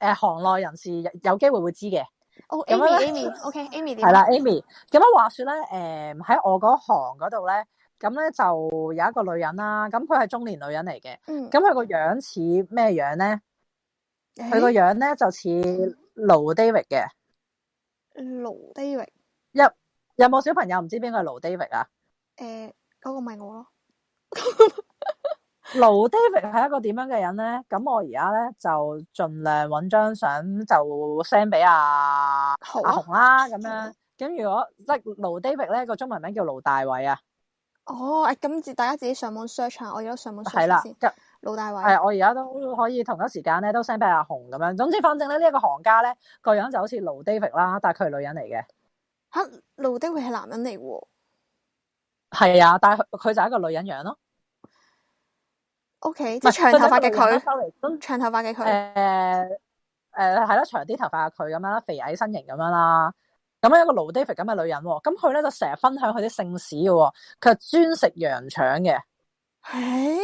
誒行內人士有有機會會知嘅。哦，Amy，Amy，OK，Amy 點係啦，Amy, Amy, okay, Amy。咁樣話說咧，誒、嗯，喺我嗰行嗰度咧，咁咧就有一個女人啦，咁佢係中年女人嚟嘅，咁佢個樣似咩樣咧？佢個、欸、樣咧就似盧 David 嘅盧盧 David 有。有有冇小朋友唔知邊個係盧 David 啊？誒、欸、嗰、那個咪我咯。 盧 David 係一個點樣嘅人咧？咁我而家咧就盡量搵張相就 send 俾阿阿紅啦，咁、哦啊、樣。咁如果即係盧 David 咧個中文名叫盧大偉啊？哦，咁大家自己上網 search 下。我而家上網 search 先盧大偉，係我而家都可以同一時間咧都 send 俾阿紅咁樣。總之，反正咧呢一、這個行家咧個樣就好似盧 David 啦，但係佢係女人嚟嘅。吓，盧 David 係男人嚟喎。係啊，但係佢就係一個女人樣咯。O K，即長頭髮嘅佢，長頭髮嘅佢，誒誒係咯，長啲頭髮嘅佢咁樣啦，肥矮身形咁樣啦，咁、嗯、樣一個老 David 咁嘅女人，咁佢咧就成日分享佢啲性史嘅，佢係專食羊腸嘅。Hey?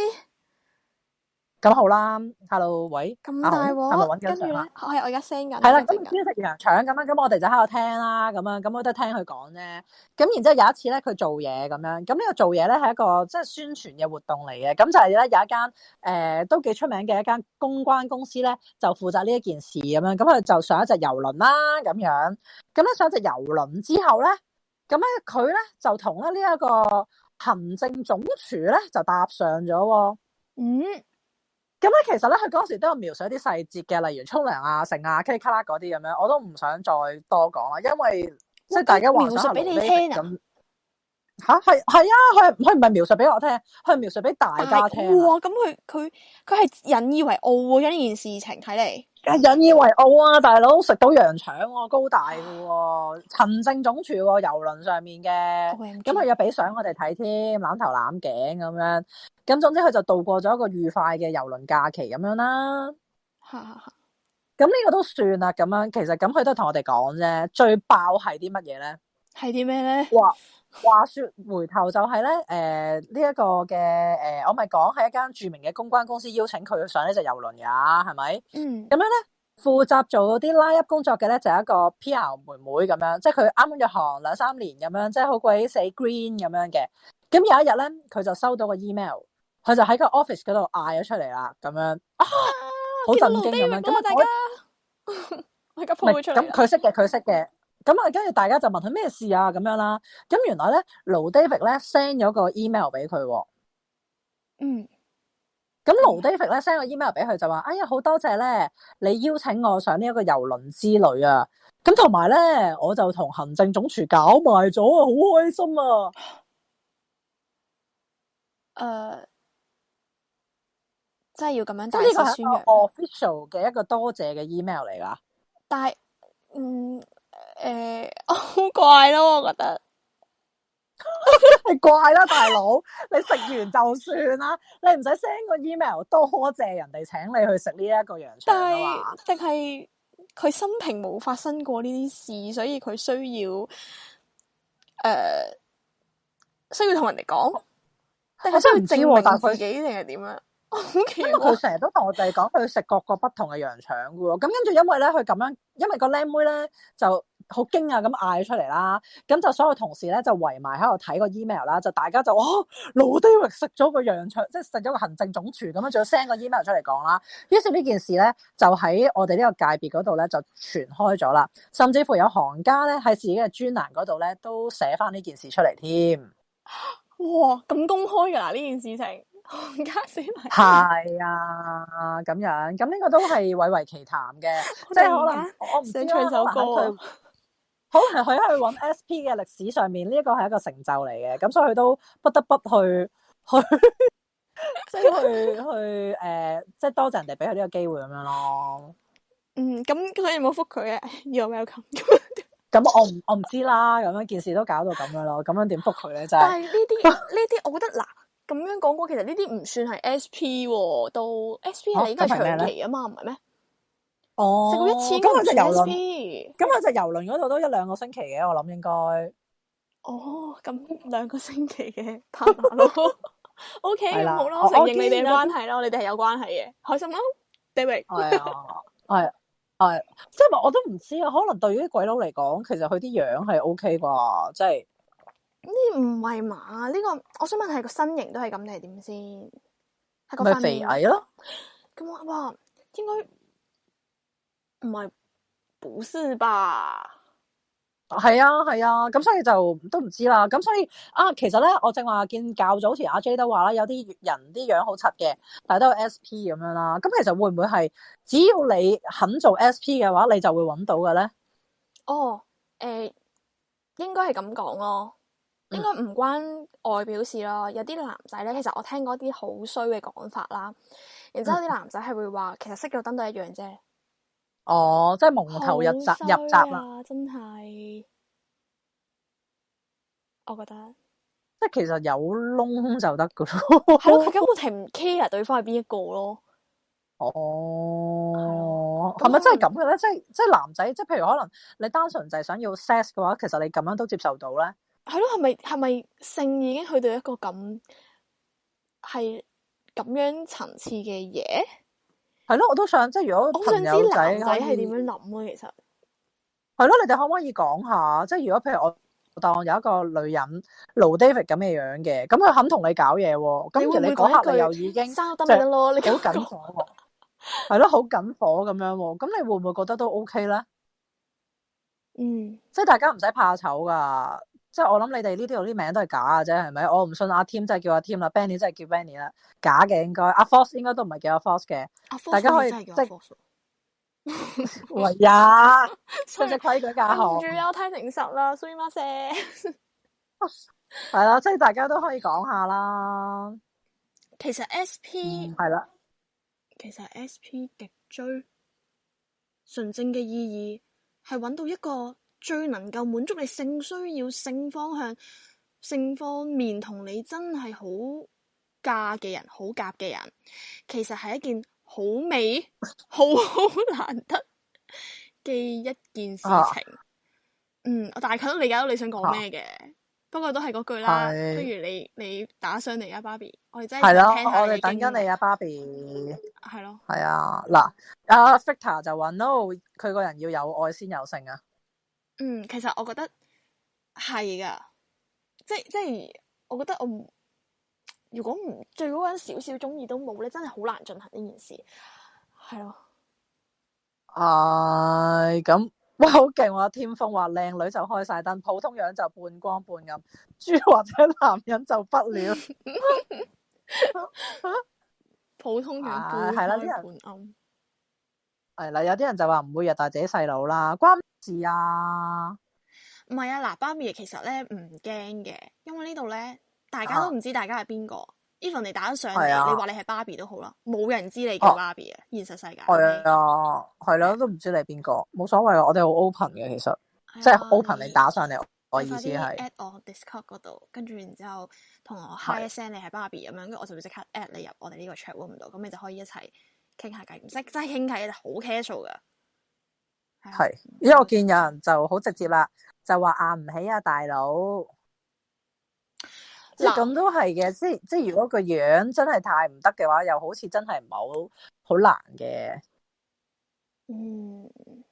咁好啦，Hello，喂，咁大鑊，啊、是是跟住咧，係、哦、我而家 send 緊，係啦，即食人搶咁啦，咁我哋就喺度聽啦，咁樣，咁我都係聽佢講啫。咁然之後有一次咧，佢做嘢咁樣，咁呢個做嘢咧係一個即係宣傳嘅活動嚟嘅，咁就係咧有一間誒、呃、都幾出名嘅一間公關公司咧，就負責呢一件事咁樣，咁佢就上一隻遊輪啦，咁樣，咁咧上一隻遊輪之後咧，咁咧佢咧就同咧呢一個行政總廚咧就搭上咗，嗯。咁咧，其實咧，佢嗰時都有描述一啲細節嘅，例如沖涼啊、成啊、卡卡啦嗰啲咁樣，我都唔想再多講啦，因為即係、哦、大家話描述俾你聽咁，吓？係係啊，佢佢唔係描述俾我聽，佢係描述俾大家聽。咁佢佢佢係引以為傲嘅呢件事情，睇嚟。引以為傲啊，大佬食到羊腸喎、啊，高大嘅陳政總廚喎、啊，遊輪上面嘅，咁佢又俾相我哋睇添，攬頭攬頸咁樣，咁總之佢就度過咗一個愉快嘅遊輪假期咁樣啦。係係係，咁 呢樂個都算啦。咁樣其實咁佢都同我哋講啫。最爆係啲乜嘢咧？係啲咩咧？ 哇！話說回頭就係、是、咧，誒、呃、呢、這個呃、一個嘅，誒我咪講係一間著名嘅公關公司邀請佢上呢隻遊輪㗎，係咪？嗯。咁樣咧，負責做啲拉入工作嘅咧就係一個 PR 妹妹咁樣，即係佢啱啱入行兩三年咁樣，即係好鬼死 green 咁樣嘅。咁有一日咧，佢就收到個 email，佢就喺個 office 嗰度嗌咗出嚟啦，咁樣好震驚咁樣。咁我喺個係咁，佢識嘅，佢識嘅。咁啊，跟住、嗯嗯、大家就問佢咩事啊，咁樣啦、啊。咁原來咧，盧 David 咧 send 咗個 email 俾佢、啊。嗯。咁盧 David 咧 send 個 email 俾佢，就話：哎呀，好多謝咧，你邀請我上呢一個遊輪之旅啊。咁同埋咧，我就同行政總廚搞埋咗啊，好開心啊。誒、呃，真係要咁樣。即係呢個算 official 嘅一個多謝嘅 email 嚟㗎。但係，嗯。誒，好怪咯，我覺得係怪啦，大佬，你食完就算啦，你唔使 send 個 email 多謝人哋請你去食呢一個羊腸嘅話，定係佢生平冇發生過呢啲事，所以佢需要誒、呃、需要同人哋講，定係需要證明自己定係點樣？ 我好奇，因為佢成日都同我哋講佢要食各個不同嘅羊腸嘅喎，咁跟住因為咧佢咁樣，因為個靚妹咧就。好驚啊！咁嗌咗出嚟啦，咁就所有同事咧就圍埋喺度睇個 email 啦，就大家就哦，老德榮食咗個羊腸，即係食咗個行政總廚咁樣，仲要 send 個 email 出嚟講啦。於是呢件事咧就喺我哋呢個界別嗰度咧就傳開咗啦，甚至乎有行家咧喺自己嘅專欄嗰度咧都寫翻呢件事出嚟添。哇！咁公開噶喇呢件事情，行 家寫埋。係啊，咁樣咁呢個都係為為奇談嘅，即係可能我唔知我睇佢。好係佢喺去揾 SP 嘅歷史上面呢一個係一個成就嚟嘅，咁、嗯、所以佢都不得不去去即係去去誒，即係多謝人哋俾佢呢個機會咁樣咯嗯。嗯、咁、嗯、佢有冇複佢啊？有，You are welcome 咁我唔我唔知啦，咁樣件事都搞到咁樣咯，咁樣點複佢咧？就係呢啲呢啲，我覺得嗱，咁 樣講過，其實呢啲唔算係 SP 喎，到 SP 係應該長期啊嘛，唔係咩？過，哦，咁我隻遊輪，咁我隻遊輪嗰度都一兩個星期嘅，我諗應該。哦，咁兩個星期嘅，O 拍咯 K，Okay ,好啦，承認你哋關係咯，、哦、咯，你哋係有關係嘅，開心啦，David。係啊，係，係、哎哎，即係咪我都唔知啊，可能對於啲鬼佬嚟講，其實佢啲樣係 O K 啩，即係。呢唔係嘛？呢、呢個我想問係個身形都係咁定係點先？係個肥矮咯。咁啊哇！應該？唔係，不是吧？係啊，係啊，咁所以就都唔知啦。咁所以啊，其實咧，我正話見較早前阿 J 都話啦，有啲人啲樣好柒嘅，但係都有 SP 咁樣啦。咁其實會唔會係只要你肯做 SP 嘅話，你就會搵到嘅咧？哦，誒、呃，應該係咁講咯，應該唔關外表事咯。嗯、有啲男仔咧，其實我聽過啲好衰嘅講法啦。然之後啲男仔係會話，嗯、其實熄咗燈都一樣啫。哦，即係蒙頭入閘入閘啊，閘真係，我覺得即係其實有窿就得㗎咯，係 咯，佢根本停唔 care 對方係邊一個咯。哦，係咪 真係咁嘅咧？即係即係男仔，即係譬如可能你單純就係想要 sex 嘅話，其實你咁樣都接受到咧？係咯，係咪係咪性已經去到一個咁係咁樣層次嘅嘢？係咯，我都想即係如果朋友仔係點樣諗啊？其實係咯，你哋可唔可以講下？即係如果譬如我當有一個女人，盧 David 咁嘅樣嘅，咁佢肯同你搞嘢，今日你講下你又已經爭得咪得咯？好緊就火，係咯， 好緊火咁樣，咁你會唔會覺得都 OK 咧？嗯，即係大家唔使怕醜噶。即係我諗你哋呢啲度啲名都係假嘅啫，係咪？我唔信阿 Tim 真係叫阿 Tim 啦，Benny 真係叫 Benny 啦，假嘅應該，阿 Fox 應該都唔係叫阿 Fox 嘅。大家可以即係，唯一遵守規矩較好。唔住，我太誠實啦，所以乜事？係啦，即係大家都可以講下啦。其實 SP, S P 係啦，其實 S P 極追純正嘅意義係搵到一個。最能夠滿足你性需要、性方向、性方面同你真係好嫁嘅人、好夾嘅人，其實係一件好美、好好難得嘅一件事情。啊、嗯，我大概都理解到你想講咩嘅，啊、不過都係嗰句啦。的不如你你打上嚟啊，Barbie，我哋真係聽下你嘅。係咯，我哋等緊你啊，Barbie。係咯的，係啊，嗱、啊，阿 Victor 就話 No，佢個人要有愛先有性啊。嗯，其實我覺得係噶，即係即係，我覺得我如果唔，最好揾少少中意都冇咧，真係好難進行呢件事，係咯、啊。唉、哎，咁，哇，好勁！天風話靚女就開晒燈，普通樣就半光半暗，豬或者男人就不了。普通樣半開半暗。嗯係啦，有啲人就話唔會虐待自己細佬啦，關事啊。唔係啊，嗱，Barbie 其實咧唔驚嘅，因為呢度咧大家都唔知大家係邊個，even 你打上嚟，的你話你係 Barbie 都好啦，冇人知你叫 Barbie 啊現實世界。係啊的，係咯，都唔知你係邊個，冇所謂啊，我哋好 open 嘅，其實即係的 open 你打上嚟，我意思係 at 我 Discord 嗰度，跟住然之後同我 hi 一聲，你係 Barbie 咁樣，跟住我就會即刻 at 你入我哋呢個 chatroom 度，咁你就可以一齊。傾下偈，唔識真係傾偈好 casual 噶，係，因為我見有人就好直接啦，就話硬唔起啊大佬，喇即係咁都係嘅，即係即係如果個樣真係太唔得嘅話，又好似真係唔好好難嘅，嗯。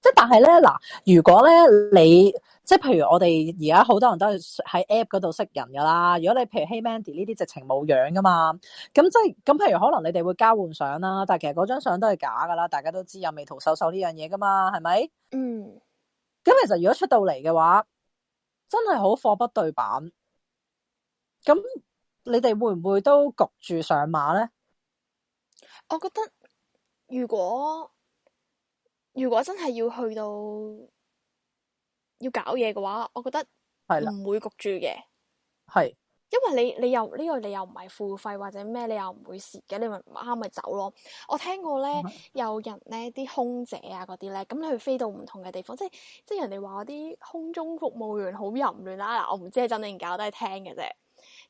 即但係咧嗱，如果咧你即係，譬如我哋而家好多人都係喺 A P P 嗰度識人噶啦。如果你譬如 Hey Mandy 呢啲直情冇樣噶嘛，咁即係咁，譬如可能你哋會交換相啦，但係其實嗰張相都係假噶啦，大家都知有美圖秀秀呢樣嘢噶嘛，係咪？嗯。咁其實如果出到嚟嘅話，真係好貨不對版。咁你哋會唔會都焗住上馬咧？我覺得如果。如果真係要去到要搞嘢嘅話，我覺得唔會焗住嘅。係的，因為你你又呢、呢個，你又唔係付費或者咩，你又唔會蝕嘅，你咪啱咪走咯。我聽過咧、嗯、有人咧啲空姐啊嗰啲咧，咁你去飛到唔同嘅地方，即係即係人哋話啲空中服務員好淫亂啦。嗱，我唔知係真定假，都係聽嘅啫。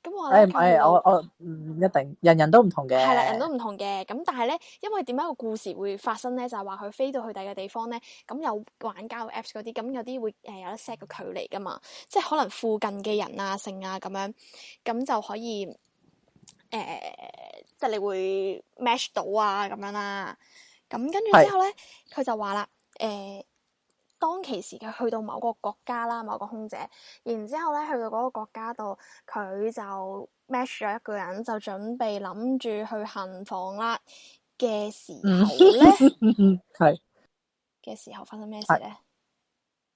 咁我係係、哎哎、我我唔一定，人人都唔同嘅係啦，人都唔同嘅。咁但係咧，因為點解個故事會發生咧？就係話佢飛到去第二個地方咧，咁有玩家 apps 嗰啲，咁有啲會誒、呃、有得 set 個距離㗎嘛，即係可能附近嘅人啊、性啊咁樣，咁就可以誒，即、呃、係你會 match 到啊咁樣啦。咁跟住之後咧，佢的就話啦，誒、呃。當其時佢去到某個國家啦，某個空姐，然之後咧，去到嗰個國家度，佢就 match 咗一個人，就準備諗住去行房啦嘅時候咧，係嘅 時候發生咩事咧？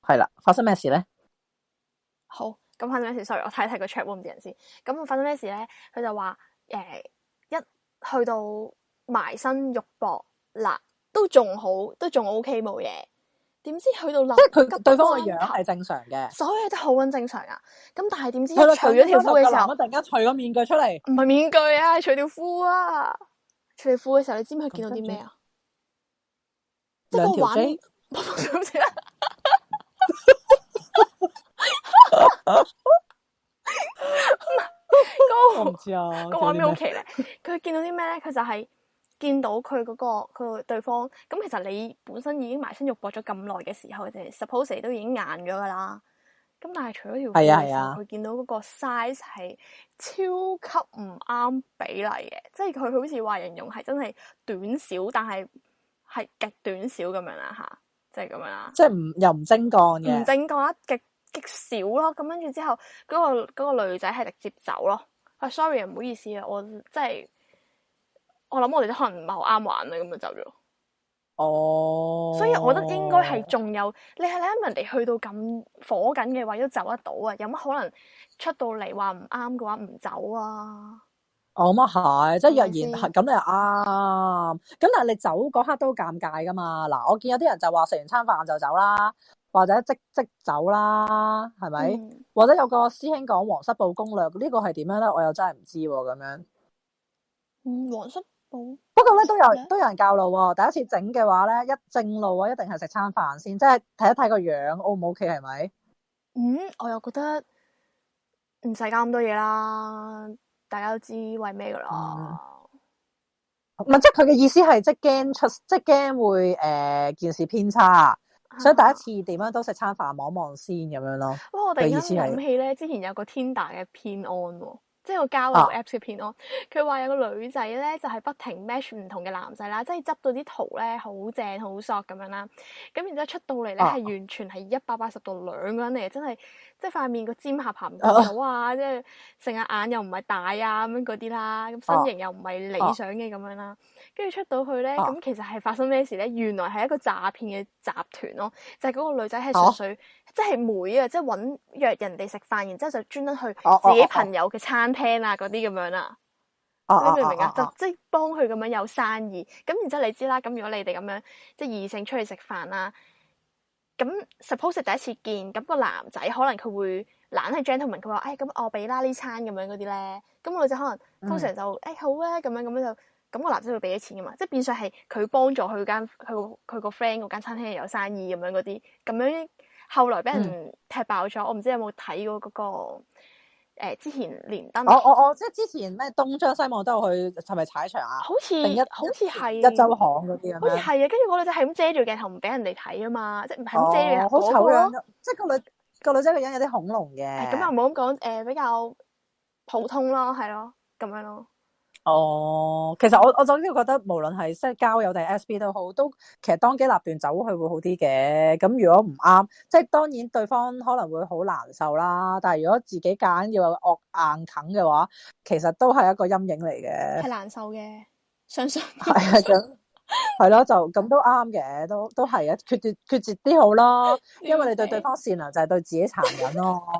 係啦、 啊，發生咩事咧？好，咁發生咩事？sorry，我睇一睇個 trap 嗰啲人先。咁發生咩事咧？佢就話，誒、欸，一去到埋身肉搏，嗱，都仲好，都仲 OK，冇嘢。點知去到男，即係佢對方個樣係正常嘅，所有都好穩正常噶。咁但係點知去到除咗條褲嘅時候，我突然間除咗面具出嚟，唔係面具啊，除條褲啊。除條褲嘅時候，你知唔知佢見到啲咩啊？即 係、 個畫面、啊，我唔知啊。個畫面好奇咧，佢見到啲咩咧？佢就係、是。見到佢嗰、那個佢對方咁、嗯，其實你本身已經埋身肉搏咗咁耐嘅時候，就 suppose 都已經硬咗噶啦。咁但係除咗條褲嘅時候，佢、啊啊、見到嗰個 size 係超級唔啱比例嘅，即係佢好似話形容係真係短小，但係係極短小咁、啊就是、樣啦吓，即係咁樣啦。即係唔又唔精幹嘅，唔精幹極極少咯。咁跟住之後，嗰、那個那個女仔係直接走咯。啊，sorry，唔好意思啊，我即係。我諗我哋都可能唔係好啱玩呀，咁就走咗。哦，oh, 所以我覺得應該係仲有，你係你人哋去到咁火緊嘅位都走得到啊，有乜可能出到嚟話唔啱嘅話唔走啊？哦、oh，乜啊係，即係若然係咁， 你又啱。咁但係你走嗰刻都尷尬噶嘛？嗱，我見有啲人就話食完餐飯就走啦，或者即即，即走啦，係咪？Mm. 或者有個師兄講黃室部攻略、這個、呢個係點樣咧？我又真係唔知咁樣。嗯，黃室。不過咧都有都有人教路喎、哦，第一次整嘅話咧，一正路啊，一定係食餐飯先，即係睇一睇個樣，O 唔 O K 係咪？行行嗯，我又覺得唔使教咁多嘢啦，大家都知為咩噶啦。唔係、嗯嗯嗯，即係佢嘅意思係，即係驚出，即係驚會誒、呃、件事偏差，啊、所以第一次點樣都食餐飯望一望先咁樣咯。不過我突然間諗起咧，之前有個天大嘅偏安喎、哦。即係個交流 Apps 片騙佢話有個女仔咧，就係、是、不停 match 唔同嘅男仔啦，即係執到啲圖咧，好正好索咁樣啦。咁然之後出到嚟咧，係完全係一百八十度兩個人嚟，嘅，真係即係塊面個尖下巴唔夠 啊，即係成日眼又唔係大啊咁樣嗰啲啦，咁身形又唔係理想嘅咁樣啦。跟住出到去咧，咁其實係發生咩事咧？原來係一個詐騙嘅集團咯，就係、是、嗰個女仔係純粹 即係妹啊，即係揾約人哋食飯，然之後就專登去自己朋友嘅餐。 聽啊，嗰啲咁樣啦，oh, 你明唔明啊？就即係幫佢咁樣有生意。咁然之後你知啦，咁如果你哋咁樣即係異性出去食飯啦，咁 suppose 第一次見，咁、那個男仔可能佢會懶係 gentleman，佢話誒，咁我俾啦呢餐咁樣嗰啲咧，咁、那個、女仔可能通常就誒、嗯哎、好啊咁樣咁樣就，咁、那個男仔會俾咗錢噶嘛，即係變相係佢幫助佢間佢佢個 friend 嗰間餐廳有生意咁樣嗰啲，咁樣後來俾人踢爆咗，嗯、我唔知有冇睇過嗰、那個。誒、呃，之前連登，我我我即係之前咩東張西望都有去，係咪踩場啊？好似，一好似係一周巷嗰啲啊，好似係啊，跟住個女仔係咁遮住鏡頭唔俾人哋睇啊嘛，即係唔肯遮嘅，好醜咯。即係個女個女仔個樣有啲恐龍嘅。咁又唔好咁講，誒、呃，比較普通咯，係咯，咁樣咯。哦，其實我我總之覺得無論係即係交友定係 SP 都好，都其實當機立斷走去會好啲嘅。咁如果唔啱，即係當然對方可能會好難受啦。但係如果自己揀要有惡硬啃嘅話，其實都係一個陰影嚟嘅。係難受嘅，相信係係咁。 係咯， 就咁都啱嘅，都都係啊，決絕決絕啲好咯，因為你對對方善良就係對自己殘忍咯、啊，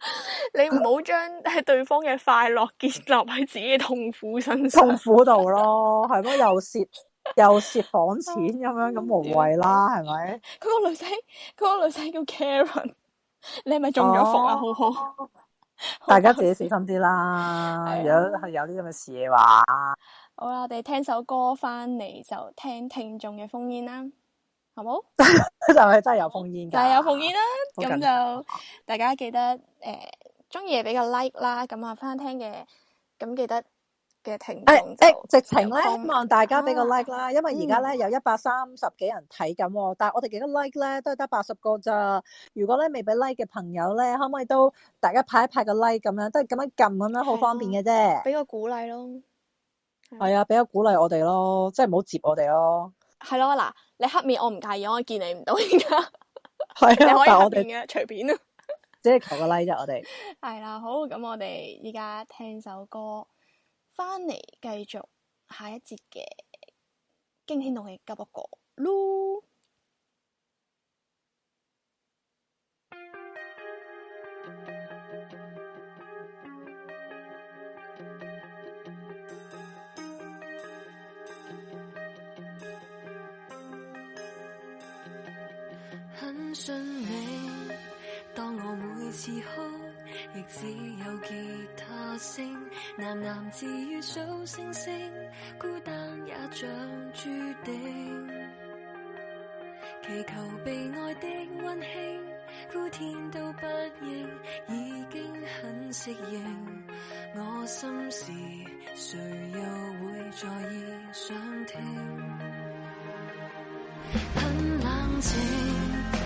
你唔好將喺對方嘅快樂建立喺自己嘅痛苦身上， 痛苦度咯，係咯，又蝕又蝕房錢咁樣咁無謂啦，係咪？ 佢 個女仔，佢、個女仔叫 Karen，你係咪中咗伏啊？哦、好好，大家自己小心啲啦， 如果有係有啲咁嘅事嘅話。 好啦，我哋聽首歌翻嚟就聽聽眾嘅烽煙啦，好，好，冇 ？就係真係有烽煙，就係有烽煙啦。咁、啊、就大家記得誒，中意嘅俾個 like 啦。咁啊，翻聽嘅咁記得嘅聽眾誒直情咧希望大家俾個 like 啦，因為呢、啊嗯 like、呢而家咧有一百三十幾人睇緊，但係我哋幾多 like 咧都係得八十個咋。如果咧未俾 like 嘅朋友咧，可唔可以都大家拍一拍個 like 咁樣，都係咁樣撳咁樣，好方便嘅啫，俾、啊、個鼓勵咯。係啊，比較鼓勵我哋咯，即係唔好接我哋咯。係咯，嗱，你黑面我唔介意，我見你唔到而家係啊， 的你可以我哋隨隨便咯，即 係求個 like 啫，我哋係啦，好，咁，我哋依家聽首歌，翻嚟繼續下一節嘅驚天動地 9up 過嚕。信你，當我每次哭，亦只有吉他聲喃喃自語數星星，孤單也像注定。祈求被愛的温馨，呼天都不應，已經很適應。我心事，誰又會在意想聽？很冷靜。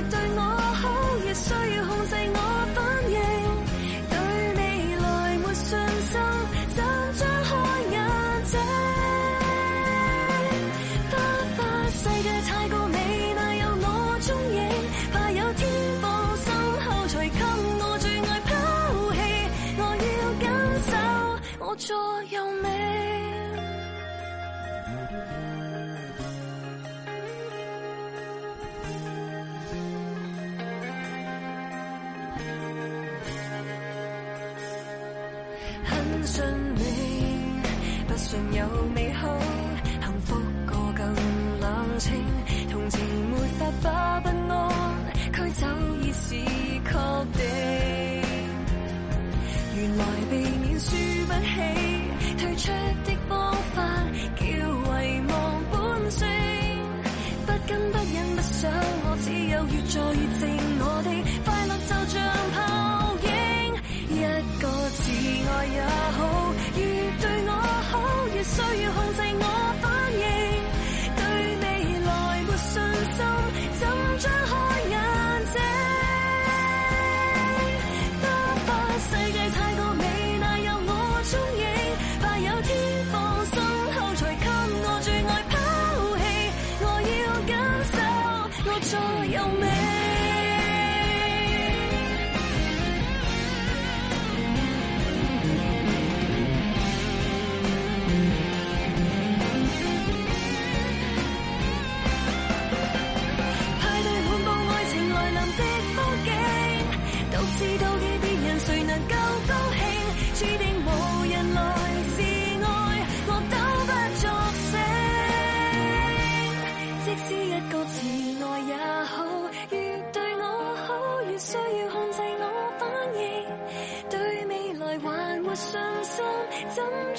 需要控制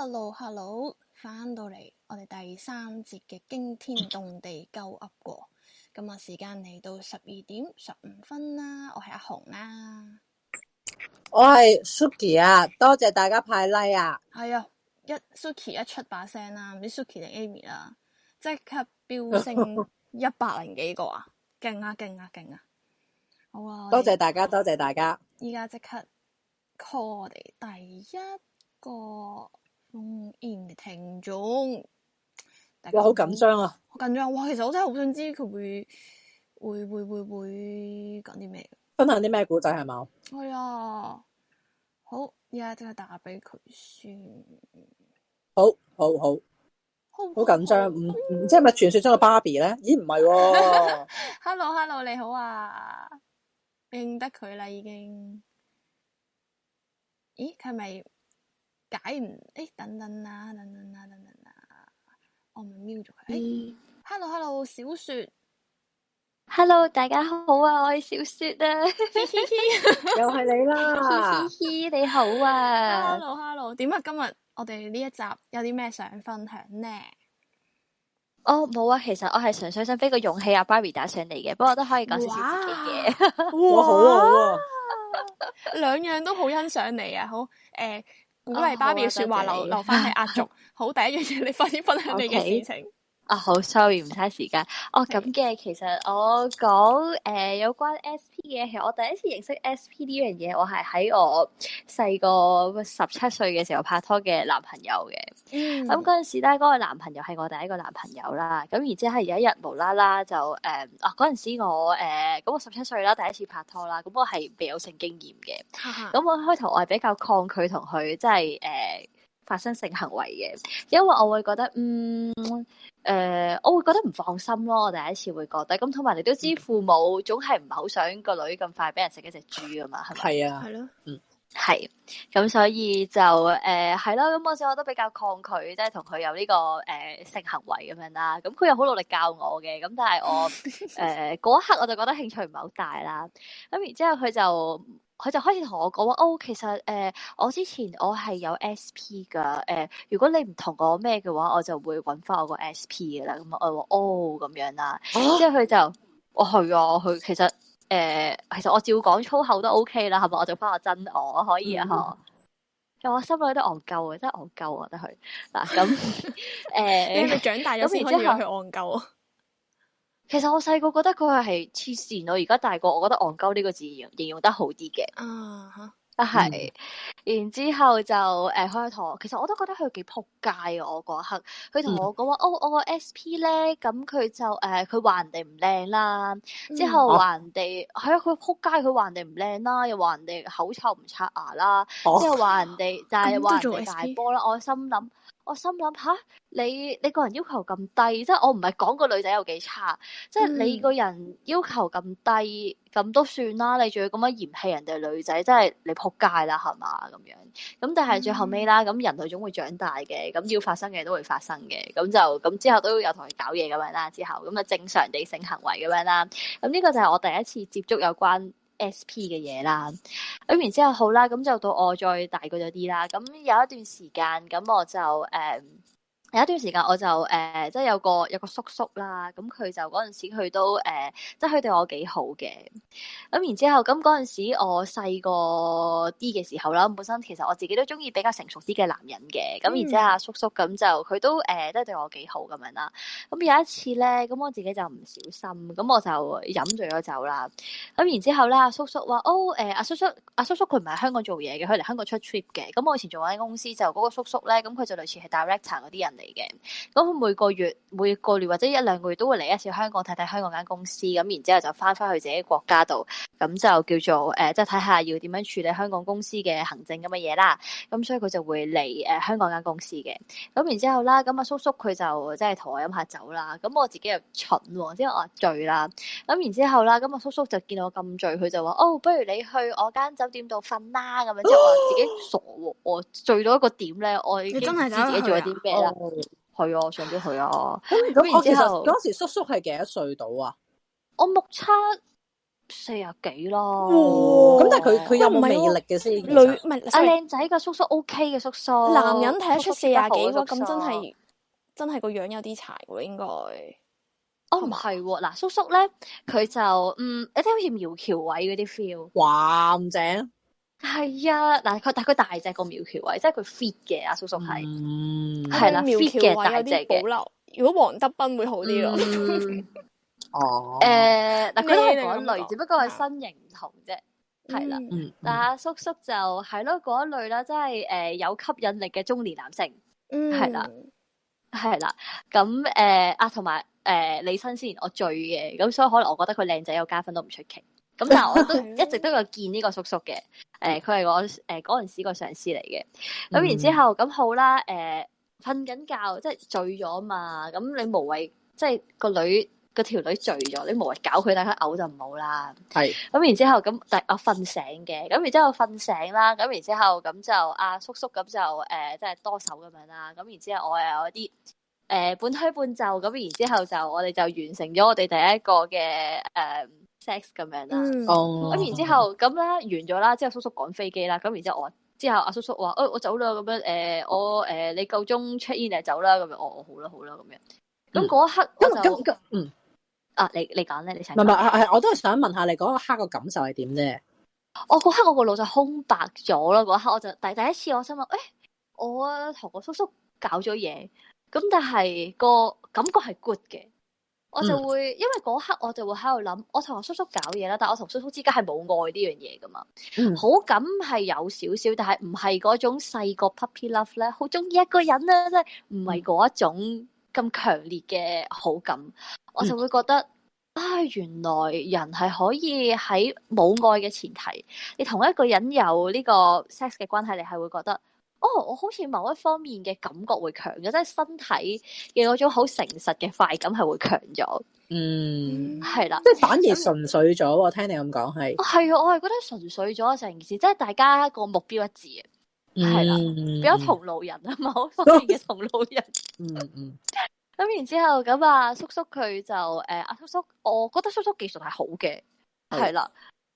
hello hello 翻到嚟，我哋第三節嘅驚天動地鳩噏過，咁啊時間嚟到十二點十五分啦，我係阿紅啦，我係 Suki 啊，多謝大家派 like 啊，係啊，一 Suki 一出把聲啊，唔知 Suki 定 Amy 啊，即刻飆升一百零幾個啊，勁 啊勁啊勁啊，啊，好啊，多謝大家多謝大家，依家即刻 call 我哋第一個。封意嘅聽眾，大家好緊張啊！好緊張，哇！其實我真係好想知佢會會會會會講啲咩，分享啲咩古仔係嘛？係啊，好而家即刻打俾佢算！好好好好好緊張。唔唔，即係咪傳說中嘅芭比 r 咧？咦，唔係 ？Hello，Hello，你好啊！認得佢啦，已經。咦？佢咪？解唔誒、欸、等等啦等等啦等等啦，我咪瞄咗佢誒。欸嗯、hello Hello，小雪。Hello 大家好啊，我係小雪啊。嘻嘻嘻，又係你啦。嘻嘻嘻，你好啊。Hello Hello，點啊？今日我哋呢一集有啲咩想分享呢？哦冇、oh, 啊，其實我係純粹想俾個勇氣阿 Barry 打上嚟嘅，不過都可以講少少自己嘅。哇好啊 好啊，兩、啊、 樣都好欣賞你啊。好誒。欸鼓勵芭比說話留、啊、留翻係壓軸， 好 第一樣嘢你快啲分享你嘅事情。Okay. 啊好，oh，sorry 唔嘥時間。哦咁嘅，其實我講誒、uh, 有關 S P 嘅，其實我第一次認識 S P 呢樣嘢，我係喺我細個十七歲嘅時候拍拖嘅男朋友嘅。Mm hmm. 嗯。咁嗰陣時咧，嗰、嗰個男朋友係我第一個男朋友啦。咁然之後係有一日無啦啦就誒，uh, 啊嗰陣時我誒咁、uh, 我十七歲啦，第一次拍拖啦，咁我係未有性經驗嘅。咁 我開頭我係比較抗拒同佢，即係誒。Uh, 發生性行為嘅，因為我會覺得，嗯，誒、呃，我會覺得唔放心咯。我第一次會覺得，咁同埋你都知，父母總係唔係好想個女咁快俾人食一隻豬啊嘛，係咪、嗯？係吧啊，係咯，嗯，係。咁所以就誒係、呃、咯，咁嗰時我都比較抗拒，即係同佢有呢、這個誒、呃、性行為咁樣啦。咁佢又好努力教我嘅，咁但係我誒嗰、 呃、一刻我就覺得興趣唔係好大啦。咁然之後佢就。佢就開始同我講話，哦，其實誒、呃，我之前我係有 SP 噶，誒、呃，如果你唔同我咩嘅話，我就會揾翻我個 SP 啦。咁、嗯、我話哦咁樣啦，哦、之後佢就，我去啊，去，其實誒、呃，其實我照講粗口都 OK 啦，係咪？我就翻我真我可以啊呵，就、嗯嗯、我心裏都戇鳩嘅，真係戇鳩啊！我覺得佢嗱咁誒， 嗯、你咪長大咗先之後去戇鳩。其實我細個覺得佢係黐線，我而家大個，我覺得戇鳩呢個字形容,形容得好啲嘅。Uh huh. 啊，吓，啊係，然之後就誒開台，其實我都覺得佢幾扑街。我嗰刻佢同我講話，哦，我個 SP 咧，咁佢就誒，佢話人哋唔靚啦，之後話人哋係啊，佢扑街，佢話人哋唔靚啦，又話人哋口臭唔刷牙啦，之、uh huh. 後話人哋、uh huh. 就係話人哋大波啦，我心諗。我心諗吓，你你個人要求咁低，即係我唔係講個女仔有幾差，嗯嗯即係你個人要求咁低咁都算啦。你仲要咁樣嫌棄人哋女仔，真係你仆街啦，係嘛咁樣咁。但係最後尾啦，咁、嗯嗯、人類總會長大嘅，咁要發生嘅都會發生嘅。咁就咁之後都有同佢搞嘢咁樣啦。之後咁啊正常地性行為咁樣啦。咁呢個就係我第一次接觸有關。SP 嘅嘢啦，咁然之後，然後好啦，咁就到我再大個咗啲啦。咁有一段時間，咁我就誒。Uh 有一段時間我就誒，即、呃、係、就是、有個有個叔叔啦，咁佢就嗰陣時佢都誒，即係佢對我幾好嘅。咁然之後，咁嗰陣時我細個啲嘅時候啦，本身其實我自己都中意比較成熟啲嘅男人嘅。咁然之後阿叔叔咁、嗯、就佢都誒，都、呃、係、就是、對我幾好咁樣啦。咁有一次咧，咁我自己就唔小心，咁我就飲醉咗酒啦。咁然之後咧，阿、啊、叔叔話：哦，誒、呃、阿、啊、叔叔，阿、啊、叔叔佢唔係香港做嘢嘅，佢嚟香港出 trip 嘅。咁我以前做緊間公司就，就、那、嗰個叔叔咧，咁佢就類似係 director 嗰啲人。嚟嘅，咁每個月、每個月或者一兩個月都會嚟一次香港，睇睇香港間公司，咁然之後就翻翻去自己國家度，咁就叫做誒，即係睇下要點樣處理香港公司嘅行政咁嘅嘢啦。咁所以佢就會嚟誒、呃、香港間公司嘅，咁然之後啦，咁、啊、阿叔叔佢就即係同我飲下酒啦，咁我自己又蠢喎、啊，即係我醉啦。咁然之後啦，咁、啊、阿叔叔就見到我咁醉，佢就話：哦、oh，不如你去我間酒店度瞓啦。咁樣即係我自己傻喎，哦、我醉到一個點咧，我真係知自己做咗啲咩啦。Oh. 啊上去啊，上啲去啊。咁我、哦、其實嗰時叔叔係幾多歲到啊？我目測四廿幾啦。咁但係佢佢有魅力嘅先。女唔係阿靚仔嘅叔叔 OK 嘅叔叔。男人睇得出四廿幾咯，咁真係真係個樣有啲柴喎，應該。哦唔係喎，嗱、啊啊、叔叔咧，佢就嗯，有啲好似苗僑偉嗰啲 feel。哇咁正！係啊，但佢但佢大隻個苗僑偉，即係佢 fit 嘅阿叔叔係，係啦、嗯啊、fit 嘅大隻嘅。保留如果黃德斌會好啲咯、嗯 嗯。哦，誒、啊，嗱，佢都係嗰類，只不過係身形唔同啫，係啦。但係阿叔叔就係咯嗰一類啦，即係誒有吸引力嘅中年男性，係啦、嗯，係啦。咁誒啊，同埋誒，你新鮮，我醉嘅，咁所以可能我覺得佢靚仔有加分都唔出奇。咁 但係我都一直都有見呢個叔叔嘅，誒、 呃，佢係我誒嗰陣時個上司嚟嘅。咁、嗯、然之後咁好啦，誒、呃，瞓緊覺，即係醉咗嘛。咁你無謂，即係個女個條女醉咗，你無謂搞佢，大家嘔就唔好啦。係是。咁然之後咁，但我瞓、啊、醒嘅，咁然之後瞓醒啦，咁然之後咁就阿叔叔咁就誒，即、呃、係多手咁樣啦。咁然之後我又有啲誒半推半就，咁然之後，後就我哋就完成咗我哋第一個嘅誒。呃嗯 sex 咁樣啦，咁然之後咁啦，完咗啦，之後叔叔趕飛機啦，咁然之後我之後阿叔叔話、哎呃呃，哦，我走啦，咁樣誒，我誒，你夠鐘 check in 就走啦，咁樣我我好啦好啦咁樣，咁嗰一刻，因為今嗯，嗯嗯啊，你你講咧，你唔係係我都係想問下你嗰一刻個感受係點啫？我嗰、哦、刻我個腦就空白咗啦，嗰刻我就第第一次我心諗，誒、哎，我同個叔叔搞咗嘢，咁但係個感覺係 good 嘅。我就會，因為嗰刻我就會喺度諗，我同我叔叔搞嘢啦，但係我同叔叔之間係冇愛呢樣嘢噶嘛，嗯、好感係有少少，但係唔係嗰種細個 puppy love 咧，好中意一個人咧，啊，即係唔係嗰一種咁強烈嘅好感，嗯、我就會覺得，啊，原來人係可以喺冇愛嘅前提，你同一個人有呢個 sex 嘅關係，你係會覺得。哦，我好似某一方面嘅感覺會強咗，即係身體嘅嗰種好誠實嘅快感係會強咗。嗯，係啦的，即係反而純粹咗，嗯哦。我聽你咁講係，係啊，我係覺得純粹咗成件事，即係大家個目標一致啊，係啦，嗯，比較同路人啊，某方面嘅同路人。嗯嗯。咁然之後，咁啊叔叔佢就誒，阿叔叔，我覺得叔叔，叔技術係好嘅，係啦。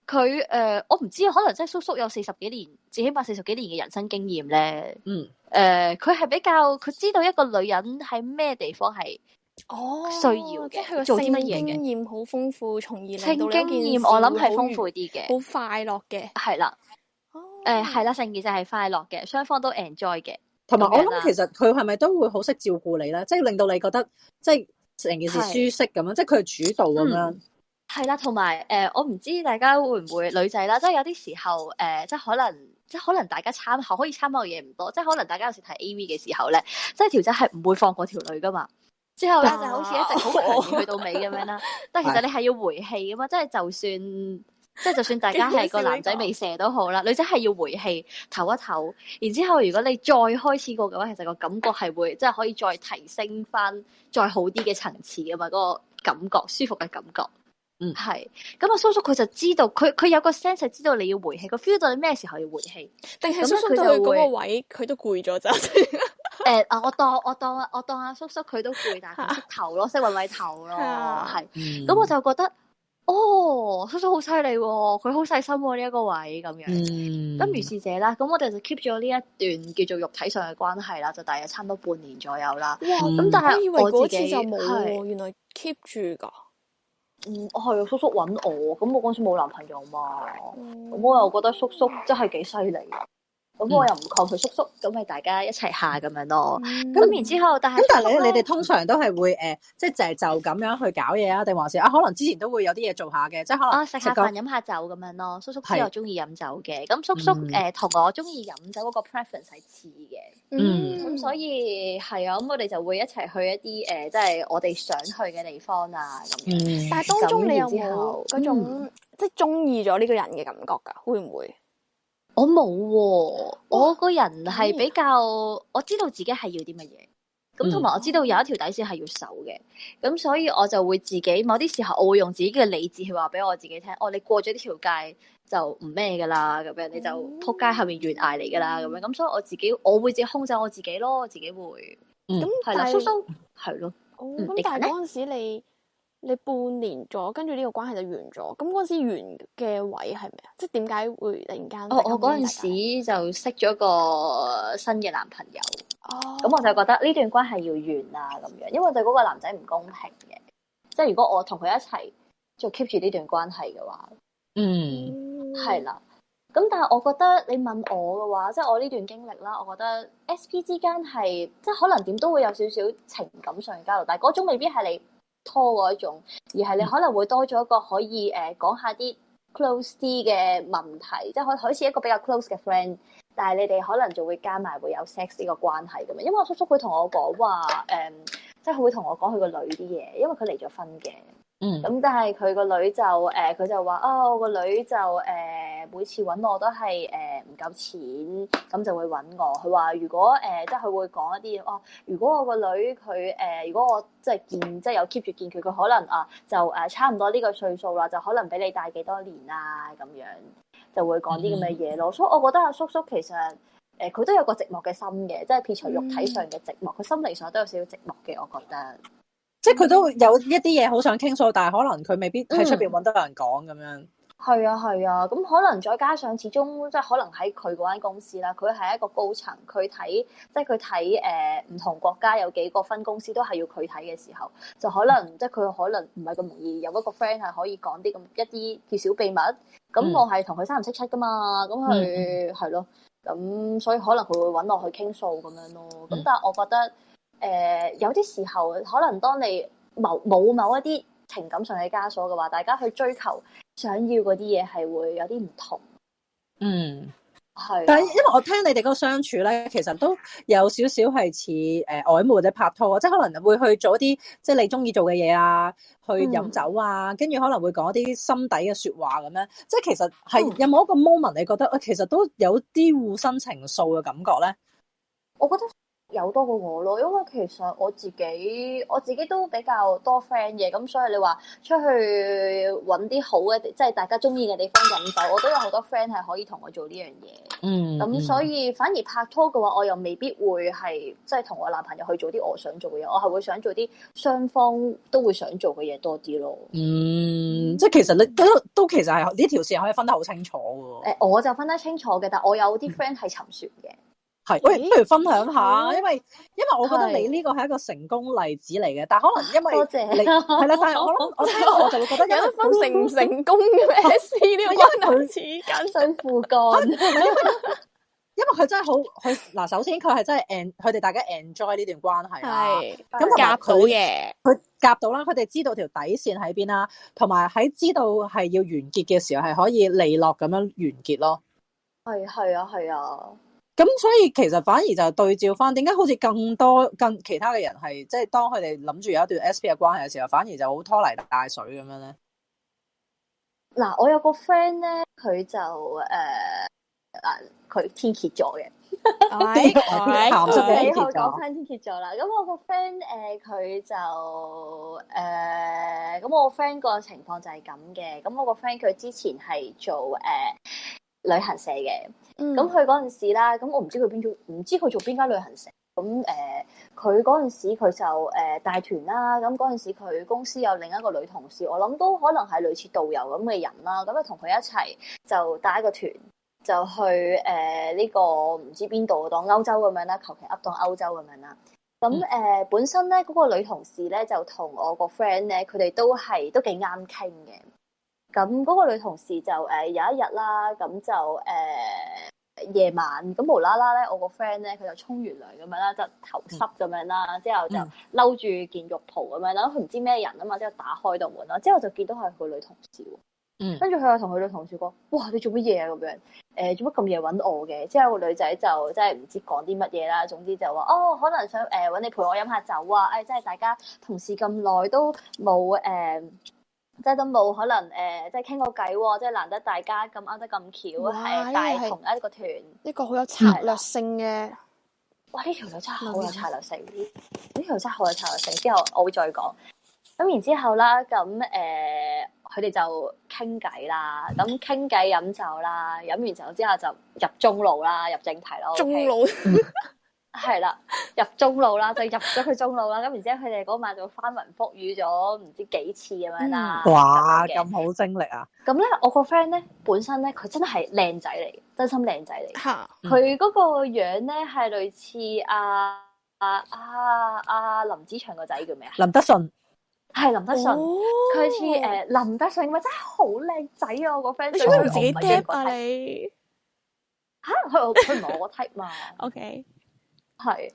佢誒，我唔知，可能即係叔叔有四十幾年，至起碼四十幾年嘅人生經驗咧。嗯。誒，佢係比較，佢知道一個女人喺咩地方係哦需要嘅，做啲乜嘢嘅。經驗好豐富，從而令到呢件事情好愉快。經驗我諗係豐富啲嘅，好快樂嘅，係啦。誒係啦，成件事係快樂嘅，雙方都 enjoy 嘅。同埋我諗其實佢係咪都會好識照顧你咧？即係令到你覺得即係成件事舒適咁樣，即係佢係主導咁樣。係啦，同埋誒，我唔知大家會唔會女仔啦，即係有啲時候誒、呃，即係可能即係可能大家參考可以參考嘅嘢唔多，即係可能大家有時睇 AV 嘅時候咧，即係條仔係唔會放過條女噶嘛。之後咧、啊、就好似一直好強烈去到尾咁樣啦。 但係其實你係要回氣噶嘛，即係 就，就算即係 就算大家係個男仔未射都好啦，女仔係要回氣唞一唞。然之後如果你再開始過嘅話，其實個感覺係會即係、就是、可以再提升翻再好啲嘅層次噶嘛，嗰、那個感覺舒服嘅感覺。嗯，係咁啊，叔叔佢就知道，佢佢有個 sense 知道你要回氣，佢 feel 到你咩時候要回氣，定係叔叔到嗰個位，佢都攰咗咋？誒，我當我當我當阿叔叔佢都攰，但係佢識頭咯，識位位頭咯，係咁我就覺得哦，叔叔好犀利喎，佢好細心喎，呢一個位咁樣。咁如是者啦，咁我哋就 keep 咗呢一段叫做肉體上嘅關係啦，就大約差唔多半年左右啦。哇，咁但係我以為嗰次就冇喎，原來 keep 住噶。嗯，我係啊，叔叔揾我，咁我嗰陣時冇男朋友嘛，咁、嗯嗯、我又覺得叔叔真係幾犀利。咁我又唔抗拒叔叔，咁咪大家一齊下咁樣咯。咁然之後，但係咁但係你哋通常都係會誒，即係就就咁樣去搞嘢啊？定還是啊？可能之前都會有啲嘢做下嘅，即係可能食下飯飲下酒咁樣咯。叔叔都有中意飲酒嘅，咁叔叔誒同我中意飲酒嗰個 preference 係似嘅。嗯，咁所以係啊，咁我哋就會一齊去一啲誒，即係我哋想去嘅地方啊。咁，但係當中你有冇嗰種即係中意咗呢個人嘅感覺噶？會唔會？我冇喎、哦，哇我個人係比較來我知道自己係要啲乜嘢咁，同埋、嗯、我知道有一條底線係要守嘅咁，所以我就會自己某啲時候，我會用自己嘅理智去話俾我自己聽。哦，你過咗呢條界就唔咩噶啦，咁樣、嗯、你就撲街下面懸崖嚟噶啦，咁樣咁，所以我自己我會自己控制我自己咯，我自己會咁係咯，咁但係嗰陣時你。你半年咗，跟住呢個關係就完咗。咁嗰陣時完嘅位係咩啊？即係點解會突然間？哦，我嗰陣時就識咗個新嘅男朋友。哦，咁我就覺得呢段關係要完啦咁樣，因為對嗰個男仔唔公平嘅。即係如果我同佢一齊就 keep 住呢段關係嘅話，嗯，係啦。咁但係我覺得你問我嘅話，即係我呢段經歷啦，我覺得 SP 之間係即係可能點都會有少少情感上嘅交流，但係嗰種未必係你，拖嗰種，而係你可能會多咗一個可以誒、呃、講下啲 close 啲嘅問題，即係可好似一個比較 close 嘅 friend，但係你哋可能就會加埋會有 sex 呢個關係咁啊，因為我叔叔佢同我講話，誒、呃，即係佢會同我講佢個女啲嘢，因為佢離咗婚嘅。嗯，咁但係佢個女就誒，佢、呃、就話啊、哦，我個女就誒、呃，每次搵我都係誒唔夠錢，咁就會搵我。佢話如果誒，即係佢會講一啲哦，如果我個女佢誒，如果我即係見即係有 keep 住見佢，佢可能啊就誒差唔多呢個歲數啦，就可能比你大幾多年啦、啊，咁樣就會講啲咁嘅嘢咯。嗯、所以我覺得阿、啊、叔叔其實誒，佢、呃、都有個寂寞嘅心嘅，即係撇除肉體上嘅寂寞，佢心理上都有少少寂寞嘅，我覺得。即係佢都會有一啲嘢好想傾訴，但係可能佢未必喺出邊揾得人講咁、嗯、樣。係啊，係啊，咁可能再加上始終即係可能喺佢嗰間公司啦，佢係一個高層，佢睇即係佢睇誒唔同國家有幾個分公司都係要佢睇嘅時候，就可能、嗯、即係佢可能唔係咁容易有一個 friend 係可以講啲咁一啲叫小秘密。咁我係同佢三唔識、嗯、七㗎嘛，咁佢係咯，咁、嗯、所以可能佢會揾我去傾訴咁樣咯。咁但係我覺得。誒、呃，有啲時候可能當你冇冇某一啲情感上嘅枷鎖嘅話，大家去追求想要嗰啲嘢，係會有啲唔同。嗯，係的。但係因為我聽你哋嗰個相處咧，其實都有少少係似誒曖昧或者拍拖，即係可能你會去做一啲即係你中意做嘅嘢啊，去飲酒啊，跟住、嗯、可能會講一啲心底嘅說話咁樣。即係其實係有冇一個 moment 你覺得我、呃、其實都有啲互生情愫嘅感覺咧？我覺得。有多過我咯，因為其實我自己我自己都比較多 friend 嘅，咁所以你話出去揾啲好嘅，即係大家中意嘅地方飲酒，我都有好多 friend 係可以同我做呢樣嘢。嗯，咁、嗯嗯、所以反而拍拖嘅話，我又未必會係即係同我男朋友去做啲我想做嘅嘢，我係會想做啲雙方都會想做嘅嘢多啲咯。嗯，即係其實你都，都其實係呢條線可以分得好清楚嘅，欸。我就分得清楚嘅，但我有啲 friend 係沉船嘅。嗯係喂，不如分享下，因為因為我覺得你呢個係一個成功例子嚟嘅。但係可能因為你係啦，但係我諗我聽我就會覺得有一分成唔成功嘅事呢個例似艱辛苦幹。因為佢真係好佢嗱，首先佢係真係 e 佢哋大家 enjoy 呢段關係啦。咁夾到佢嘅佢夾到啦，佢哋知道條底線喺邊啦，同埋喺知道係要完結嘅時候係可以利落咁樣完結咯。係係啊，係啊。咁所以其實反而就對照翻，點解好似更多、更其他嘅人係，即係當佢哋諗住有一段 SP 嘅關係嘅時候，反而就好拖泥帶水咁樣咧？嗱，我有個 friend 咧，佢就誒，嗱、呃，佢天蠍座嘅，係咪？最後講翻天蠍座啦。咁 我個 friend 誒，佢就誒，咁、呃、我個 friend 個情況就係咁嘅。咁我個 friend 佢之前係做誒。呃旅行社嘅，咁佢嗰陣時啦，咁我唔知佢邊做，唔知佢做邊間旅行社。咁誒，佢嗰陣時佢就誒帶、呃、團啦、啊。咁嗰陣時佢公司有另一個女同事，我諗都可能係類似導遊咁嘅人啦。咁啊同佢一齊就帶一個團，就去誒呢、呃呢個唔知邊度當歐洲咁樣啦，求其噏當歐洲咁樣啦。咁誒、呃嗯、本身咧嗰、嗰個女同事咧就同我個 friend 咧，佢哋都係都幾啱傾嘅。咁嗰個女同事就誒有一日啦，咁就誒夜、呃、晚咁無啦啦咧，我個 friend 咧佢就沖完涼咁樣啦，就頭濕咁樣啦，之後就嬲住件浴袍咁樣啦，佢唔、嗯、知咩人啊嘛，之後打開道門啦，之後就見到係佢女同事喎，嗯、跟住佢又同佢女同事講，哇，你做乜嘢啊咁樣？誒、欸，做乜咁夜揾我嘅？之後個女仔就即係唔知講啲乜嘢啦，總之就話哦，可能想誒揾、呃、你陪我飲下酒啊，誒、哎，即係大家同事咁耐都冇誒。呃即係都冇可能誒、呃，即係傾個偈，即係難得大家咁啱得咁巧，係哇大同一個團，一個好有策略性嘅。嗯嗯、哇！呢條友真係好有策略性，呢條力真係好有策略性。之後我會再講。咁然之後、呃、啦，咁誒，佢哋就傾偈啦，咁傾偈飲酒啦，飲完酒之後就入中路啦，入正題咯。中路。Okay? 係啦，入中路啦，就入咗佢中路啦。咁 然之後佢哋嗰晚就翻雲覆雨咗，唔知幾次咁樣啦。哇，咁好精力啊！咁咧，我個 friend 咧，本身咧，佢真係靚仔嚟嘅，真心靚仔嚟。吓，佢、嗯、嗰個樣咧係類似阿阿阿阿林子祥個仔叫咩啊？林德信，係林德信。佢似誒林德信，咪、哦呃、真係好靚仔啊！我個 friend，佢自己 type 啊你，吓佢佢唔係我 type 嘛？OK。係，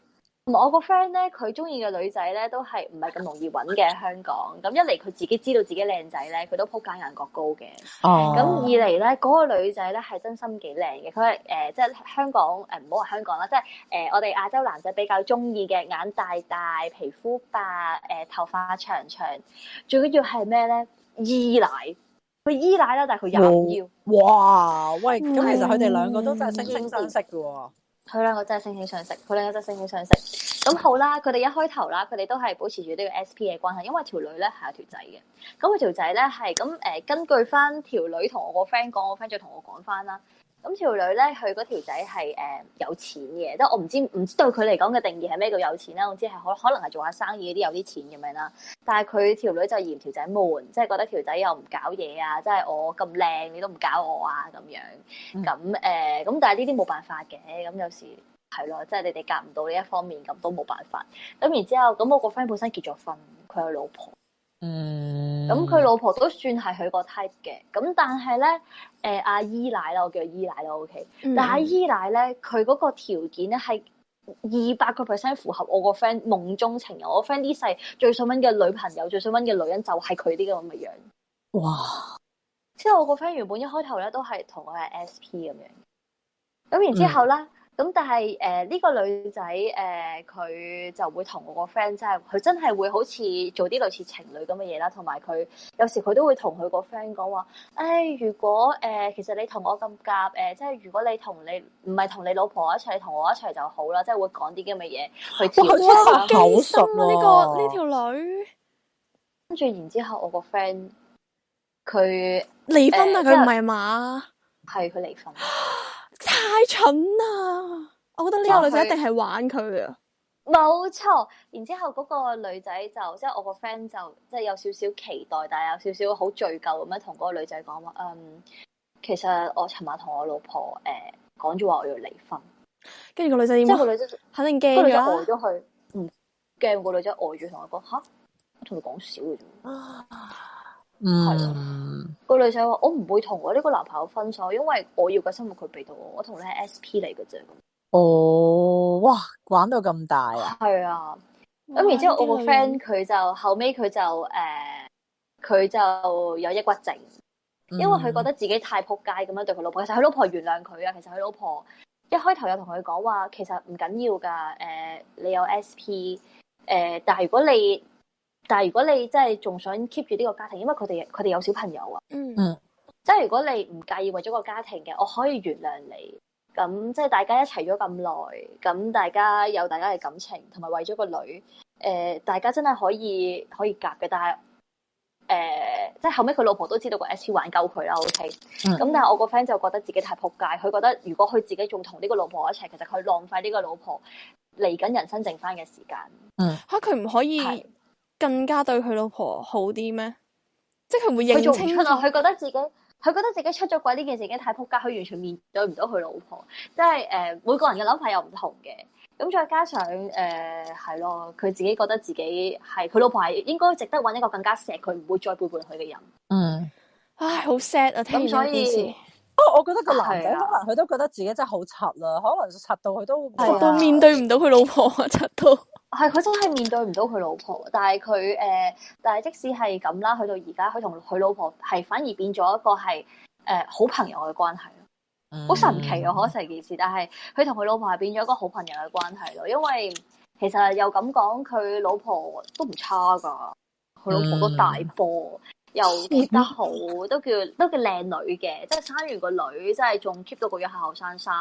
我個 friend 咧，佢中意嘅女仔咧，都係唔係咁容易揾嘅。香港咁一嚟，佢自己知道自己靚仔咧，佢都撲街眼角高嘅。哦、啊，咁二嚟咧，嗰、那個女仔咧係真心幾靚嘅。佢係誒，即係香港誒，唔好話香港啦，即係誒，我哋亞洲男仔比較中意嘅，眼大大，皮膚白，誒、呃，頭髮長長，最緊要係咩咧？依賴佢依賴啦，但係佢又要哇。哇，喂，咁、 嗯嗯、其實佢哋兩個都真係惺惺相惜嘅。佢兩個真係惺惺相惜，佢兩個真係惺惺相惜。咁好啦，佢哋一開頭啦，佢哋都係保持住呢個 S P 嘅關係，因為條女咧係有條仔嘅。咁佢條仔咧係咁誒，根據翻條女同我個 friend 講，我 friend 再同我講翻啦。咁條女咧，佢嗰條仔係誒、嗯、有錢嘅，即係我唔知唔知對佢嚟講嘅定義係咩叫有錢啦。我知係可可能係做下生意嗰啲有啲錢咁樣啦。但係佢條女就嫌條仔悶，即係覺得條仔又唔搞嘢啊，即係我咁靚你都唔搞我啊咁樣咁誒。咁、嗯呃、但係呢啲冇辦法嘅咁，有時係咯，即係你哋夾唔到呢一方面咁都冇辦法。咁然之後咁，我個 friend 本身結咗婚，佢有老婆。嗯，咁佢老婆都算係佢個 type 嘅，咁但係咧，誒、呃、阿姨奶啦，我叫姨奶都 OK，、嗯、但阿姨奶咧，佢嗰個條件咧係二百個 percent 符合我個 friend 夢中情人，我 friend 呢世最想搵嘅女朋友、最想搵嘅女人就係佢呢個咁嘅樣。哇！即係我個 friend 原本一開頭咧都係同我係 SP 咁樣，咁然之後咧。嗯咁但係，誒，呢個女仔，誒，佢就會同我個 friend 即係佢真係會好似做啲類似情侶咁嘅嘢啦，同埋佢有時佢都會同佢個 friend 講話，誒、哎，如果誒、呃、其實你同我咁夾誒，即係如果你同你唔係同你老婆一齊，同我一齊就好啦，即係會講啲咁嘅嘢去調和下。哇好心啊！呢個呢條女，跟住 himself 然之後我個 friend 佢離婚啊！佢唔係嘛？係佢離婚。太蠢啦！我覺得呢個女仔一定係玩佢啊，冇錯。然之後嗰個女仔就即係、就是、我個 friend 就即係、就是、有少少期待，但係有少少好罪疚咁樣同嗰個女仔講話，嗯，其實我尋晚同我老婆誒講住話我要離婚，跟住個女仔點？即係個女仔肯定驚、嗯、啊，呆咗佢，驚個女仔呆住同我講吓，我同佢講少嘅啫。嗯，個女仔話：我唔會同我呢個男朋友分手，因為我要嘅生活佢俾到我，我同你係 SP 嚟嘅啫。哦，哇，玩到咁大啊！係啊的，咁然哇之後我個 friend 佢就後尾，佢就誒，佢就有抑鬱症，嗯、因為佢覺得自己太扑街咁樣對佢老婆。其實佢老婆原諒佢啊，其實佢老婆一開頭又同佢講話，其實唔緊要噶，誒、呃，你有 SP，誒、呃，但係如果你。但係如果你真係仲想 keep 住呢個家庭，因為佢哋佢哋有小朋友啊，嗯，即係如果你唔介意為咗個家庭嘅，我可以原諒你。咁即係大家一齊咗咁耐，咁大家有大家嘅感情，同埋為咗個女，誒、呃，大家真係可以可以夾嘅。但係誒、呃，即係後尾，佢老婆都知道個 SP，玩鳩佢啦，O K。咁、okay? 嗯、但係我個 friend 就覺得自己太仆街，佢覺得如果佢自己仲同呢個老婆一齊，其實佢浪費呢個老婆嚟緊人生剩翻嘅時間。嗯，吓佢唔可以。更加對佢老婆好啲咩？即係佢唔會認清，佢就佢覺得自己，佢覺得自己出咗軌呢件事情已經太仆街，佢完全面對唔到佢老婆。即係誒、呃，每個人嘅諗法又唔同嘅。咁再加上誒，係、呃、咯，佢自己覺得自己係佢老婆係應該值得揾一個更加錫佢，唔會再背叛佢嘅人。嗯，唉，好 sad 啊！咁所以，哦，oh, 我覺得個男仔、啊、可能佢都覺得自己真係好柒啦，可能柒到佢都到、啊、面對唔到佢老婆啊，柒到。係佢真係面對唔到佢老婆，但係佢誒，但係即使係咁啦，去到而家，佢同佢老婆係反而變咗一個係誒、呃、好朋友嘅關係咯，好神奇啊，可成件事。但係佢同佢老婆係變咗一個好朋友嘅關係咯，因為其實又咁講，佢老婆都唔差噶，佢老婆都大波。又 keep 得好，都叫都叫靚女嘅，即係生完個女，即係仲 keep 到個樣係後生生，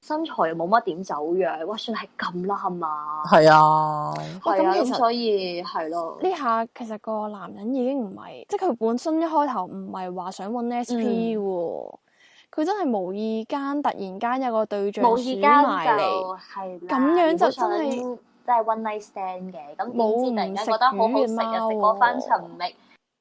身材又冇乜點走樣，哇算係咁啦係嘛，係啊，係咁、啊嗯、所以係咯，呢下其實個男人已經唔係，即係佢本身一開頭唔係話想揾 SP 喎、嗯，佢真係無意間突然間有個對象，無意間就係咁樣就真係真係 one night stand 嘅，咁點知突然間覺得好好食，日食、啊、過翻尋味。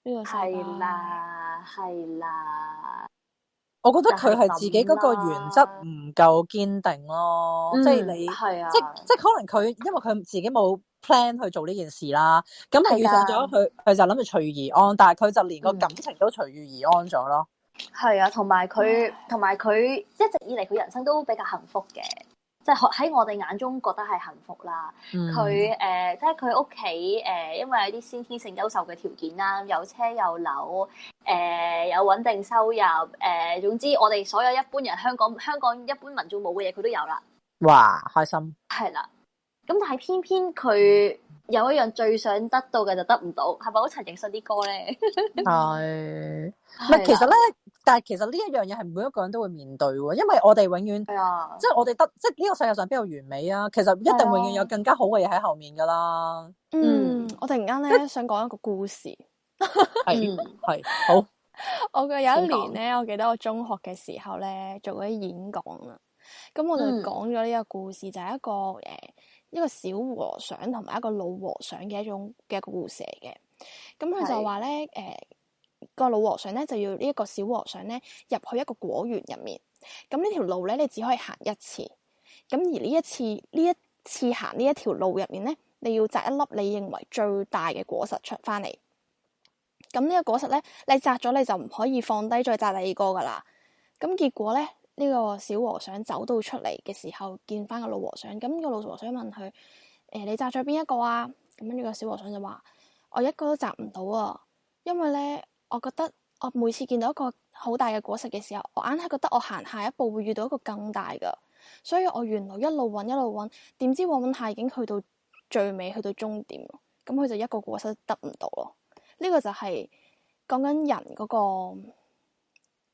係啦，係啦。 我覺得佢係自己嗰個原則唔夠堅定咯，嗯、即係你，啊、即係即係可能佢因為佢自己冇 plan 去做呢件事啦，咁遇上咗佢，佢、嗯、就諗住隨遇而安，但係佢就連個感情都隨遇而安咗咯。係、嗯、啊，同埋佢，同埋佢一直以嚟佢人生都比較幸福嘅。即係喺我哋眼中覺得係幸福啦，佢誒、嗯呃、即係佢屋企誒，因為有啲先天性優秀嘅條件啦，有車有樓，誒、呃、有穩定收入，誒、呃、總之我哋所有一般人香港香港一般民眾冇嘅嘢佢都有啦。哇！開心係啦，咁但係偏偏佢有一樣最想得到嘅就得唔到，係咪好陳奕迅啲歌咧？係 咪其實咧？但係其實呢一樣嘢係每一個人都會面對喎，因為我哋永遠，即係我哋得，即係呢個世界上邊有完美啊？其實一定永遠有更加好嘅嘢喺後面噶啦。嗯，我突然間咧想講一個故事，係係好。我嘅有一年咧，我記得我中學嘅時候咧做嗰啲演講啦，咁我哋講咗呢個故事，就係一個誒一個小和尚同埋一個老和尚嘅一種嘅一個故事嚟嘅。咁佢就話咧誒。個老和尚咧就要呢一個小和尚咧入去一個果園入面。咁呢條路咧，你只可以行一次。咁而呢一次，呢一次行呢一條路入面咧，你要摘一粒你認為最大嘅果實出翻嚟。咁呢個果實咧，你摘咗你就唔可以放低再摘第二個噶啦。咁結果咧呢、這個小和尚走到出嚟嘅時候，見翻個老和尚。咁、那個老和尚問佢：誒、呃，你摘咗邊一個啊？咁呢個小和尚就話：我一個都摘唔到啊，因為咧。我覺得我每次見到一個好大嘅果實嘅時候，我硬係覺得我行下一步會遇到一個更大㗎，所以我沿路一路搵，一路搵，點知我搵下已經去到最尾，去到終點，咁佢就一個果實得唔到咯。呢、這個就係、是、講緊人嗰、那個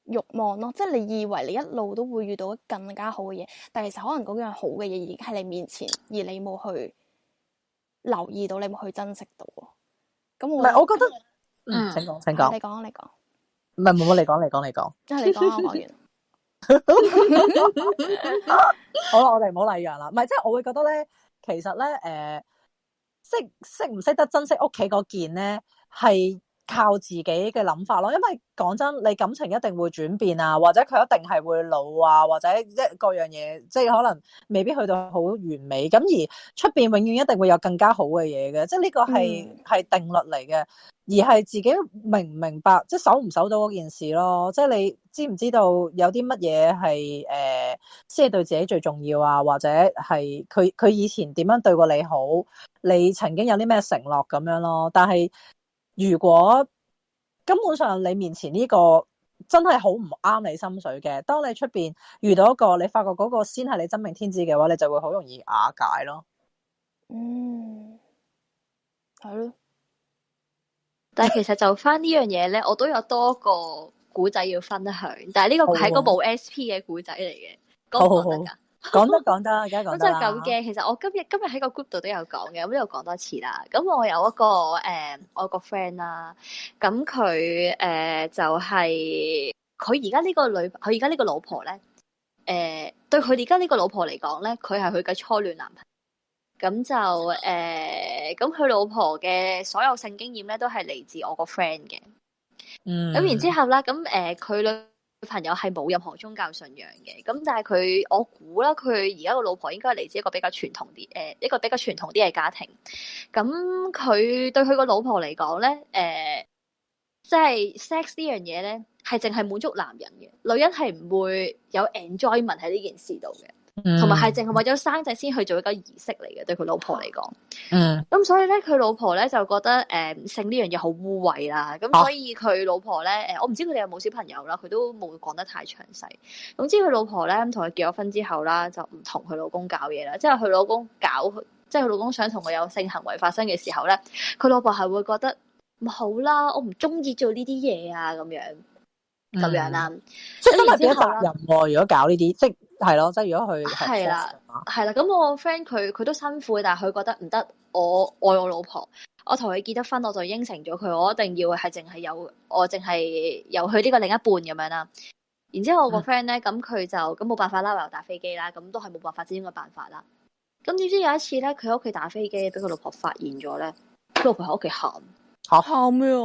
欲望咯，即係你以為你一路都會遇到更加好嘅嘢，但係其實可能嗰樣好嘅嘢已經喺你面前，而你冇去留意到，你冇去珍惜到。咁我我覺得。嗯，請講，請講說、啊，你講，你講，唔係冇冇你講，你講，你講， 即係你講我講完，好啦，我哋唔好禮讓啦，唔係即係我會覺得咧，其實咧，誒，識識唔識得珍惜屋企嗰件咧，係。靠自己嘅諗法咯，因為講真，你感情一定會轉變啊，或者佢一定係會老啊，或者一各樣嘢，即係可能未必去到好完美咁。而出邊永遠一定會有更加好嘅嘢嘅，即係呢個係係、嗯、定律嚟嘅，而係自己明唔明白，即係守唔守到嗰件事咯。即係你知唔知道有啲乜嘢係誒即係對自己最重要啊，或者係佢佢以前點樣對過你好，你曾經有啲咩承諾咁樣咯，但係。如果根本上你面前呢個真係好唔啱你心水嘅，當你出邊遇到一個你發覺嗰個先係你真命天子嘅話，你就會好容易瓦解咯。嗯，係咯。 但係其實就翻呢樣嘢咧，我都有多個古仔要分享，但係呢個係嗰部 S P 嘅古仔嚟嘅，覺唔覺得？講得講得，而家講得啦。咁、 嗯、就咁嘅，其實我今日今日喺個 group 度都有講嘅，我呢度講多次啦。咁我有一個誒外國 friend 啦，咁佢誒就係佢而家呢個女，佢而家呢個老婆咧，誒、呃、對佢而家呢個老婆嚟講咧，佢係佢嘅初戀男朋友，咁就誒，咁、呃、佢老婆嘅所有性經驗咧，都係嚟自我個 friend 嘅。嗯。咁然之後啦，咁誒佢女。佢朋友係冇任何宗教信仰嘅，咁但係佢我估啦，佢而家個老婆應該係嚟自一個比較傳統啲誒、呃，一個比較傳統啲嘅家庭。咁、嗯、佢對佢個老婆嚟講咧，誒、呃，即、就、係、是、sex 呢樣嘢咧，係淨係滿足男人嘅，女人係唔會有 enjoyment 喺呢件事度嘅。同埋係淨係為咗生仔先去做一個儀式嚟嘅，對佢老婆嚟講。嗯，咁所以咧，佢老婆咧就覺得，誒、呃，性呢樣嘢好污穢啦。咁所以佢老婆咧，誒、呃，我唔知佢哋有冇小朋友啦，佢都冇講得太詳細。總之，佢老婆咧，咁同佢結咗婚之後啦，就唔同佢老公搞嘢啦。即係佢老公搞，即係佢老公想同佢有性行為發生嘅時候咧，佢老婆係會覺得，咪好啦，我唔中意做呢啲嘢啊，咁樣。咁樣啦，嗯、後即係都係自己責任、啊、來如果搞呢啲，即係係咯，即係如果佢係啦，係啦。咁我個 friend 佢佢都辛苦，但係佢覺得唔得。我愛我老婆，我同佢結得婚，我就應承咗佢，我一定要係淨係有，我淨係有佢呢個另一半咁樣啦。然之後我個 friend 咧，咁佢、嗯、就咁冇辦法啦，唯有打飛機啦，咁都係冇辦法之應個辦法啦。咁點知有一次咧，佢喺屋企打飛機，俾佢老婆發現咗咧，佢老婆喺屋企喊。喊咩啊？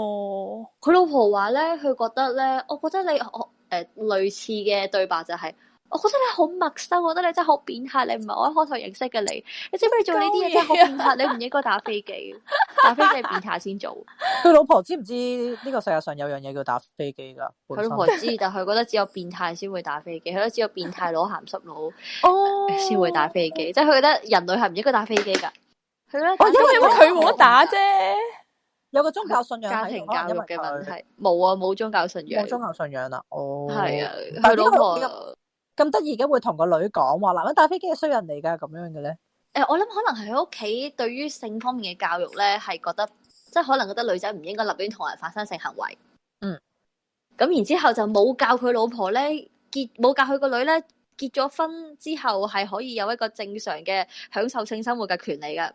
佢老婆話咧，佢覺得咧，我覺得你我誒類似嘅對白就係，我覺得你好陌生，我覺得你真係好變態，你唔係我開頭認識嘅你，你知唔知做呢啲嘢真係好變態，你唔應該打飛機，打飛機係變態先做。佢老婆知唔知呢個世界上有樣嘢叫打飛機噶？佢老婆知，但係佢覺得只有變態先會打飛機，佢覺得只有變態佬鹹濕佬哦先會打飛機，即係佢覺得人類係唔應該打飛機噶。係咩？哦，因為佢冇得打啫。有個宗教信仰，家庭教育嘅問題冇啊，冇宗教信仰，冇宗教信仰啊，哦，係啊，佢老婆。點解咁得意嘅，會同個女講，話男人打飛機係衰人嚟噶，咁樣嘅咧？誒、欸，我諗可能係喺屋企對於性方面嘅教育咧，係覺得即係可能覺得女仔唔應該立亂同人發生性行為。嗯，咁然之後就冇教佢老婆咧結，冇教佢個女咧結咗婚之後係可以有一個正常嘅享受性生活嘅權利噶。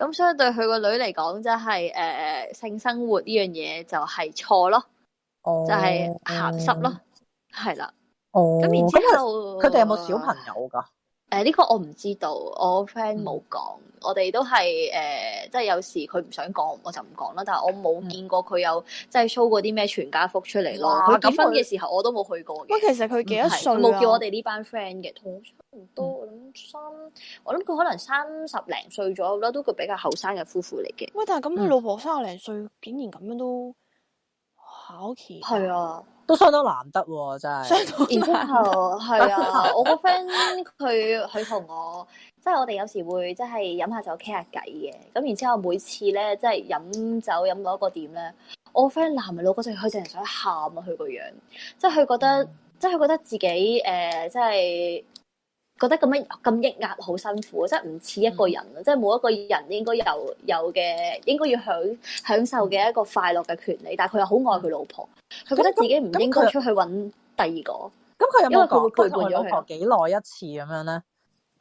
咁所以對佢個女嚟講，即係誒性生活呢樣嘢就係錯咯，oh, um, 就係鹹濕咯，係啦。哦，oh, 咁然之後佢哋有冇小朋友㗎？誒呢、呃這個我唔知道，我 friend 冇講，我哋都係誒，即係有時佢唔想講我就唔講啦。但係我冇見過佢有即係、嗯、show 過啲咩全家福出嚟咯。佢嘩結婚嘅時候我都冇去過。喂，其實佢幾多歲冇、啊、叫我哋呢班 friend 嘅，同我差唔多，諗三，嗯、我諗佢可能三十零歲左右啦，都個比較後生嘅夫婦嚟嘅。喂，但係咁佢老婆三十零歲，嗯、竟然咁樣都好奇係啊！都相當難得喎，哦，真係。 然之後係啊，我個 friend 佢佢同我，即、就、係、是、我哋有時會即係飲下酒傾下偈嘅。咁然之後每次咧，即係飲酒飲到一個點咧，我個 friend 男嘅老哥就佢就淨係想喊啊，佢個樣，即係佢覺得，嗯、即係佢覺得自己誒、呃，即係。覺得咁樣咁抑壓好辛苦，即係唔似一個人咯，嗯、即係冇一個人應該有有嘅應該要享享受嘅一個快樂嘅權利，但係佢又好愛佢老婆，佢覺得自己唔應該出去揾第二個，咁佢又因為佢會背叛咗佢。幾耐一次咁樣咧？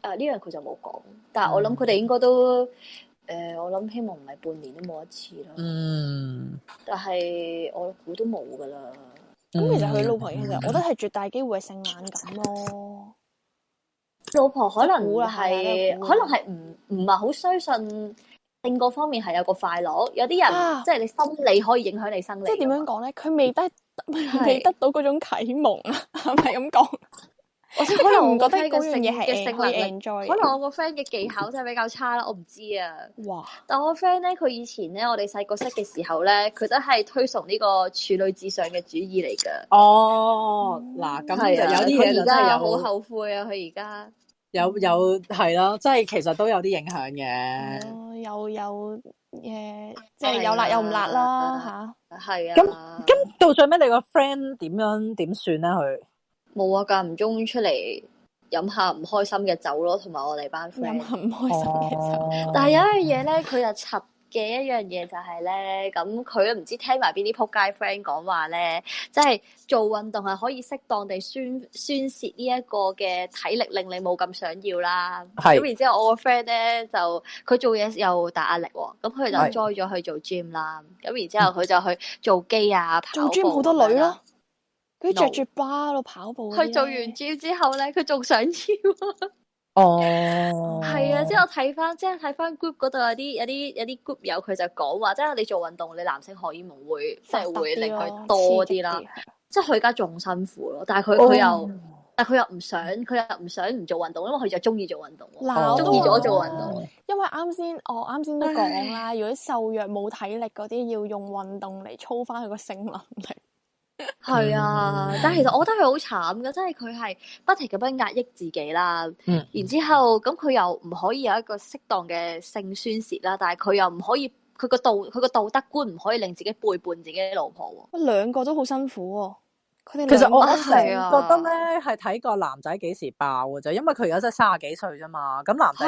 誒，呢樣佢就冇講，但係我諗佢哋應該都誒，我諗希望唔係半年都冇一次咯。嗯，但係我估都冇㗎啦。咁其實佢老婆其實我覺得係絕大機會係性冷感咯。嗯嗯嗯嗯。老婆可能係，可能係唔唔係好相信性嗰方面係有個快樂。有啲人即係你心理可以影響你生理。即係點樣講咧？佢未得未得到嗰種啟蒙啊？係咪咁講？我可能唔覺得嗰樣嘢係 enjoy，可能我個 friend 嘅技巧真係比較差啦，我唔知啊。哇！但係我 friend 咧，佢以前咧，我哋細個識嘅時候咧，佢都係推崇呢個處女至上嘅主意嚟噶。哦，嗱，咁就有啲嘢真係好後悔啊！佢而家。有有係咯，即係其實都有啲影響嘅、哦。有有誒，即係、就是、有辣又唔辣啦吓。係啊。咁咁到最尾你個 friend 點樣點算咧？佢冇啊，間唔中出嚟飲下唔開心嘅酒咯，同埋我哋班 friend 飲下唔開心嘅酒。哦、但係有一樣嘢咧，佢又插。嘅一樣嘢就係、是、咧，咁佢都唔知聽埋邊啲仆街 friend 講話咧，即、就、係、是、做運動係可以適當地宣宣泄呢一個嘅體力，令你冇咁想要啦。咁是然之後我個 friend 咧就佢做嘢又大壓力喎、哦，咁佢就 join 咗去做 gym 啦。咁是然之後佢就去做機啊，跑步。做 gym 好多女咯，佢着住 bra 度跑步。佢做完 gym 之後咧，佢仲想要、嗯。 哦，係啊、oh.，即係我睇翻，即係睇翻 group 嗰度有啲有啲有啲 group 友佢就講話，即係你做運動，你男性荷爾蒙會即係會令佢多啲啦，即係佢而家仲辛苦咯，但係佢佢又、oh. 但係佢又唔想，佢又唔想唔做運動，因為佢就中意做運動，中意咗做運動，因為啱先我啱先都講啦， 如果瘦弱冇體力嗰啲要用運動嚟操翻佢個性能力。係 啊，但係其實我覺得佢好慘噶，即係佢係不停咁樣壓抑自己啦。嗯，然之後咁佢又唔可以有一個適當嘅性宣洩啦，但係佢又唔可以，佢個道，佢個道德觀唔可以令自己背叛自己老婆。兩個都好辛苦，哦。其實我係、啊，覺得咧，係睇個男仔幾時爆噶啫，因為佢而家真係三十幾歲啫嘛。咁男仔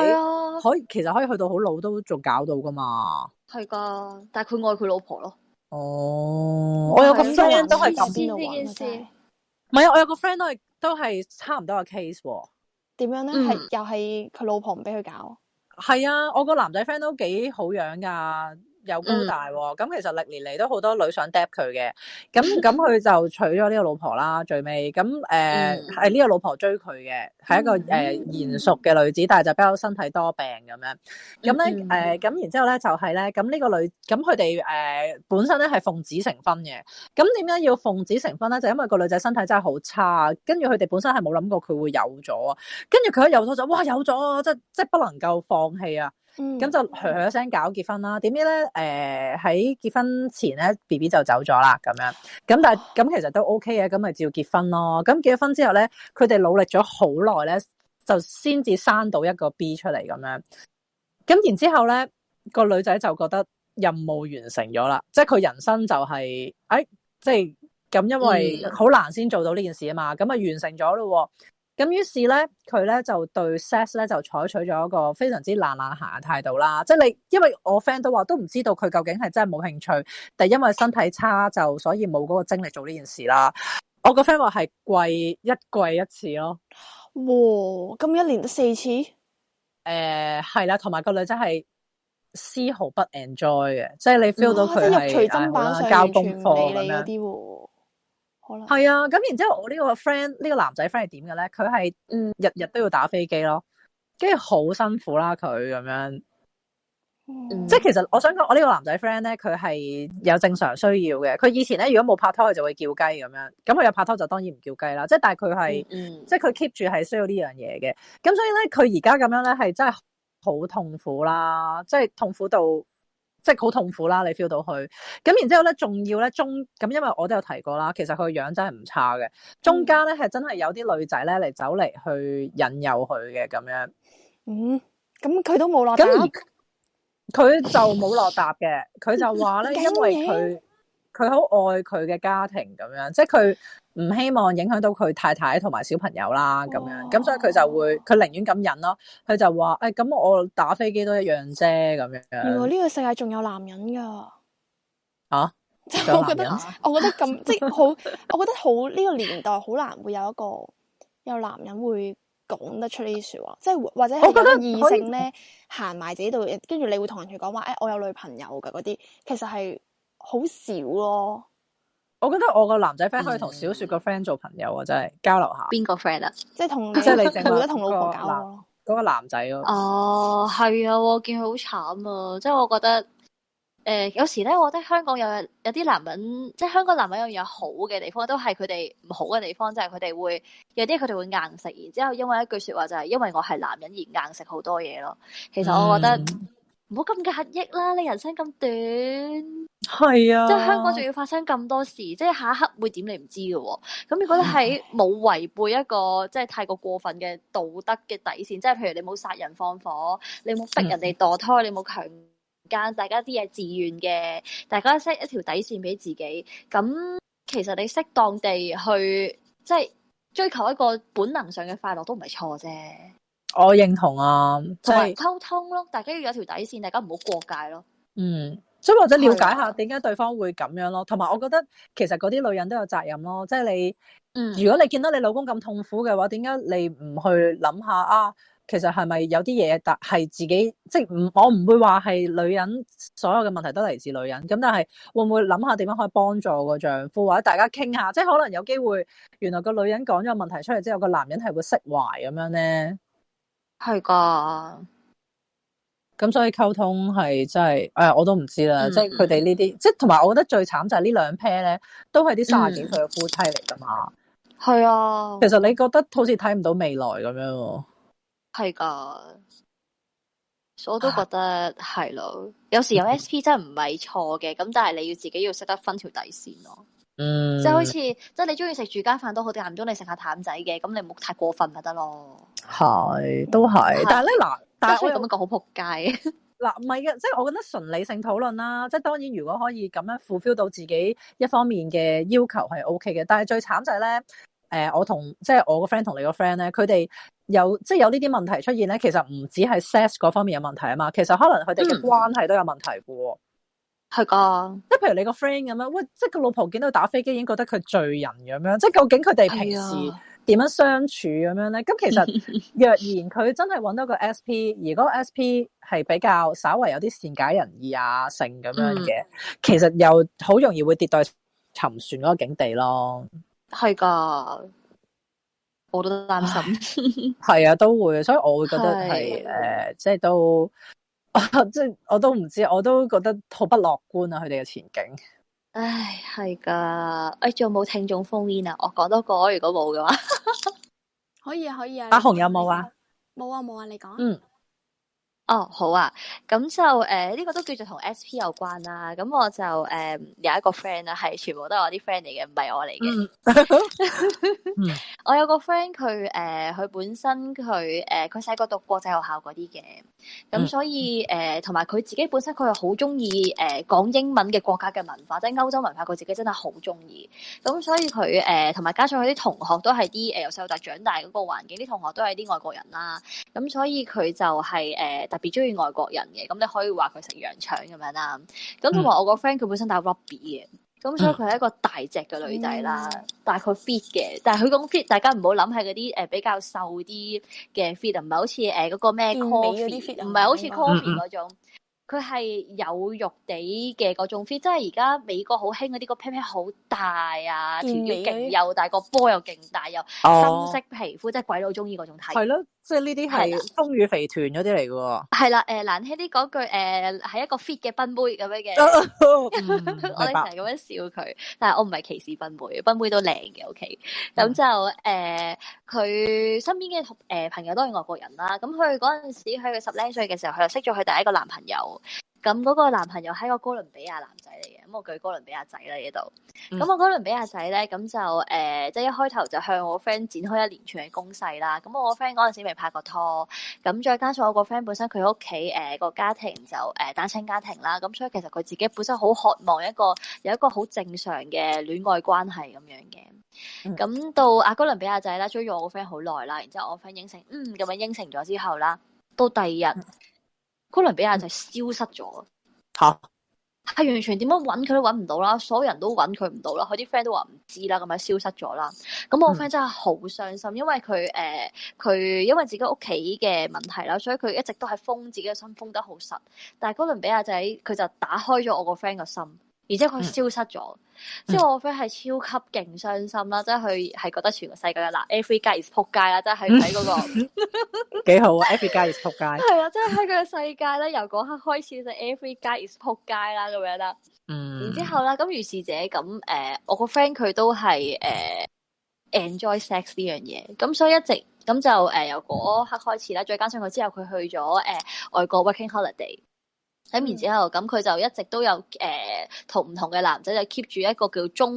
可以，啊，其實可以去到好老都仲搞到噶嘛。係噶，但係佢愛佢老婆咯。哦，我有個 friend 都係咁，邊度玩啊？唔係啊，我有個 friend 都係都係差唔多個 case 喎。點樣咧？嗯，又係佢老婆唔俾佢搞。係啊，我個男仔 friend 都幾好樣噶有高大喎，咁、嗯、其實歷年嚟都好多女想搭佢嘅，咁咁佢就娶咗呢個老婆啦，最尾咁誒係呢個老婆追佢嘅，係一個誒賢淑嘅女子，但係就比較身體多病咁樣。咁咧誒咁然之後咧就係、是、咧，咁呢個女咁佢哋誒本身咧係奉子成婚嘅。咁點解要奉子成婚咧？就是、因為個女仔身體真係好差，跟住佢哋本身係冇諗過佢會有咗，跟住佢一有咗就哇有咗，即係即係不能夠放棄啊！咁就響響聲搞結婚啦，點知咧？誒，喺結婚前咧，B B 就走咗啦，咁樣。咁但係咁其實都 O K 嘅，咁咪照結婚咯。咁結咗婚之後咧，佢哋努力咗好耐咧，就先至生到一個 B 出嚟咁樣。咁然之後咧，個女仔就覺得任務完成咗啦，即係佢人生就係、是、誒、哎，即係咁，因為好難先做到呢件事啊嘛，咁啊完成咗咯。咁於是咧，佢咧就對 sex 咧就採取咗一個非常之懶懶閒嘅態度啦。即係你，因為我 friend 都話，都唔知道佢究竟係真係冇興趣，但係因為身體差就所以冇嗰個精力做呢件事啦。我個 friend 話係貴一季一次咯。哇！咁一年都四次？誒、呃，係啦，同埋個女真係絲毫不 enjoy 嘅，即係你 feel 到佢係、啊哎、交功課咁樣。係啊，咁然之後我呢個 friend 呢、呢個男仔 friend 係點嘅咧？佢係嗯日日都要打飛機咯，跟住好辛苦啦佢咁樣，嗯、即係其實我想講我呢個男仔 friend 咧，佢係有正常需要嘅。佢以前咧如果冇拍拖，佢就會叫雞咁樣。咁佢有拍拖就當然唔叫雞啦。即係但係佢係，嗯嗯即係佢 keep 住係需要呢樣嘢嘅。咁所以咧，佢而家咁樣咧係真係好痛苦啦，即係痛苦到。即係好痛苦啦，你 feel 到佢，咁然之後咧，仲要咧中咁，因為我都有提過啦，其實佢個樣真係唔差嘅，中間咧係真係有啲女仔咧嚟走嚟去引誘佢嘅咁樣嗯。嗯、咁、嗯、佢、嗯、都冇落答，佢就冇落答嘅，佢 就話咧，因為佢佢好愛佢嘅家庭咁樣，即係佢。唔希望影響到佢太太同埋小朋友啦，咁哇樣咁，所以佢就會佢寧願咁忍咯。佢就話：誒、哎，咁我打飛機都一樣啫，咁樣。原來呢個世界仲有男人噶，吓、啊，即係我覺得，我覺得咁 即係好，我覺得好呢、這個年代好難會有一個有男人會講得出呢啲說話，即係或者我覺得異性咧行埋自己度，跟住你會同人哋講話：誒、哎，我有女朋友噶嗰啲，其實係好少咯、啊。我覺得我個男仔 friend 可以同小雪個 friend 做朋友，嗯、朋友啊，真係交流下。邊、 邊個 friend 啊？即係同佢會唔會同老婆搞咯？嗰個男仔咯。哦，係啊，我見佢好慘啊，即係我覺得，誒、呃，有時咧，我覺得香港有有啲男人，即係香港男人有樣好嘅地方，都係佢哋唔好嘅地方，就係佢哋會有啲佢哋會硬食，然之後因為一句說話就係因為我係男人而硬食好多嘢咯。其實我覺得，嗯。唔好咁嘅壓抑啦，你人生咁短，係啊，即係香港仲要發生咁多事，即係下一刻會點你唔知嘅。哦，咁你覺得係冇違背一個 即係太過過分嘅道德嘅底線，即係譬如你冇殺人放火，你冇逼人哋墮胎，你冇強姦，大家啲嘢自願嘅，大家 set 一條底線俾自己，咁其實你適當地去即係追求一個本能上嘅快樂都唔係錯啫。我認同啊，就係溝通咯，大家要有條底線，大家唔好過界咯。嗯，所以或者了解下點解對方會咁樣咯。同埋，我覺得其實嗰啲女人都有責任咯，即係你，嗯，如果你見到你老公咁痛苦嘅話，點解你唔去諗下啊？其實係咪有啲嘢，但係自己即係唔，我唔會話係女人所有嘅問題都嚟自女人咁，但係會唔會諗下點樣可以幫助個丈夫，或者大家傾下，即係可能有機會，原來個女人講咗個問題出嚟之後，個男人係會釋懷咁樣咧。係噶，咁所以溝通係真係，誒、哎，我都唔知啦，嗯，即係佢哋呢啲，即係同埋我覺得最慘就係呢兩 pair 咧，都係啲卅幾歲嘅夫妻嚟噶嘛，係啊，嗯，其實你覺得好似睇唔到未來咁樣，哦，係噶，所以我都覺得係咯，啊，有時有 SP S P 真係唔係錯嘅，咁但係你要自己要識得分條底線咯。嗯，即係好似，即係你中意食住家飯都好，間唔中你食下淡仔嘅，咁你唔好太過分咪得咯。係，都係。但係咧嗱，大家可以咁樣講好撲街。嗱，唔係嘅，即係、就是、我覺得純理性討論啦。即、就、係、是、當然，如果可以咁樣 fulfill 到自己一方面嘅要求係 OK 嘅，但係最慘就係咧，誒、呃，我同即係我個 friend 同你個 friend 咧，佢哋有即係、就是、有呢啲問題出現咧，其實唔止係 sex 嗰方面有問題啊嘛，其實可能佢哋嘅關係都有問題嘅。嗯係噶，即係譬如你個 friend 咁樣，喂，即係個老婆見到佢打飛機，已經覺得佢罪人咁樣。即係究竟佢哋平時點樣相處咁樣咧？咁的其實若然佢真係搵到個 SP, S P， 而嗰個 S P 係比較稍為有啲善解人意啊性咁樣嘅，等等嗯、其實又好容易會跌到沉船嗰個境地咯。係噶，我都擔心。係 啊，都會，所以我會覺得係誒的、呃，即係都。 即係我都唔知，我都覺得好不樂觀啊！佢哋嘅前景，唉，係噶，誒、哎，仲有冇聽眾烽煙啊？我講多句，如果冇嘅話 ，可以啊，可以啊。阿紅有冇啊？冇啊，冇啊，你講、啊。嗯。哦，好啊，咁就誒呢、呃這個都叫做同 SP 有關啦。咁我就誒、呃、有一個 friend 啦，係全部都係我啲 friend 嚟嘅，唔係我嚟嘅。嗯、 我有個 friend 佢誒，佢、呃、本身佢誒，佢細個讀國際學校嗰啲嘅，咁所以誒，同埋佢自己本身佢又好中意誒講英文嘅國家嘅文化，即係歐洲文化，佢自己真係好中意。咁所以佢誒，同、呃、埋加上佢啲同學都係啲誒由細到大長大嗰個環境，啲同學都係啲外國人啦。咁所以佢就係、是、誒、呃特別中意外國人嘅，咁你可以話佢食羊腸咁樣啦。咁同埋我個 friend 佢本身打 rugby 嘅，咁所以佢係一個大隻嘅女仔啦，大概、嗯、fit 嘅，但係佢講 fit 大家唔好諗係嗰啲誒比較瘦啲嘅 fit，唔係好似誒嗰個咩 coffee 唔係好似 coffee 嗰種，佢係、嗯嗯、有肉地嘅嗰種 fit，即係而家美國好興嗰啲個 pair 好大啊，條腰勁又大，個波又勁大又深色皮膚，哦、即係鬼佬中意嗰種體。係咯。即係呢啲係風雨肥團嗰啲嚟嘅，係啦，誒、呃，難聽啲講句，誒、呃，係一個 fit 嘅賓妹咁樣嘅， 嗯、 我哋成日咁樣笑佢，但係我唔係歧視賓妹，賓妹都靚嘅，O K，咁就誒，佢、呃、身邊嘅誒朋友都係外國人啦，咁佢嗰陣時佢十零歲嘅時候，佢就識咗佢第一個男朋友。咁嗰個男朋友係個哥倫比亞男仔嚟嘅，咁我舉哥倫比亞仔啦呢度。咁我、嗯、哥倫比亞仔咧，咁就誒，即、呃、係一開頭就向我 friend 展開一連串嘅攻勢啦。咁我個 friend 嗰陣時未拍過拖，咁再加上我個 friend 本身佢屋企誒個家庭就誒、呃、單親家庭啦，咁所以其實佢自己本身好渴望一個有一個好正常嘅戀愛關係咁樣嘅。咁、嗯、到阿哥倫比亞仔咧追咗我個 friend 好耐啦，然之後我 friend 應承，嗯咁樣應承咗之後啦，到第二日。嗯哥倫比亞就消失咗，吓、啊，係完全點樣搵佢都搵唔到啦，所有人都搵佢唔到啦，佢啲 friend 都話唔知啦，咁咪消失咗啦。咁我 friend 真係好傷心，嗯、因為佢誒，佢因為自己屋企嘅問題啦，所以佢一直都係封自己嘅心，封得好實。但係哥倫比亞仔，佢就打開咗我個 friend 嘅心。而且佢消失咗，即係、嗯、我 friend 係超級勁傷心啦，嗯、即係佢係覺得全個世界嘅，嗱，every guy is 撲街啦，即係喺嗰個幾好啊，every guy is 撲街，係啊，即係喺佢個世界咧，由嗰刻開始就 every guy is 撲街啦咁樣啦，嗯，然之後啦，咁如是者咁，誒、呃，我個 friend 佢都係誒、呃、enjoy sex 呢樣嘢，咁所以一直咁就誒由嗰刻開始啦，再、嗯、加上佢之後佢去咗誒、呃、外國 working holiday。睇完之後，咁佢就一直都有誒、呃、同唔同嘅男仔就 keep 住一個叫中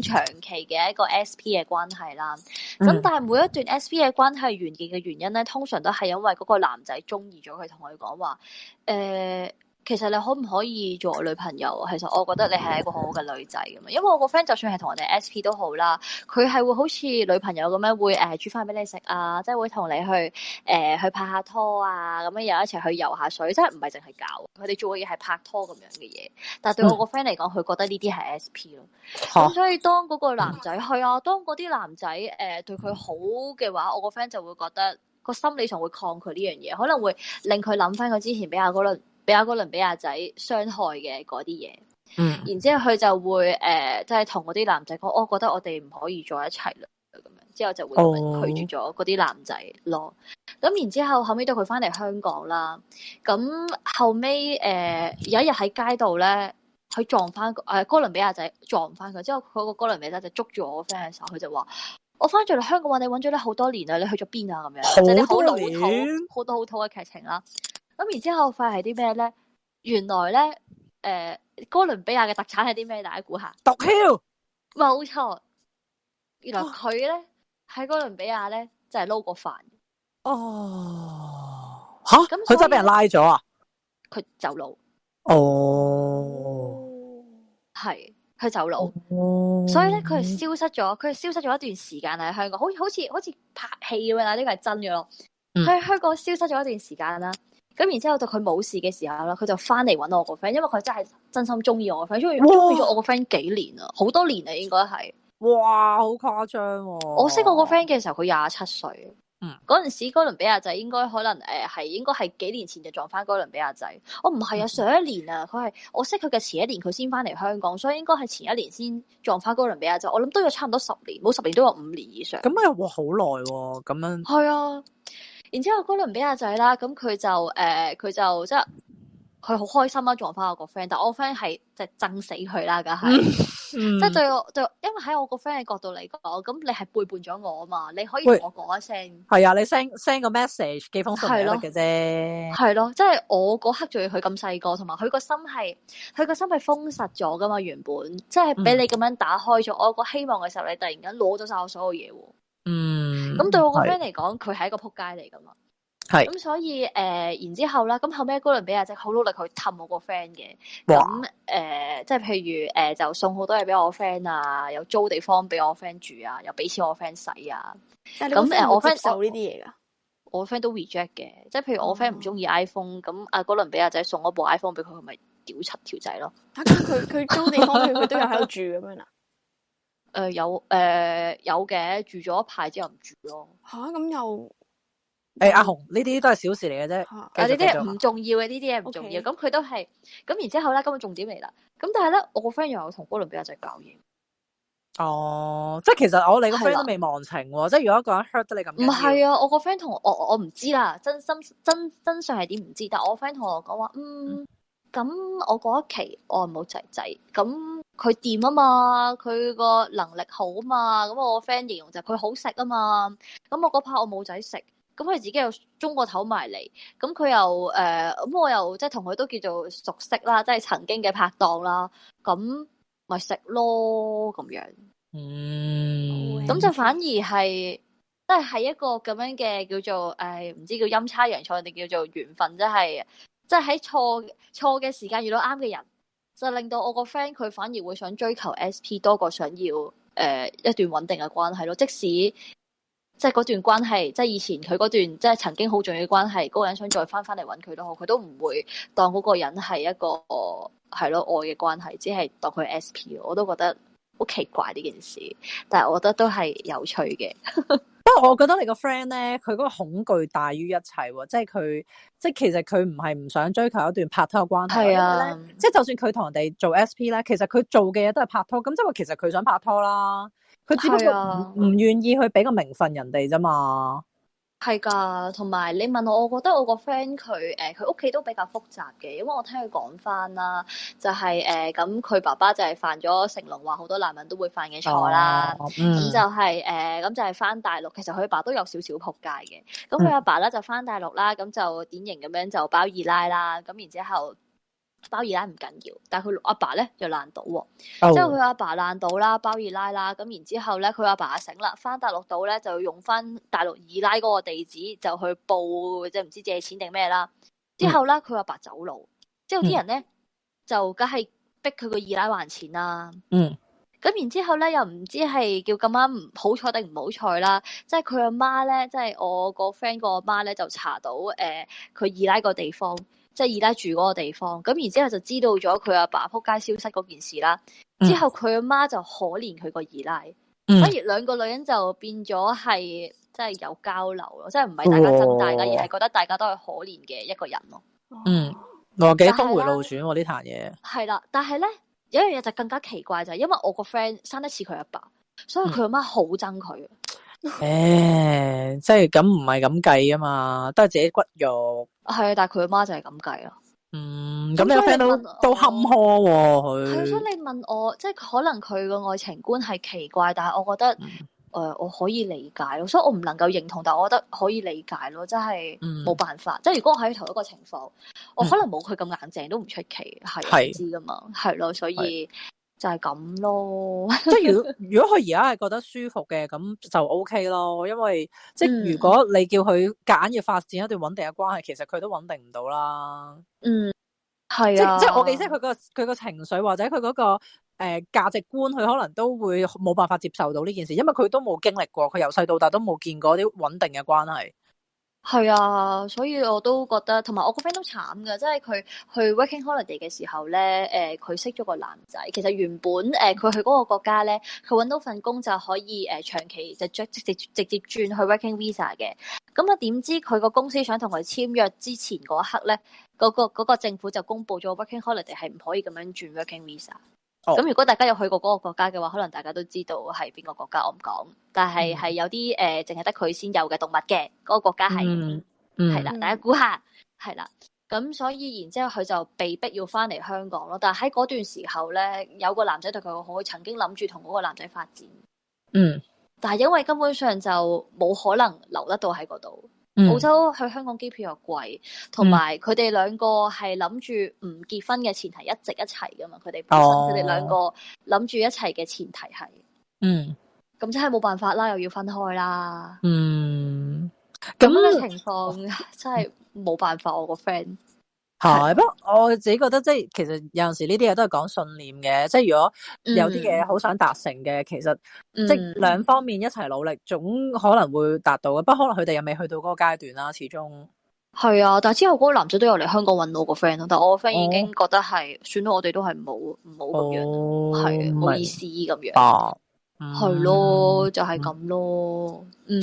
長期嘅一個 S P 嘅關係啦。咁、嗯、但係每一段 S P 嘅關係完結嘅原因咧，通常都係因為嗰個男仔中意咗佢，同佢講話誒、呃其實你可唔可以做我女朋友？其實我覺得你係一個好好嘅女仔咁啊。因為我個 friend 就算係同我哋 SP 都好啦，佢係會好似女朋友咁樣會誒、呃、煮飯俾你食啊，即係會同你去誒、呃、去拍下拖啊，咁樣又一齊去游下水，即係唔係淨係搞佢哋做嘅嘢係拍拖咁樣嘅嘢。但係對我個 friend 嚟講，佢、嗯、覺得呢啲係 SP 咯、啊。咁所以當嗰個男仔去啊，當嗰啲男仔誒、呃、對佢好嘅話，我個 friend 就會覺得個心理上會抗拒呢樣嘢，可能會令佢諗翻佢之前比較嗰俾阿哥倫比亞仔傷害嘅嗰啲嘢，嗯、然之後佢就會誒，即係同嗰啲男仔講，我、哦、覺得我哋唔可以再一齊啦咁樣，之後就會拒絕咗嗰啲男仔咯。咁然之後後尾到佢翻嚟香港啦，咁後尾誒有一日喺街度咧，佢撞翻誒哥倫比亞仔撞翻佢，之後佢個哥倫比亞仔就捉住我個 friend 嘅時候，佢就話：我翻咗嚟香港話，你搵咗你，多你好多年啦，你去咗邊啊？咁樣，即係好老土，好多好土嘅劇情啦。咁然之後，發現，係啲咩咧？原來咧，誒、呃，哥倫比亞嘅特產係啲咩？大家估下，毒梟草，冇錯。原來佢咧喺哥倫比亞咧就係撈過飯。哦，吓，咁佢真係俾人拉咗啊！佢走佬。哦，係佢走佬，哦、所以咧佢係消失咗，佢係消失咗一段時間喺香港，好好似好似拍戲咁樣啦。呢、這個係真嘅咯，佢喺香港消失咗一段時間啦。嗯咁然之後，到佢冇事嘅時候啦，佢就翻嚟搵我個 friend，因為佢真係真心中意我個 friend，中意咗我個 friend 幾年啦，好多年啦，應該係哇，好誇張，哦。我識我個 friend 嘅時候，佢廿七歲，嗯，嗰陣時哥倫比亞仔應該可能誒係、呃，應該係幾年前就撞翻哥倫比亞仔。我唔係啊，上一年啊，佢係我識佢嘅前一年，佢先翻嚟香港，所以應該係前一年先撞翻哥倫比亞仔。我諗都有差唔多十年，冇十年都有五年以上。咁、嗯、啊，哇，好耐咁樣。係啊。feasible 然之後嗰輪唔俾阿仔啦，咁佢就誒，佢、呃、就即係佢好開心啦，撞翻我個 friend，但我個 friend 係即係憎死佢啦，梗係，即係 對我對我，因為喺我個 friend 嘅角度嚟講，咁你係背叛咗我啊嘛，你可以同我講一聲，係啊，你 send send 個 message，寄封信就得嘅啫，係咯，即係我嗰刻仲要佢咁細個，同埋佢個心係，佢個心係封實咗噶嘛，原本即係俾你咁樣打開咗， 我個希望嘅時候，你突然間攞咗晒我所有嘢，嗯。咁、嗯、對我個 friend 嚟講，佢係是一個撲街嚟噶嘛。係是。咁、嗯、所以誒、呃，然之後咧，咁後尾，哥倫比亞仔好努力去氹我個 friend 嘅。咁誒，即係譬如誒，就送好多嘢俾我 friend 啊，又租地方俾我 friend 住啊，又俾錢我 friend 使啊。咁誒，我 friend 受呢啲嘢噶？我 friend 都 reject 嘅，即係譬如我 friend 唔中意 iPhone，咁阿哥倫比亞仔送一部 iPhone 俾佢，佢咪屌柒條仔咯？嚇！咁佢佢租地方，佢佢都有喺度住咁樣啦？誒、呃、有誒、呃、有嘅，住咗一排之後唔住咯。吓，咁又誒、欸、阿紅，呢啲都係小事嚟嘅啫，但係呢啲唔重要嘅，呢啲嘢唔重要，咁佢 Okay. 都係咁然之後咧，今、那、日、個、重點嚟啦，咁但係咧我個 friend 又有同哥倫比亞仔搞嘢哦，即係其實我哋個 friend 都未忘情喎，即係的如果一個人 hurt 得你咁，唔係啊，我個 friend 同我我我唔知啦，真心真真相係點唔知，但係我 friend 同我講話嗯。嗯咁、嗯、我嗰一期我冇仔仔，咁佢掂啊嘛，佢個能力好啊嘛，咁、嗯、我 friend 形容就佢好食啊嘛，咁、嗯、我嗰 part 我冇仔食，咁、嗯、佢自己又中個頭埋嚟，咁、嗯、佢又誒，咁、呃嗯、我又即係同佢都叫做熟悉啦，即係曾經嘅拍檔啦，咁咪食咯咁樣，嗯，咁、嗯、就反而係即係係一個咁樣嘅叫做誒，唔、呃、知叫陰差陽錯定叫做緣分，即係。即係喺錯錯嘅時間遇到啱嘅人，就令到我個 friend 佢反而會想追求 SP 多過想要誒、呃、一段穩定嘅關係咯。即使即係嗰段關係，即係以前佢嗰段即係曾經好重要嘅關係，嗰、那個人想再翻翻嚟揾佢都好，佢都唔會當嗰個人係一個係咯愛嘅關係，只係當佢 SP。我都覺得好奇怪呢件事，但係我覺得都係有趣嘅。 我覺得你個 friend 咧，佢嗰個恐懼大於一切喎，即係佢，即係其實佢唔係唔想追求一段拍拖嘅關係，係啊、即係就算佢同人哋做 SP 咧，其實佢做嘅嘢都係拍拖，咁即係其實佢想拍拖啦，佢只不過唔、係啊、願意去俾個名分人哋啫嘛。係噶，同埋你問我，我覺得我個 friend 佢誒，佢屋企都比較複雜嘅，因為我聽佢講翻啦，就係誒，咁佢爸爸就係犯咗成龍話好多男人都會犯嘅錯啦，咁、哦嗯、就係誒咁就係翻大陸，其實佢爸都有少少扑街嘅，咁佢阿爸咧，就翻大陸啦，咁就典型咁樣就包二奶啦，咁然之後。包二奶唔緊要，但係佢阿爸咧就爛賭，即係佢阿爸爛賭啦，包二奶啦，咁然之後咧佢阿爸，爸、啊、醒啦，翻大陸度咧就用翻大陸二奶嗰個地址就去報，即係唔知借錢定咩啦。之後咧佢阿爸走路，之後啲人咧、mm. 就梗係逼佢個二奶還錢啦。嗯、mm.，咁然之後咧又唔知係叫咁啱唔好彩定唔好彩啦，即係佢阿媽咧，即、就、係、是、我個 friend 個阿媽咧就查到誒佢二奶個地方。即係二奶住嗰個地方，咁然之後就知道咗佢阿爸撲街消失嗰件事啦。之後佢阿媽就可憐佢個二奶，嗯、反而兩個女人就變咗係即係有交流咯，即係唔係大家爭大家，哦、而係覺得大家都係可憐嘅一個人咯。嗯，我幾峰迴路轉喎呢罈嘢。係啦，但係咧有一樣嘢就更加奇怪就係，因為我個 friend 生得似佢阿爸，所以佢阿媽好憎佢。嗯誒，即係咁唔係咁計啊嘛，都係自己骨肉。係啊，但係佢阿媽就係咁計咯。嗯，咁你個 friend 都都坎坷喎佢。係咯，所以你問我，即係可能佢嘅愛情觀係奇怪，但係我覺得誒我可以理解咯，所以我唔能夠認同，但係我覺得可以理解咯，即係冇辦法。即係如果我喺同一個情況，我可能冇佢咁硬淨都唔出奇，係唔知噶嘛，係咯，所以。就係咁咯，即係如果如果佢而家係覺得舒服嘅，咁就 OK 咯。因為即係如果你叫佢揀要發展一段穩定嘅關係，其實佢都穩定唔到啦。嗯，係啊，即即係我記，即佢個佢個情緒或者佢嗰個誒價值觀，佢可能都會冇辦法接受到呢件事，因為佢都冇經歷過，佢由細到大都冇見過啲穩定嘅關係。係啊，所以我都覺得，同埋我個 friend 都慘噶，即係佢去 Working Holiday 嘅時候咧，誒、呃，佢識咗個男仔，其實原本誒，佢、呃、去嗰個國家咧，佢搵到份工就可以誒、呃，長期就直直直接轉去 Working Visa 嘅，咁啊，點知佢個公司想同佢簽約之前嗰刻咧，嗰、嗰個、嗰個政府就公布咗 Working Holiday 係唔可以咁樣轉 Working Visa。咁、哦、如果大家有去過嗰個國家嘅話，可能大家都知道係邊個國家，我唔講。但係係有啲誒，淨係得佢先有嘅動物嘅，嗰、嗰個國家係，係啦，大家估下，係啦。咁所以然之後佢就被逼要翻嚟香港咯。但係喺嗰段時候咧，有個男仔對佢好，曾經諗住同嗰個男仔發展。嗯。但係因為根本上就冇可能留得到喺嗰度。澳洲去香港機票又貴，同埋佢哋兩個係諗住唔結婚嘅前提一直一齊㗎嘛，佢哋本身，佢哋兩個諗住一齊嘅前提係，嗯，咁真係冇辦法啦，又要分開啦，嗯，咁嘅情況 真係冇辦法，我個 friend。係，不過我自己覺得，即係其實有陣時呢啲嘢都係講信念嘅。即係如果有啲嘢好想達成嘅，嗯、其實即係兩方面一齊努力，總可能會達到嘅。不過可能佢哋又未去到嗰個階段啦，始終。係啊，但係之後嗰個男仔都有嚟香港揾我個 friend 咯，但係我個 friend 已經覺得係，哦、算啦，我哋都係唔好唔好咁樣，係冇、哦、意思咁樣。係咯、嗯，就係咁咯。嗯，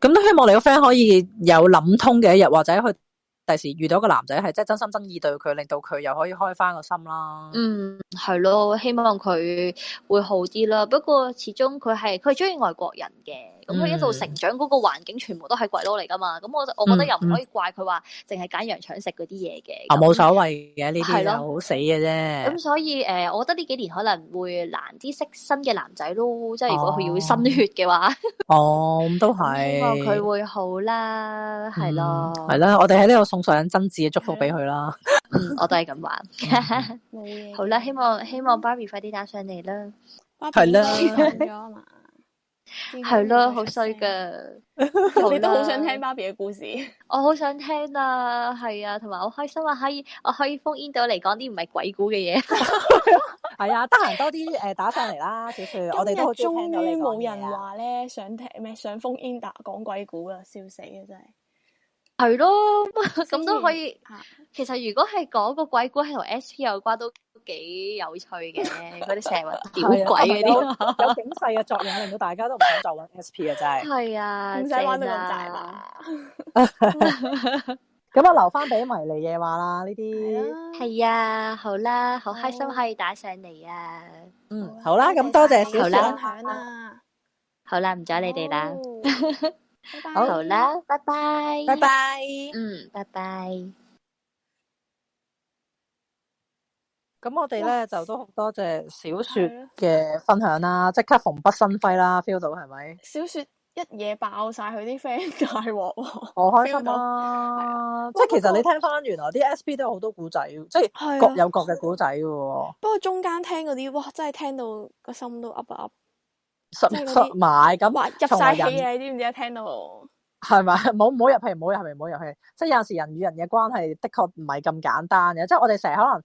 咁都、嗯、希望你個 friend 可以有諗通嘅一日，或者去。第時遇到個男仔係真真心真意對佢，令到佢又可以開翻個心啦。嗯，係咯，希望佢會好啲啦。不過始終佢係佢係中意外國人嘅。咁佢、嗯、一路成長嗰個環境，全部都係鬼佬嚟噶嘛？咁我我覺得又唔可以怪佢話，淨係揀羊腸食嗰啲嘢嘅。啊，冇所謂嘅呢啲係好死嘅啫。咁所以誒，我覺得呢幾年可能會難啲識新嘅男仔咯，即係如果佢要新血嘅話。哦、嗯，咁、嗯、都係。希望佢會好啦，係咯。係啦、嗯，我哋喺呢度送上真摯嘅祝福俾佢啦。我都係咁話。好啦，希望希望 Barry 快啲打上嚟啦。係啦。 啊是大俠 係咯，好衰噶！你都好想聽媽 咪嘅故事， 我好想聽啊，係啊，同埋好開心啊，可以，我可以封 in 嚟講啲唔係鬼故嘅嘢，係 啊，得閒多啲誒打上嚟啦，小翠，今天 我哋都好中意聽到你啊，終於冇人話咧想聽咩，想封 in 講鬼故啊，笑死 啊，真係係咯，咁都可以。 其實如果係講個鬼故喺同 SP 有關都。幾有趣嘅，嗰啲成日話咁鬼嗰啲，有警世嘅作用，令到大家都唔想再揾 SP 啊！真係係啊，唔使玩得咁滯啦。咁啊，留翻俾迷離夜話啦，呢啲係啊，好啦，好開心可以打上嚟啊。嗯，好啦，咁多謝小小分享啊。好啦，唔阻你哋啦。好啦，拜拜，拜拜，嗯，拜拜。咁我哋咧就都好多謝小說嘅分享啦，即刻蓬蓽生輝啦，feel 到係咪？小說一嘢爆晒佢啲 friend 大鑊喎，我開心啊！即係其實你聽翻原來啲 SP 都有好多古仔，即係各有各嘅古仔嘅。不過中間聽嗰啲哇，真係聽到個心都 up up，縮縮埋咁，入晒氣，你知唔知啊？聽到係咪？冇冇入唔好入唔好入氣。即係有時人與人嘅關係的確唔係咁簡單嘅，即係我哋成日可能。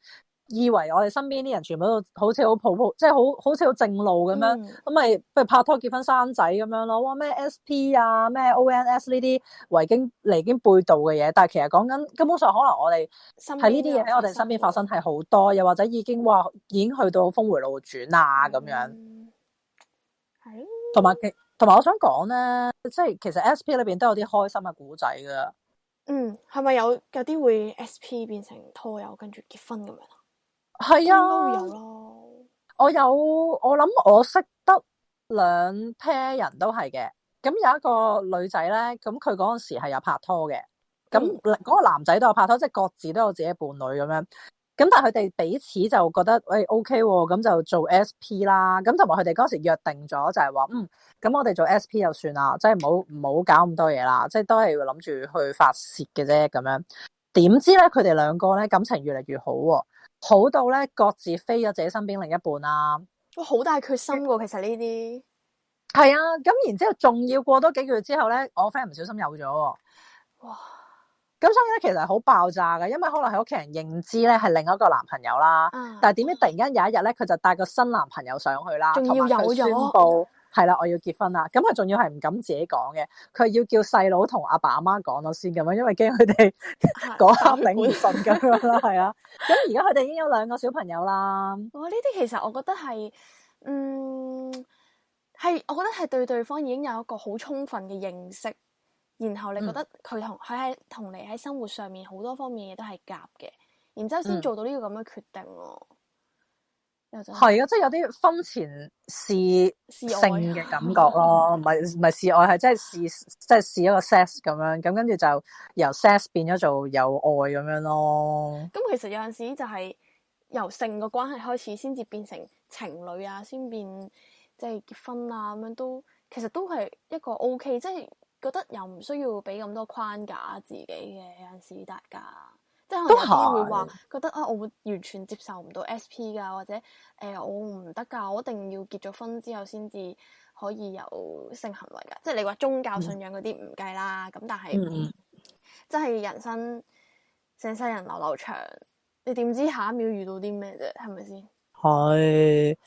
以為我哋身邊啲人全部都好似、就是、好抱抱，即係好好似好正路咁樣，咁咪不如拍拖、結婚、生仔咁樣咯。哇！咩 S P 啊，咩 O N S 呢啲已經嚟已經背道嘅嘢，但係其實講緊根本上可能我哋喺呢啲嘢喺我哋身邊發生係好多，又或者已經話已經去到峰回路轉喇咁樣。係的。同埋同埋，我想講咧，即係其實 S P 裏邊都有啲開心嘅古仔噶。嗯，係咪有有啲會 S P 變成拖友，跟住結婚咁樣？係啊，我有我諗我識得兩 pair 人都係嘅。咁有一個女仔咧，咁佢嗰陣時係有拍拖嘅，咁嗰個男仔都有拍拖，即係各自都有自己伴侶咁樣。咁但係佢哋彼此就覺得，喂，O K，咁就做 S P 啦。咁同埋佢哋嗰時約定咗就係話，嗯，咁我哋做 S P 就算啦，即係唔好唔好搞咁多嘢啦，即係都係諗住去發洩嘅啫。咁樣點知咧，佢哋兩個咧感情越嚟越好啊。好到咧，各自飛咗自己身邊另一半啦，啊。哇、哦，好大決心噶，其實呢啲係啊。咁是、啊、然之後，仲要過多幾個月之後咧，我 friend 唔小心有咗。哇！咁所以咧，其實係好爆炸噶，因為可能係屋企人認知咧係另一個男朋友啦。啊、但係點知突然間有一日咧，佢就帶個新男朋友上去啦，仲要有宣布。係啦，我要結婚啦，咁佢仲要係唔敢自己講嘅，佢要叫細佬同阿爸阿媽講咗先咁樣，因為驚佢哋嗰刻領會瞓咁樣啦，係啊。咁而家佢哋已經有兩個小朋友啦。哇、哦，呢啲其實我覺得係，嗯，係，我覺得係對對方已經有一個好充分嘅認識，然後你覺得佢同佢喺同你喺生活上面好多方面嘢都係夾嘅，然之後先做到呢個咁嘅決定咯。嗯係啊，即係有啲婚前試愛性嘅感覺咯，唔係唔係試愛，係真係試即係試一個 sex 咁樣，咁跟住就由 sex 變咗做有愛咁樣咯。咁、嗯、其實有陣時就係由性嘅關係開始，先至變成情侶啊，先變即係、就是、結婚啊，咁樣都其實都係一個 OK，即係覺得又唔需要俾咁多框架自己嘅，有陣時大家。即係是有啲會話覺得啊，我會完全接受唔到 SP 㗎，或者誒、呃、我唔得㗎，我一定要結咗婚之後先至可以有性行為㗎。即係你話宗教信仰嗰啲唔計啦，咁、嗯、但係即係人生成世人流流長，你點知下一秒遇到啲咩啫？係咪先？係。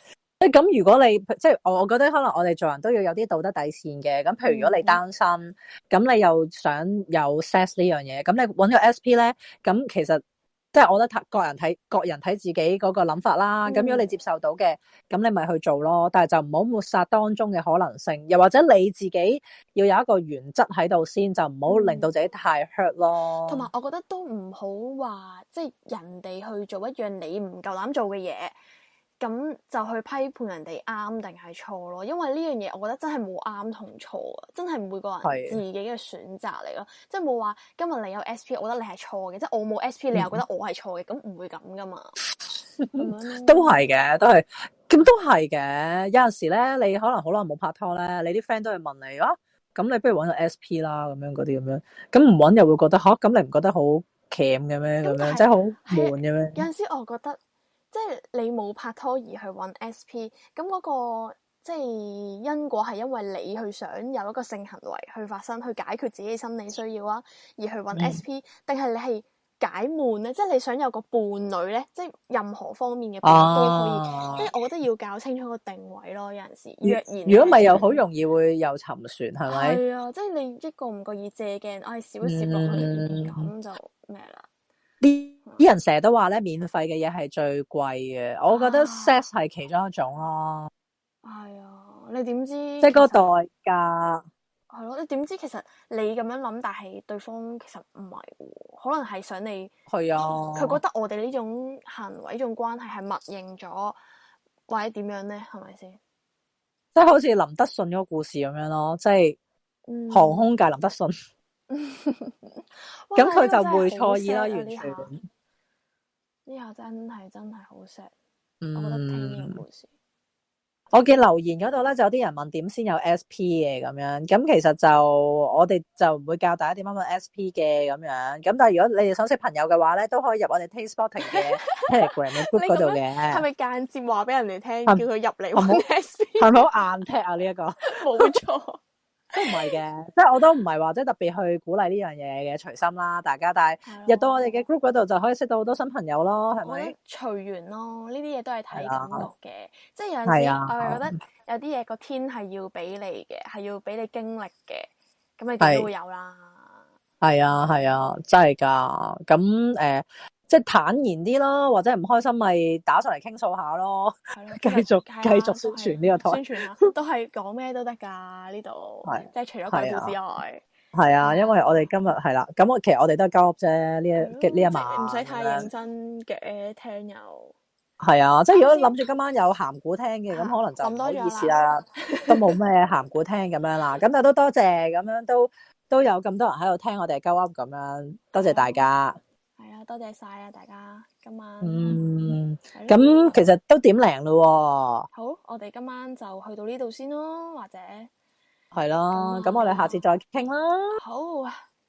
即係咁，如果你即係，我覺得可能我哋做人都要有啲道德底線嘅。咁，譬如如果你單身，咁、嗯、哼你又想有 sex 呢樣嘢，咁你搵個 SP 咧，咁其實即係我覺得個人睇個人睇自己嗰個諗法啦。咁如果你接受到嘅，咁你咪去做咯。但係就唔好抹殺當中嘅可能性，又或者你自己要有一個原則喺度先，就唔好令到自己太 hurt 咯。同埋、嗯，我覺得都唔好話，即係人哋去做一樣你唔夠膽做嘅嘢，咁就去批判人哋啱定係錯咯，因為呢樣嘢我覺得真係冇啱同錯啊，真係每個人自己嘅選擇嚟咯，即係冇話今日你有 SP，我覺得你係錯嘅，即係我冇 SP，你又覺得我係錯嘅，咁唔會咁噶嘛？都係嘅，都係咁都係嘅。有陣時咧，你可能好耐冇拍拖咧，你啲 friend 都係問你咯，咁你不如搵個 SP 啦，咁樣嗰啲咁樣，咁唔搵又會覺得，吓咁你唔覺得好鉗嘅咩？咁樣即係好悶嘅咩？有陣時我覺得。即係你冇拍拖而去揾 SP 咁嗰、嗰個即係因果係因為你去想有一個性行為去發生，去解決自己嘅心理需要啊，而去揾 SP 定係、嗯、你係解悶咧？即係你想有個伴侶咧？即係任何方面嘅都可以。啊、即係我覺得要搞清楚個定位咯。有陣時若然如果咪又好容易會有沉船係咪？係啊，即係你一個唔覺意借鏡，哎，少少落去咁就咩啦？啲人成日都話咧，免費嘅嘢係最貴嘅。我覺得 SP 係、啊、其中一種咯、啊。係啊，你點知？即係個代價。係咯，你點知？其實你咁樣諗，但係對方其實唔係，可能係想你。係啊。佢覺得我哋呢種行為、呢種關係係默認咗，或者點樣咧？係咪先？即係好似林德信嗰個故事咁樣咯，即、就、係、是、航空界林德信。咁佢、嗯、 哇 就會錯意啦、啊，完全、啊。呢個真係真係好錫，我冇得聽呢個故事。我見留言嗰度咧，就有啲人問點先有 S P 嘅咁樣。咁其實就我哋就唔會教大家點樣搵 S P 嘅咁樣。咁但係如果你哋想識朋友嘅話咧，都可以入我哋 TasteSpotting 嘅 Telegram group 度嘅。係咪間接話俾人哋聽，是叫佢入嚟搵 S P？係咪好硬踢啊？呢、這、一個冇錯。 沒錯笑都唔係嘅，即係 我都唔係話即係特別去鼓勵呢樣嘢嘅，隨心啦，大家。但係的入到我哋嘅 group 嗰度，就可以識到好多新朋友咯，係咪的？隨緣吧咯，呢啲嘢都係睇感覺嘅，的即係有陣時我係覺得有啲嘢個天係要俾你嘅，係要俾你經歷嘅，咁你點都會有啦。係啊係啊，真係噶，咁誒。呃即係坦然啲咯，或者唔開心咪打上嚟傾訴下咯，繼續繼續宣傳呢個台，都係講咩都得噶呢度，即係除咗港股之外，係啊，因為我哋今日係啦，咁我其實我哋都係鳩噏啫，呢一呢一晚唔使太認真嘅聽友，係啊，即係如果諗住今晚有鹹古聽嘅，咁可能就咁多意思啦，都冇咩鹹古聽咁樣啦，咁就都多謝咁樣，都都有咁多人喺度聽我哋鳩噏咁樣，多謝大家。多謝晒啊，大家今晚。嗯，咁其實都點零咯。好，我哋今晚就去到呢度先咯，或者係咯，咁啦晚我哋下次再傾啦。好，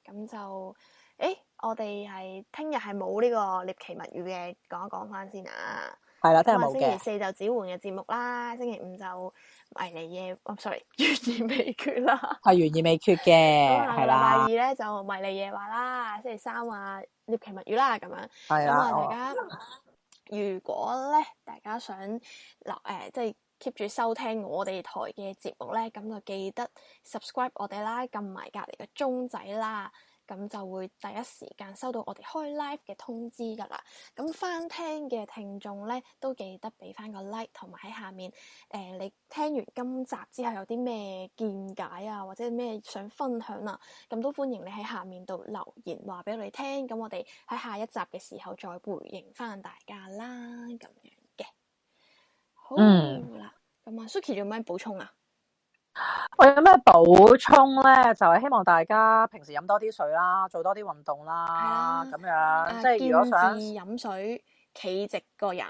咁就誒、欸，我哋係聽日係冇呢個獵奇物語嘅，講一講翻先啊。係啦，都係星期四就只午嘅節目啦，星期五就迷你夜，唔好 sorry，懸疑未決啦。係懸疑未決嘅，係啦 的。禮拜二咧就迷你夜話啦，星期三話、啊、獵奇物語啦，咁樣。係啊。咁啊，大家如果咧，大家想留誒、呃，即係 keep 住收聽我哋台嘅節目咧，咁就記得 subscribe 我哋啦，撳埋隔籬嘅鐘仔啦。咁就會第一時間收到我哋開 live 嘅通知噶啦。咁翻聽嘅聽眾咧，都記得俾翻個 like 同埋喺下面誒、呃，你聽完今集之後有啲咩見解啊，或者咩想分享啊，咁都歡迎你喺下面度留言話俾我哋聽。咁我哋喺下一集嘅時候再回應翻大家啦，咁樣嘅。好啦，咁啊，Suki 有咩補充啊？我有咩補充咧？就係、是、希望大家平時飲多啲水啦，做多啲運動啦，咁、啊、樣即係如果想飲水，企直個人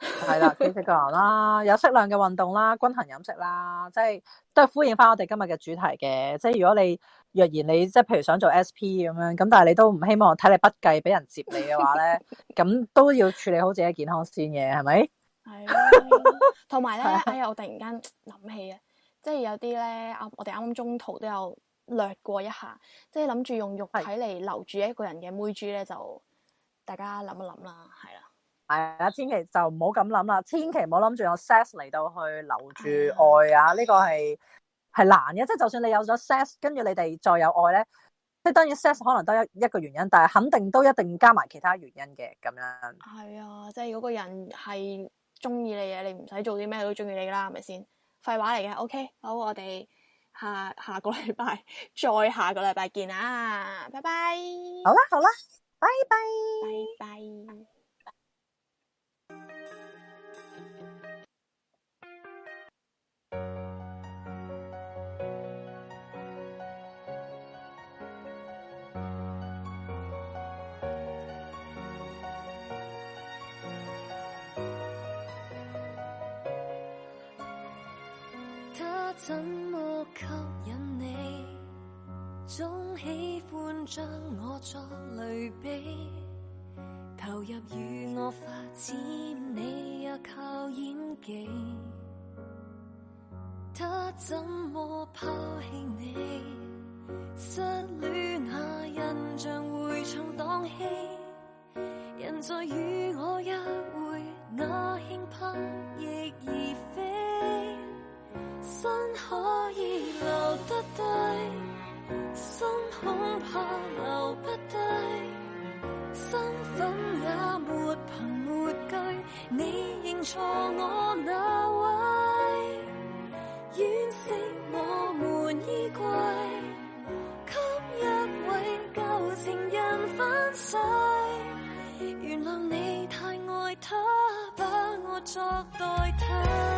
係啦， 企直個人啦，有適量嘅運動啦，均衡飲食啦，即係都係呼應翻我哋今日嘅主題嘅。即係如果你若然你即係譬如想做 SP 咁樣，咁但係你都唔希望體力不繼俾人接你嘅話咧，咁 都要處理好自己嘅健康先嘅，係咪？係，同埋咧，哎 我突然間諗起啊！即係有啲咧，我我哋啱啱中途都有略過一下，即係諗住用肉體嚟留住一個人嘅妹豬咧，的就大家諗一諗啦，係啦，係啊、哎，千祈就唔好咁諗啦，千祈唔好諗住有 sex 嚟到去留住愛啊！呢、哎、呀個係係難嘅，即係就算你有咗 sex，跟住你哋再有愛咧，即係當然 sex 可能都有一個原因，但係肯定都一定加埋其他原因嘅咁樣。係啊、哎，即係嗰個人係中意你嘅，你唔使做啲咩都中意你啦，係咪先？廢話嚟嘅，OK，好，我哋下下個禮拜再下個禮拜見啊，拜拜。好啦，好啦，拜拜，拜拜。將我作累比，投入與我發展，你也靠演技。他怎麼拋棄你？失戀那印象回腸蕩氣，人在與我約會，那輕拍翼而飛，身可以留得對。怕留不低，身份也沒憑沒據，你認錯我那位？冤死我們衣櫃，給一位舊情人粉洗，原諒你太愛他，把我作代替。